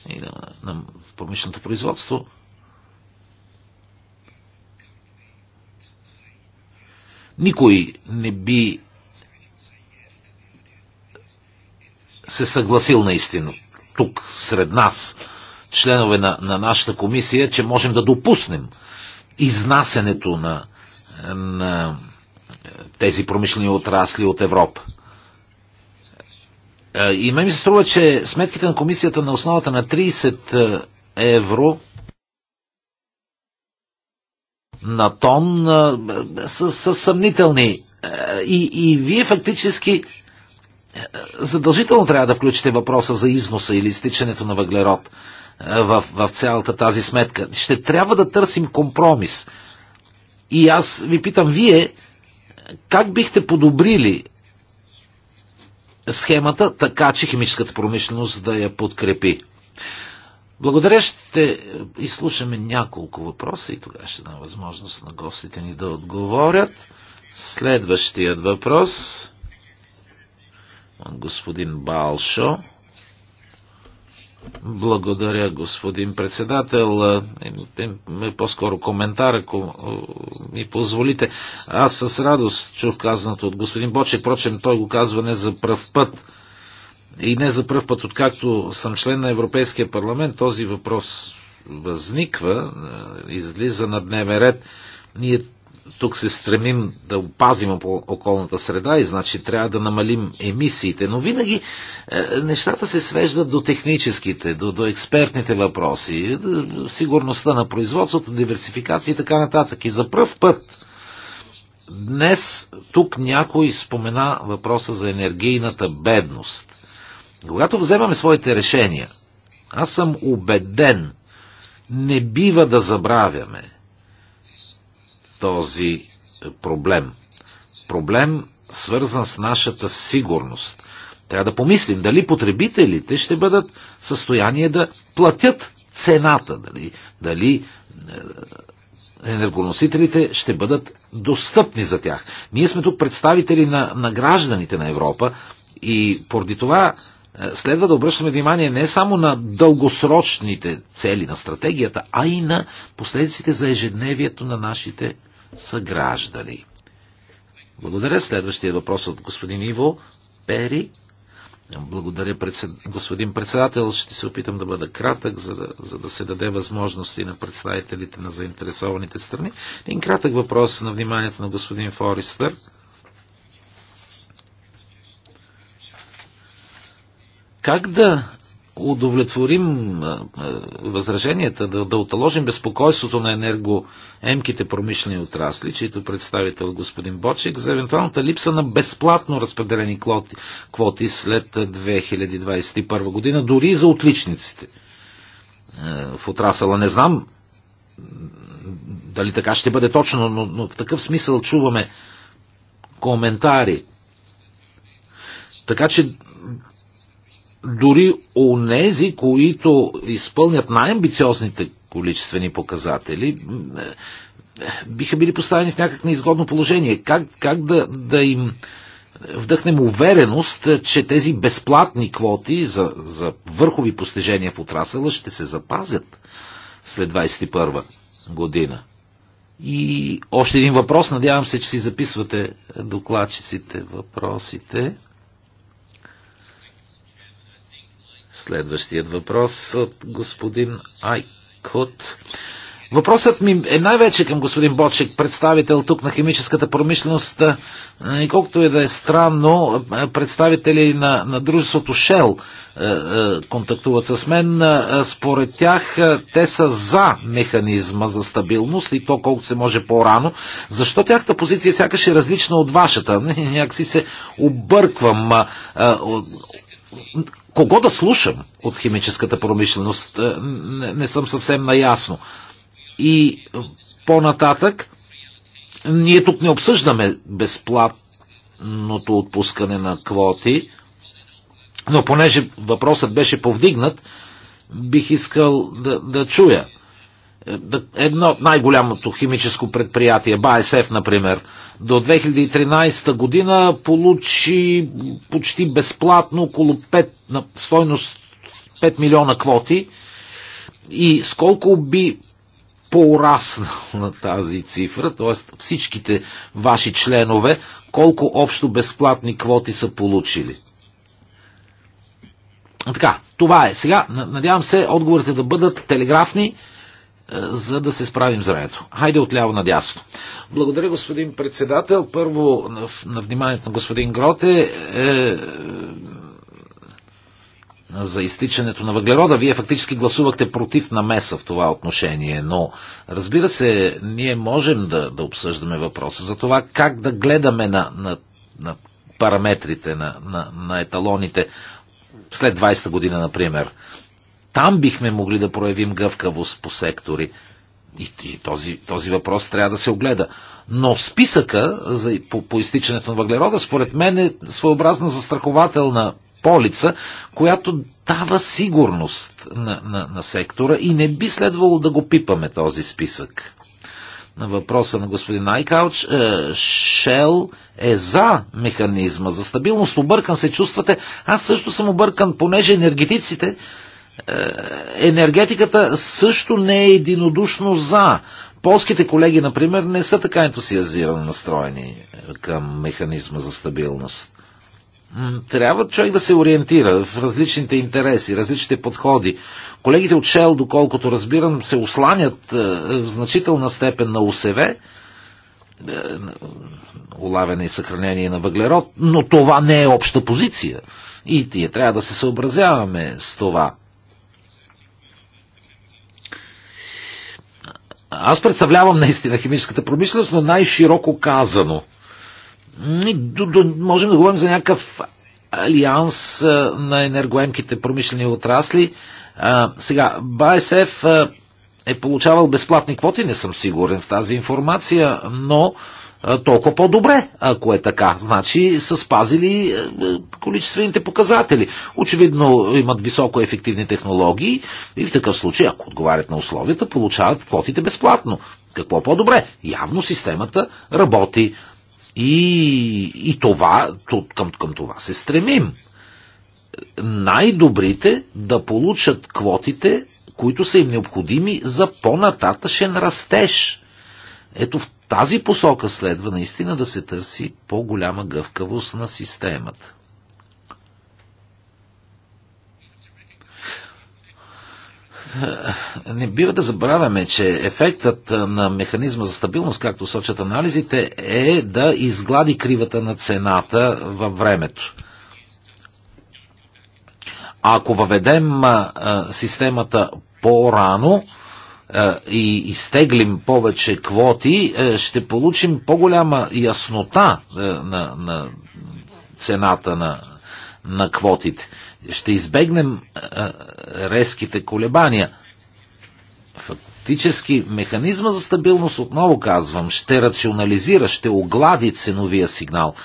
и на, на промишленото производство, Никой не би се съгласил наистина тук сред нас, членове на, на нашата комисия, че можем да допуснем изнасенето на, на е, тези промишлени отрасли от Европа. Е, и ме ми се струва, че сметките на комисията на основата на 30 е, евро на тон са, са съмнителни. Е, и, и вие фактически е, задължително трябва да включите въпроса за износа или изтичането на въглерод е, в, в цялата тази сметка. Ще трябва да търсим компромис. И аз ви питам, вие как бихте подобрили схемата така, че химическата промишленост да я подкрепи? Благодаря, ще изслушаме няколко въпроса и тогава ще дам възможност на гостите ни да отговорят. Следващият въпрос от господин Балшо. Благодаря, господин председател. Е, е, е, по-скоро коментар, ако ми позволите. Аз с радост чух казаното от господин Боче, прочем той го казва не за пръв път и не за първ път, откакто съм член на Европейския парламент, този въпрос възниква, е, излиза на дневен ред. Ние тук се стремим да опазим околната среда и значи трябва да намалим емисиите, но винаги е, нещата се свеждат до техническите, до, до експертните въпроси, е, до сигурността на производството, диверсификация и така нататък. И за първ път днес тук някой спомена въпроса за енергийната бедност. Когато вземаме своите решения, аз съм убеден, не бива да забравяме този проблем. Проблем свързан с нашата сигурност. Трябва да помислим дали потребителите ще бъдат в състояние да платят цената, дали, дали е, енергоносителите ще бъдат достъпни за тях. Ние сме тук представители на, на гражданите на Европа, и поради това е, следва да обръщаме внимание не само на дългосрочните цели на стратегията, а и на последиците за ежедневието на нашите съграждани. Благодаря. Следващия въпрос от господин Иво Пери. Благодаря, председ... господин председател. Ще се опитам да бъда кратък, за да, за да се даде възможности на представителите на заинтересованите страни. Един кратък въпрос на вниманието на господин Фористър. Как да удовлетворим възраженията, да, да оталожим безпокойството на енергоемките промишлени отрасли, чието представител господин Бочек, за евентуалната липса на безплатно разпределени квоти, квоти след 2021 година, дори за отличниците в отрасъла. Не знам дали така ще бъде точно, но, но в такъв смисъл чуваме коментари. Така че дори у нези, които изпълнят най-амбициозните количествени показатели, е, биха били поставени в някак неизгодно положение. Как, как да, да им вдъхнем увереност, е, че тези безплатни квоти за, за върхови постижения в отрасъла ще се запазят след 21 година? И още един въпрос, надявам се, че си записвате докладчиците, въпросите. Следващият въпрос от господин Айкот. Въпросът ми е най-вече към господин Бочек, представител тук на химическата промишленост. Е, и колкото и е да е странно, е, представители на, на дружеството Shell е, контактуват с мен. Според тях те са за механизма за стабилност и то колкото се може по-рано. Защо тяхната позиция сякаш е различна от вашата? Някакси се обърквам Кого да слушам от химическата промишленост? Е, не, не съм съвсем наясно. И по-нататък, ние тук не обсъждаме безплатното отпускане на квоти, но понеже въпросът беше повдигнат, бих искал да, да чуя едно от най-голямото химическо предприятие, БАСФ, например, до 2013 година получи почти безплатно около 5, на стойност 5 милиона квоти и сколко би пораснал на тази цифра, т.е. всичките ваши членове, колко общо безплатни квоти са получили. Така, това е. Сега, надявам се, отговорите да бъдат телеграфни, за да се справим с времето. Хайде отляво надясно. Благодаря, господин председател. Първо, на вниманието на господин Гроте, е, е, за изтичането на въглерода. Вие фактически гласувахте против намеса в това отношение, но разбира се, ние можем да, да обсъждаме въпроса за това как да гледаме на, на, на параметрите, на, на, на еталоните след 20-та година, например. Там бихме могли да проявим гъвкавост по сектори. И, и този, този въпрос трябва да се огледа. Но списъка за, по, по изтичането на въглерода, според мен е своеобразна застрахователна полица, която дава сигурност на, на, на сектора и не би следвало да го пипаме този списък. На въпроса на господин Найкауч, Шел е за механизма за стабилност. Объркан се чувствате. Аз също съм объркан, понеже енергетиците е, енергетиката също не е единодушно за. Полските колеги, например, не са така ентусиазирано настроени е, към механизма за стабилност. Трябва човек да се ориентира в различните интереси, различните подходи. Колегите от Шел, доколкото разбирам, се осланят е, в значителна степен на УСВ, улавяне и съхранение на въглерод, но това не е обща позиция. И тие трябва да се съобразяваме с това. Аз представлявам наистина химическата промишленост, но най-широко казано. Ами, можем да говорим за някакъв алианс на енергоемките промишлени отрасли. Сега, БАСФ е получавал безплатни квоти, не съм сигурен в тази информация, но толкова по-добре, ако е така. Значи са спазили е, е, количествените показатели. Очевидно имат високо ефективни технологии и в такъв случай, ако отговарят на условията, получават квотите безплатно. Какво по-добре? Явно системата работи. И, и това, към, към това се стремим. Най-добрите да получат квотите, които са им необходими за по-нататъшен растеж. Ето в тази посока следва наистина да се търси по-голяма гъвкавост на системата. Не бива да забравяме, че ефектът на механизма за стабилност, както сочат анализите, е да изглади кривата на цената във времето. А ако въведем системата по-рано, и изтеглим повече квоти, ще получим по-голяма яснота на, на цената на, на квотите. Ще избегнем резките колебания. Фактически механизма за стабилност, отново казвам, ще рационализира, ще оглади ценовия сигнал.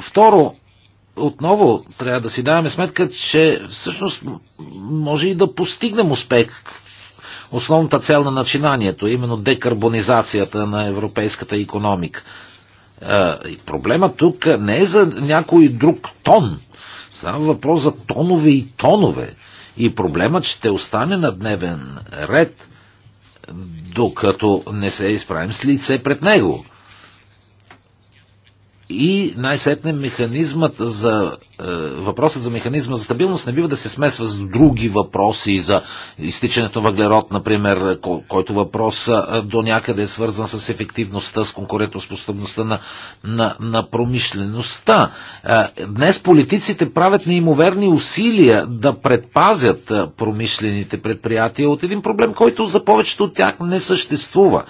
Второ, отново трябва да си даваме сметка, че всъщност може и да постигнем успех основната цел на начинанието, именно декарбонизацията на европейската економика. И проблема тук не е за някой друг тон. Става въпрос за тонове и тонове. И проблемът ще остане на дневен ред, докато не се изправим с лице пред него. И най-сетне механизмът за е, въпросът за механизма за стабилност не бива да се смесва с други въпроси за изтичането на въглерод, например, който въпрос е, до някъде е свързан с ефективността, с конкурентоспособността на, на, на промишлеността. Е, днес политиците правят неимоверни усилия да предпазят е, промишлените предприятия от един проблем, който за повечето от тях не съществува.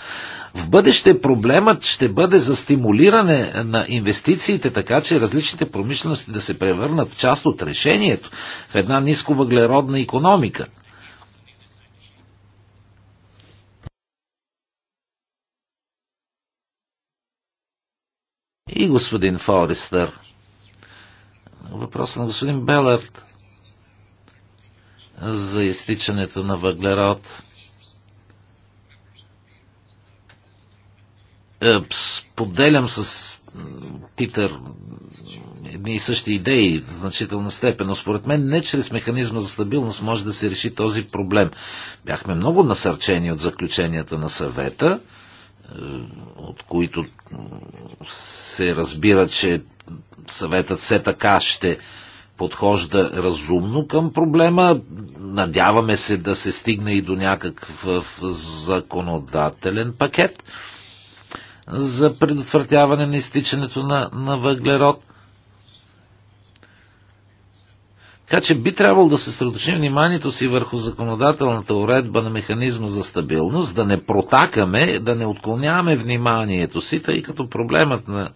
В бъдеще проблемът ще бъде за стимулиране на инвестициите, така че различните промишлености да се превърнат в част от решението в една нисковъглеродна економика. И господин Форестър. Въпрос на господин Белард за изтичането на въглерод. Поделям с Питър едни и същи идеи в значителна степен, но според мен не чрез механизма за стабилност може да се реши този проблем. Бяхме много насърчени от заключенията на съвета, е, от които се разбира, че съветът все така ще подхожда разумно към проблема. Надяваме се да се стигне и до някакъв законодателен пакет за предотвратяване на изтичането на, на въглерод. Така че би трябвало да се средочи вниманието си върху законодателната уредба на механизма за стабилност, да не протакаме, да не отклоняваме вниманието си, тъй като проблемът на,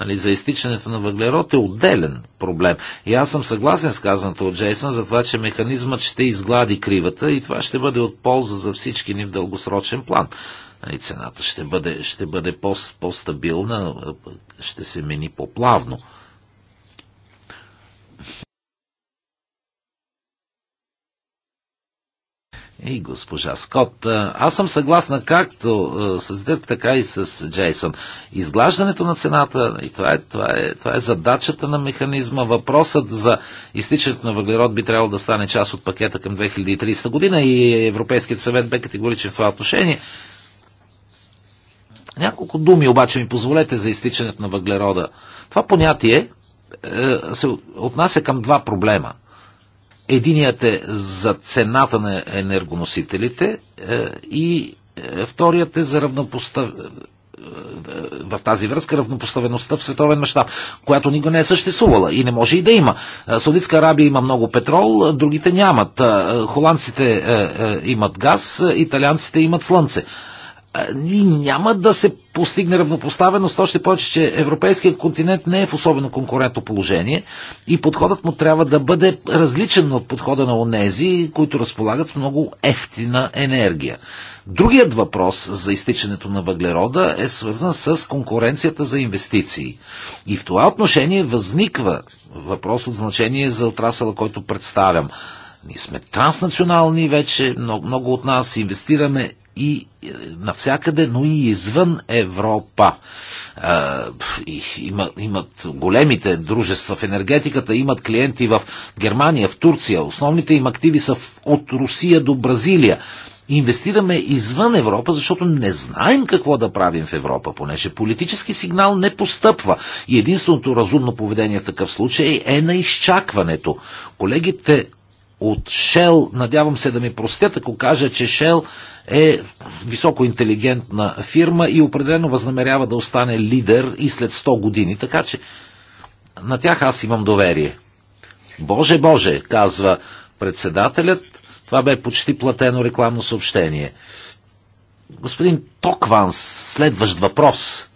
нали, за изтичането на въглерод е отделен проблем. И аз съм съгласен с казаното от Джейсън за това, че механизмът ще изглади кривата и това ще бъде от полза за всички ни в дългосрочен план. И нали, цената ще бъде, ще бъде по, по-стабилна, ще се мени по-плавно. И госпожа Скот. Аз съм съгласна както с Дърк, така и с Джейсън. Изглаждането на цената, и това е, това е, това е задачата на механизма. Въпросът за изтичането на въглерод би трябвало да стане част от пакета към 2030 година и Европейският съвет бе категоричен в това отношение. Няколко думи обаче ми позволете за изтичането на въглерода. Това понятие е, се отнася към два проблема. Единият е за цената на енергоносителите е, и е, вторият е за равнопостав... в тази връзка равнопоставеността в световен мащаб, която никога не е съществувала и не може и да има. Саудитска Арабия има много петрол, другите нямат. Холандците имат газ, италианците имат слънце и няма да се постигне равнопоставеност, още повече, че европейският континент не е в особено конкурентно положение и подходът му трябва да бъде различен от подхода на онези, които разполагат с много ефтина енергия. Другият въпрос за изтичането на въглерода е свързан с конкуренцията за инвестиции. И в това отношение възниква въпрос от значение за отрасъла, който представям. Ние сме транснационални вече, много, много от нас инвестираме и е, навсякъде, но и извън Европа. Е, и има, имат големите дружества в енергетиката, имат клиенти в Германия, в Турция. Основните им активи са от Русия до Бразилия. Инвестираме извън Европа, защото не знаем какво да правим в Европа, понеже политически сигнал не постъпва. И единственото разумно поведение в такъв случай е на изчакването. Колегите от Шел. Надявам се да ми простят, ако кажа, че Шел е високо интелигентна фирма и определено възнамерява да остане лидер и след 100 години. Така че на тях аз имам доверие. Боже, Боже, казва председателят. Това бе почти платено рекламно съобщение. Господин Токванс, следващ въпрос.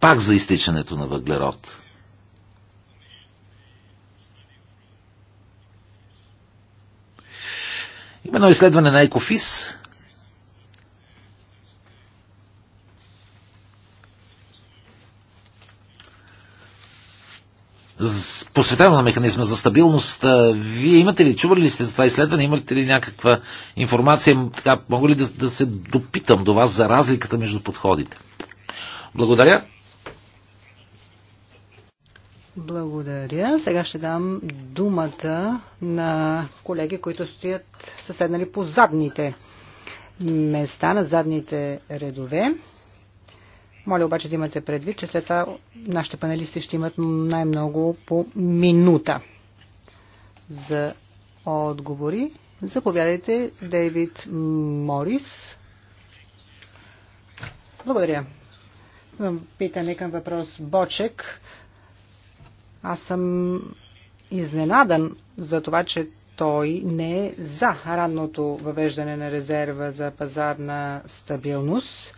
Пак за изтичането на въглерод. Има едно изследване на Екофис, посветено на механизма за стабилност. Вие имате ли, чували ли сте за това изследване, имате ли някаква информация, така, мога ли да, да се допитам до вас за разликата между подходите? Благодаря. Благодаря. Сега ще дам думата на колеги, които стоят съседнали по задните места, на задните редове. Моля обаче да имате предвид, че след това нашите панелисти ще имат най-много по минута за отговори. Заповядайте, Дейвид Морис. Благодаря. Питане към въпрос Бочек аз съм изненадан за това, че той не е за ранното въвеждане на резерва за пазарна стабилност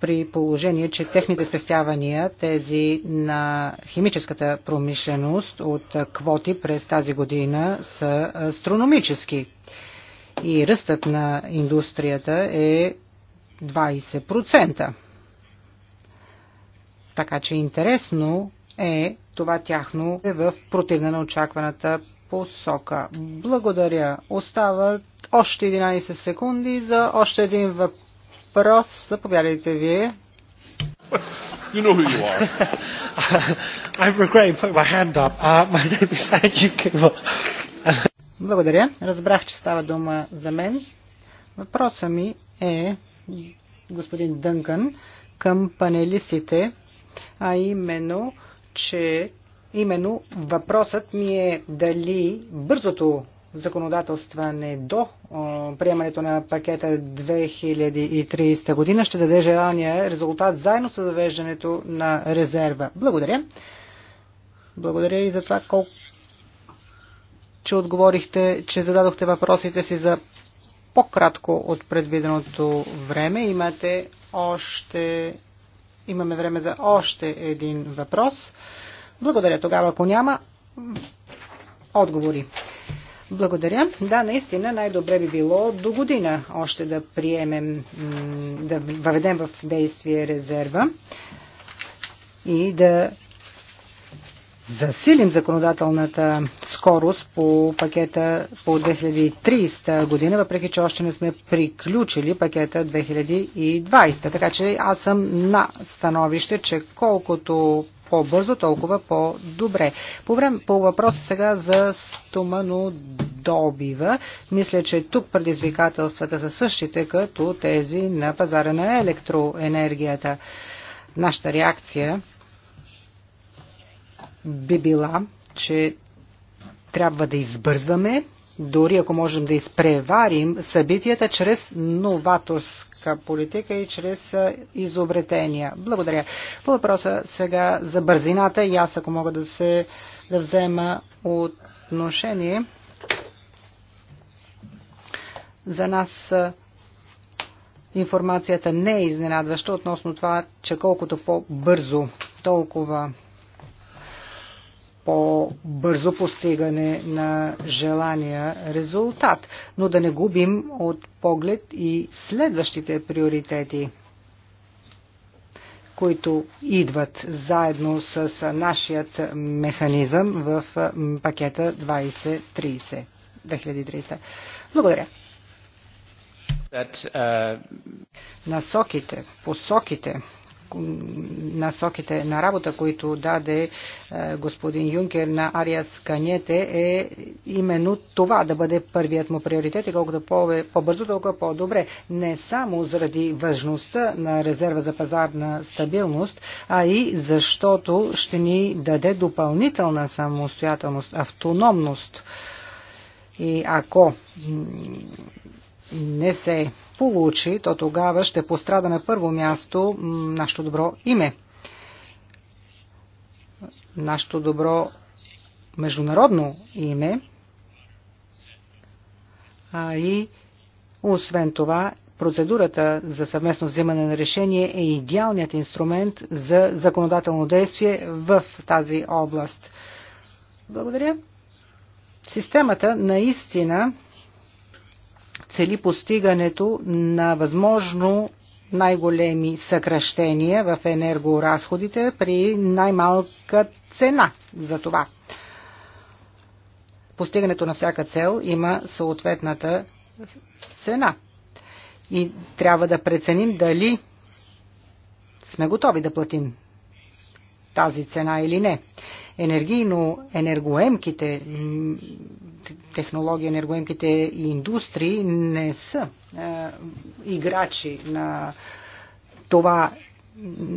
при положение, че техните спестявания, тези на химическата промишленост от квоти през тази година са астрономически. И ръстът на индустрията е 20%. Така че интересно е това тяхно е в противна на очакваната посока. Благодаря. Остават още 11 секунди за още един въпрос. Заповядайте вие. You know who you are. I'm regretting putting my hand up. Uh, my name is Andrew Kimball. Благодаря. Разбрах, че става дума за мен. Въпросът ми е, господин Дънкън, към панелистите, а именно че именно въпросът ми е дали бързото законодателстване до приемането на пакета 2030 година ще даде желания резултат заедно с завеждането на резерва. Благодаря. Благодаря и за това колко че отговорихте, че зададохте въпросите си за по-кратко от предвиденото време. Имате още Имаме време за още един въпрос. Благодаря тогава, ако няма отговори. Благодаря. Да, наистина най-добре би било до година още да приемем, да въведем в действие резерва и да засилим законодателната скорост по пакета по 2030 година, въпреки че още не сме приключили пакета 2020. Така че аз съм на становище, че колкото по-бързо, толкова по-добре. По, време, по въпроса сега за добива. мисля, че тук предизвикателствата са същите, като тези на пазара на електроенергията. Нашата реакция би била, че трябва да избързваме, дори ако можем да изпреварим събитията чрез новаторска политика и чрез изобретения. Благодаря. По въпроса сега за бързината и аз ако мога да се да взема отношение. За нас информацията не е изненадваща относно това, че колкото по-бързо, толкова по-бързо постигане на желания резултат, но да не губим от поглед и следващите приоритети, които идват заедно с нашият механизъм в пакета 2030. 2030. Благодаря. Uh, Насоките, посоките насоките на работа, които даде е, господин Юнкер на Ариас Канете е именно това да бъде първият му приоритет и колкото по-бързо, толкова по-добре. Не само заради важността на резерва за пазарна стабилност, а и защото ще ни даде допълнителна самостоятелност, автономност. И ако не се получи, то тогава ще пострада на първо място нашето добро име. Нашето добро международно име, а и освен това процедурата за съвместно вземане на решение е идеалният инструмент за законодателно действие в тази област. Благодаря. Системата наистина цели постигането на възможно най-големи съкръщения в енергоразходите при най-малка цена за това. Постигането на всяка цел има съответната цена. И трябва да преценим дали сме готови да платим тази цена или не. Енергийно енергоемките технологии, енергоемките индустрии не са е, играчи на това,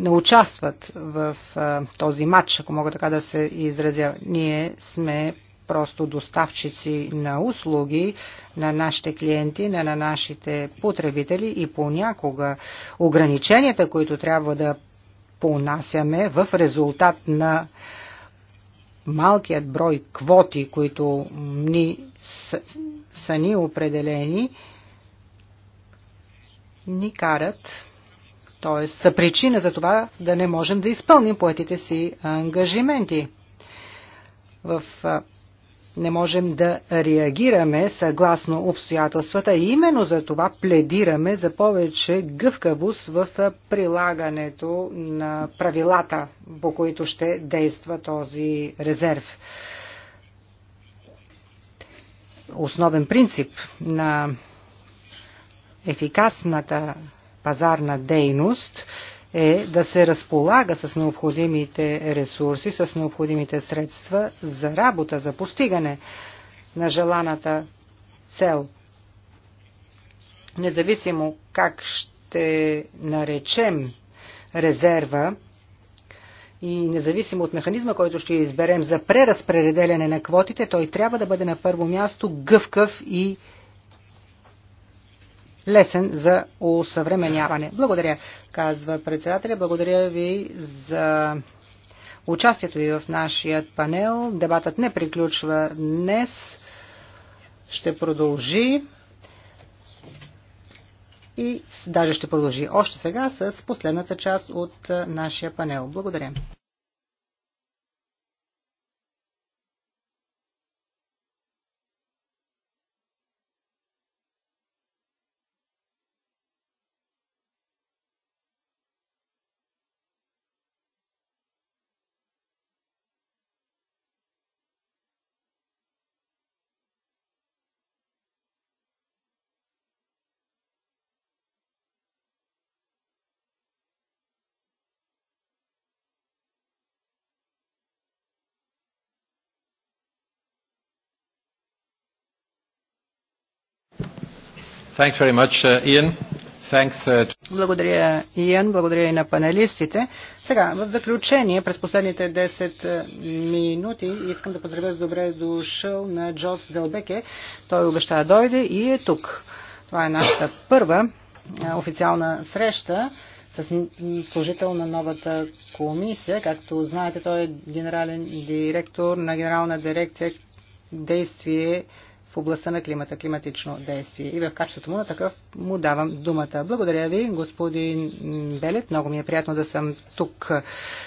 не участват в е, този матч, ако мога така да се изразя. Ние сме просто доставчици на услуги на нашите клиенти, на, на нашите потребители и понякога ограниченията, които трябва да понасяме в резултат на малкият брой квоти, които ни, са, са ни определени, ни карат, т.е. са причина за това да не можем да изпълним поетите си ангажименти. В не можем да реагираме съгласно обстоятелствата и именно за това пледираме за повече гъвкавост в прилагането на правилата, по които ще действа този резерв. Основен принцип на ефикасната пазарна дейност – е да се разполага с необходимите ресурси, с необходимите средства за работа, за постигане на желаната цел. Независимо как ще наречем резерва и независимо от механизма, който ще изберем за преразпределяне на квотите, той трябва да бъде на първо място гъвкав и лесен за усъвременяване. Благодаря, казва председателя. Благодаря ви за участието ви в нашия панел. Дебатът не приключва днес. Ще продължи и даже ще продължи още сега с последната част от нашия панел. Благодаря. Uh, uh, Благодаря, Иен. Благодаря и на панелистите. Сега, в заключение, през последните 10 е, минути искам да поздравя с добре дошъл на Джос Делбеке. Той обеща да дойде и е тук. Това е нашата първа е, официална среща с служител на новата комисия. Както знаете, той е генерален директор на генерална дирекция действие в областта на климата, климатично действие. И в качеството му на такъв му давам думата. Благодаря ви, господин Белет. Много ми е приятно да съм тук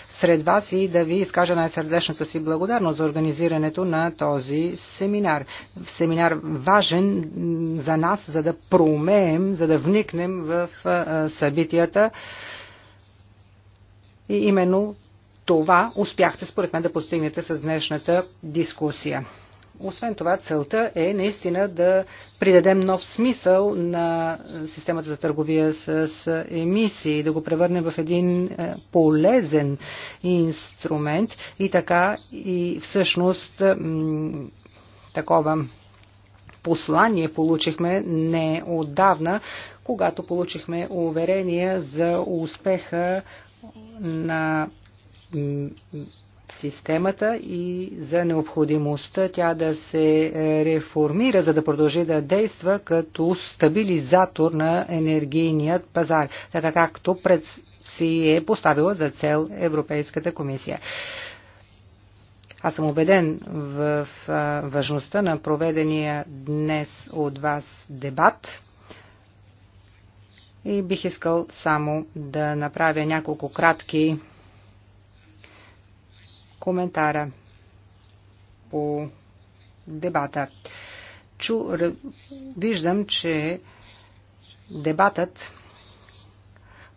сред вас и да ви изкажа най-сърдечната си благодарност за организирането на този семинар. Семинар важен за нас, за да проумеем, за да вникнем в събитията. И именно това успяхте, според мен, да постигнете с днешната дискусия. Освен това, целта е наистина да придадем нов смисъл на системата за търговия с емисии, да го превърнем в един е, полезен инструмент и така и всъщност такова послание получихме не отдавна, когато получихме уверение за успеха на системата и за необходимостта тя да се е, реформира, за да продължи да действа като стабилизатор на енергийният пазар, така както пред си е поставила за цел Европейската комисия. Аз съм убеден в важността на проведения днес от вас дебат и бих искал само да направя няколко кратки коментара по дебата. Чу, виждам, че дебатът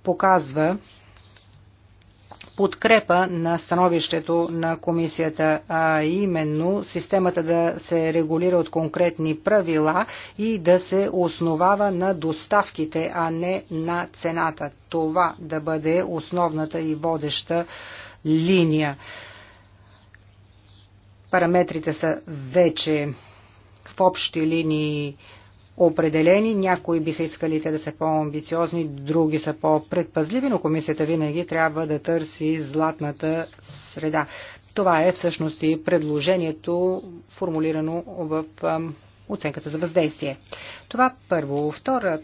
показва подкрепа на становището на комисията, а именно системата да се регулира от конкретни правила и да се основава на доставките, а не на цената. Това да бъде основната и водеща линия. Параметрите са вече в общи линии определени. Някои биха искали те да са по-амбициозни, други са по-предпазливи, но комисията винаги трябва да търси златната среда. Това е всъщност и предложението, формулирано в оценката за въздействие. Това първо. Втора,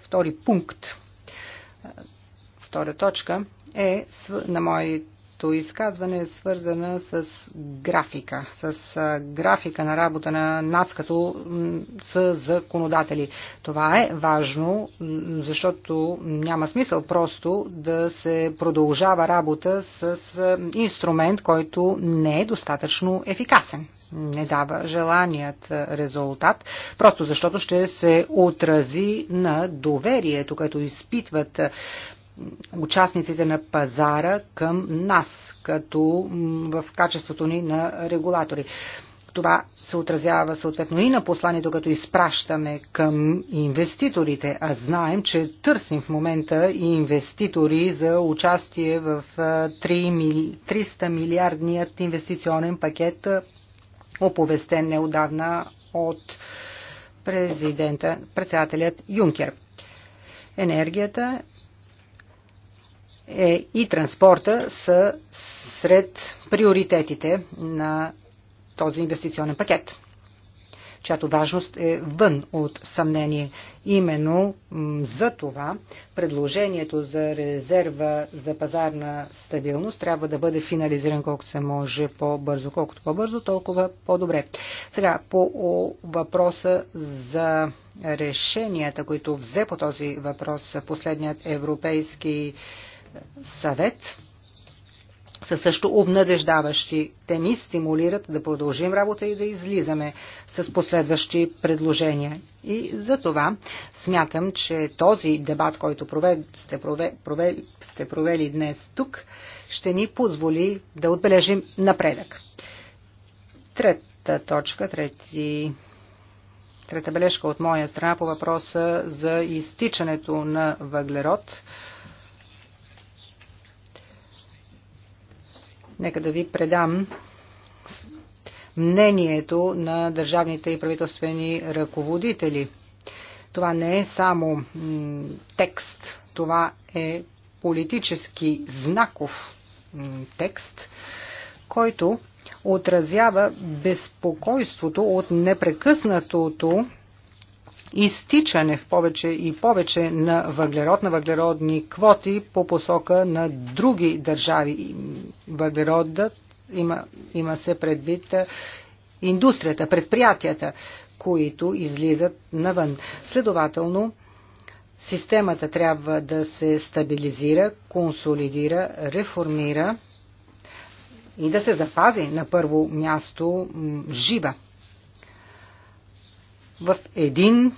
втори пункт, втора точка е на моите моето изказване е свързана с графика, с графика на работа на нас като с законодатели. Това е важно, защото няма смисъл просто да се продължава работа с инструмент, който не е достатъчно ефикасен. Не дава желаният резултат, просто защото ще се отрази на доверието, което изпитват участниците на пазара към нас, като в качеството ни на регулатори. Това се отразява съответно и на посланието, като изпращаме към инвеститорите, а знаем, че търсим в момента и инвеститори за участие в 300 милиардният инвестиционен пакет, оповестен неодавна от президента, председателят Юнкер. Енергията е, и транспорта са сред приоритетите на този инвестиционен пакет чиято важност е вън от съмнение. Именно за това предложението за резерва за пазарна стабилност трябва да бъде финализиран колкото се може по-бързо. Колкото по-бързо, толкова по-добре. Сега, по въпроса за решенията, които взе по този въпрос последният европейски съвет са също обнадеждаващи. Те ни стимулират да продължим работа и да излизаме с последващи предложения. И за това смятам, че този дебат, който провед, сте, прове, прове, сте провели днес тук, ще ни позволи да отбележим напредък. Трета точка, трети Трета бележка от моя страна по въпроса за изтичането на въглерод Нека да ви предам мнението на държавните и правителствени ръководители. Това не е само текст, това е политически знаков текст, който отразява безпокойството от непрекъснатото изтичане в повече и повече на въглерод, на въглеродни квоти по посока на други държави. Въглеродът има, има се предвид индустрията, предприятията, които излизат навън. Следователно, системата трябва да се стабилизира, консолидира, реформира и да се запази на първо място жива в един,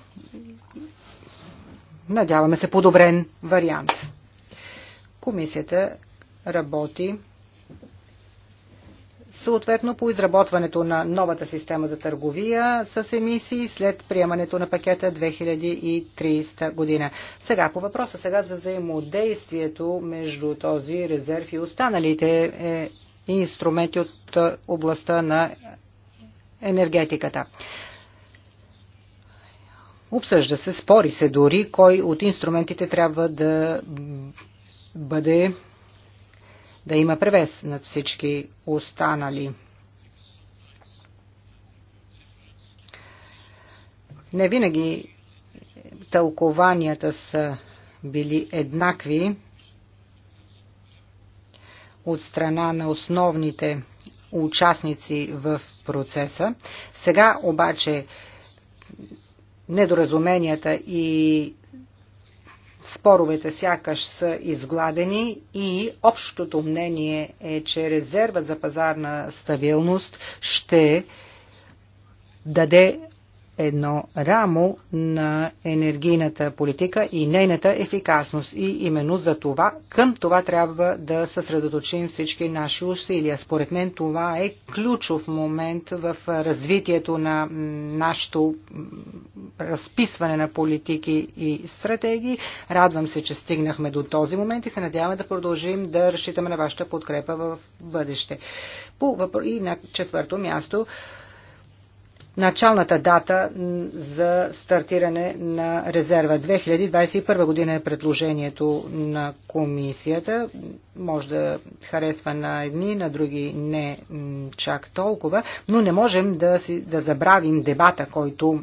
надяваме се, подобрен вариант. Комисията работи съответно по изработването на новата система за търговия с емисии след приемането на пакета 2030 година. Сега по въпроса сега за взаимодействието между този резерв и останалите е, инструменти от е, областта на енергетиката. Обсъжда се, спори се дори кой от инструментите трябва да бъде да има превес над всички останали. Не винаги тълкованията са били еднакви от страна на основните участници в процеса. Сега обаче недоразуменията и споровете сякаш са изгладени и общото мнение е, че резервът за пазарна стабилност ще даде едно рамо на енергийната политика и нейната ефикасност. И именно за това, към това трябва да съсредоточим всички наши усилия. Според мен това е ключов момент в развитието на нашето разписване на политики и стратегии. Радвам се, че стигнахме до този момент и се надяваме да продължим да разчитаме на вашата подкрепа в бъдеще. По, и на четвърто място, началната дата за стартиране на резерва. 2021 година е предложението на комисията. Може да харесва на едни, на други не чак толкова, но не можем да, си, да забравим дебата, който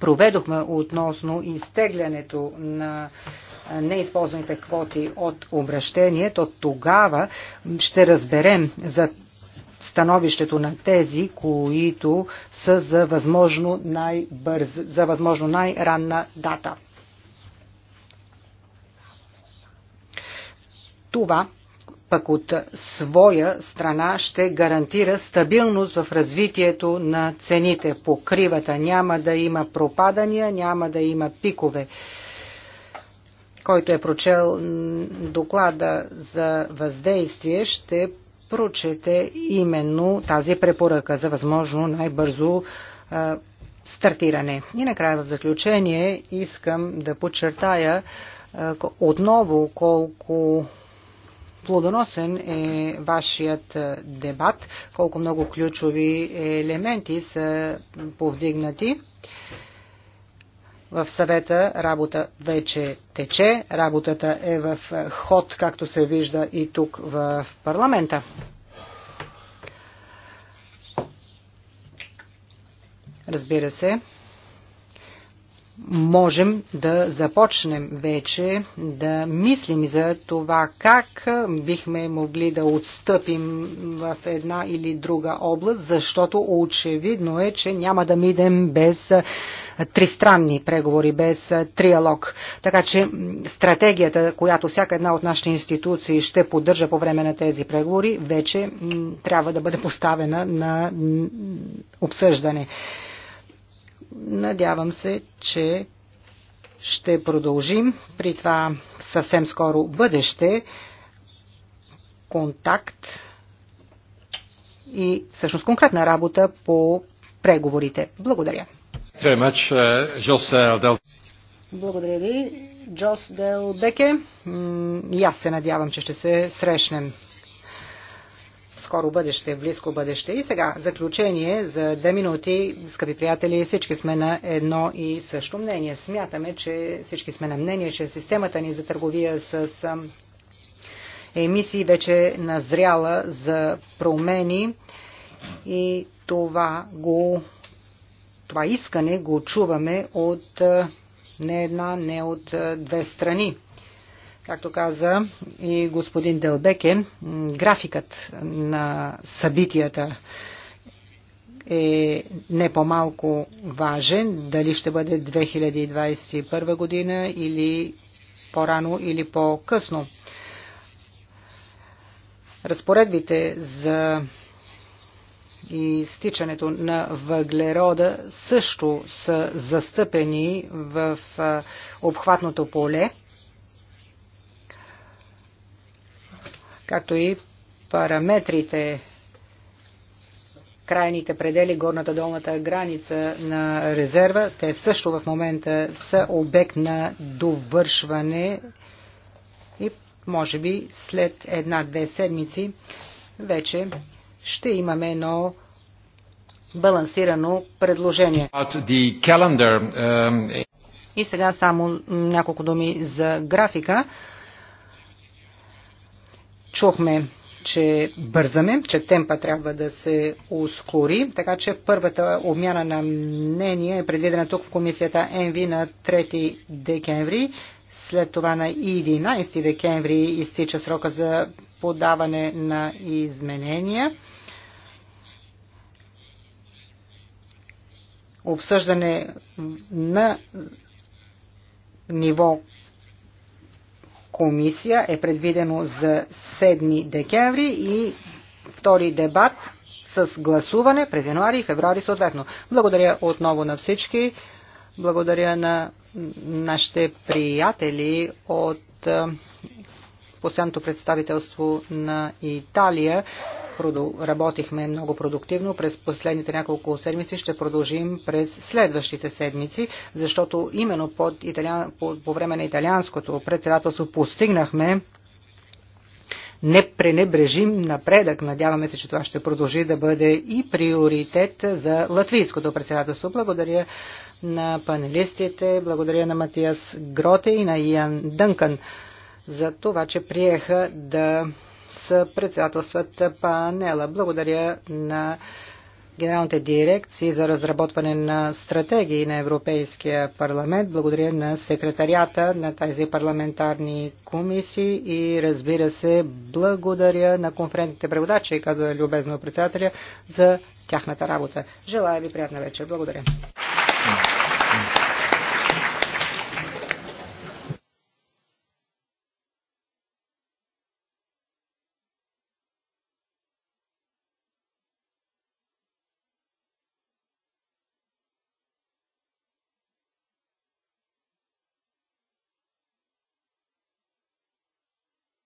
проведохме относно изтеглянето на неизползваните квоти от обращението. тогава ще разберем за становището на тези, които са за възможно, най-бърз, за възможно най-ранна дата. Това пък от своя страна ще гарантира стабилност в развитието на цените по кривата. Няма да има пропадания, няма да има пикове. Който е прочел доклада за въздействие, ще прочете именно тази препоръка за възможно най-бързо стартиране. И накрая в заключение искам да подчертая отново колко плодоносен е вашият дебат, колко много ключови елементи са повдигнати в съвета работа вече тече. Работата е в ход, както се вижда и тук в парламента. Разбира се, можем да започнем вече да мислим за това как бихме могли да отстъпим в една или друга област, защото очевидно е, че няма да мидем без тристранни преговори, без триалог. Така че стратегията, която всяка една от нашите институции ще поддържа по време на тези преговори, вече трябва да бъде поставена на обсъждане. Надявам се, че ще продължим при това съвсем скоро бъдеще контакт и всъщност конкретна работа по преговорите. Благодаря. Uh, uh, Благодаря ви, Джос Дел Беке. И аз се надявам, че ще се срещнем в скоро бъдеще, в близко бъдеще. И сега, заключение за две минути, скъпи приятели, всички сме на едно и също мнение. Смятаме, че всички сме на мнение, че системата ни за търговия с емисии вече е назряла за промени и това го това искане го чуваме от не една, не от две страни. Както каза и господин Делбеке, графикът на събитията е не по-малко важен, дали ще бъде 2021 година или по-рано или по-късно. Разпоредбите за и стичането на въглерода също са застъпени в обхватното поле, както и параметрите крайните предели, горната долната граница на резерва. Те също в момента са обект на довършване и може би след една-две седмици вече ще имаме едно балансирано предложение. Um, И сега само няколко думи за графика. Чухме, че бързаме, че темпа трябва да се ускори, така че първата обмяна на мнение е предвидена тук в комисията ЕНВИ на 3 декември. След това на 11 декември изтича срока за подаване на изменения. обсъждане на ниво комисия е предвидено за 7 декември и втори дебат с гласуване през януари и февруари съответно. Благодаря отново на всички. Благодаря на нашите приятели от постоянното представителство на Италия работихме много продуктивно през последните няколко седмици. Ще продължим през следващите седмици, защото именно под италиан, по, по време на италианското председателство постигнахме непренебрежим напредък. Надяваме се, че това ще продължи да бъде и приоритет за латвийското председателство. Благодаря на панелистите, благодаря на Матиас Гроте и на Иан Дънкан за това, че приеха да председателстват панела. Благодаря на генералните дирекции за разработване на стратегии на Европейския парламент. Благодаря на секретарията на тези парламентарни комисии и разбира се, благодаря на конферентните преводачи, като е любезно председателя, за тяхната работа. Желая ви приятна вечер. Благодаря.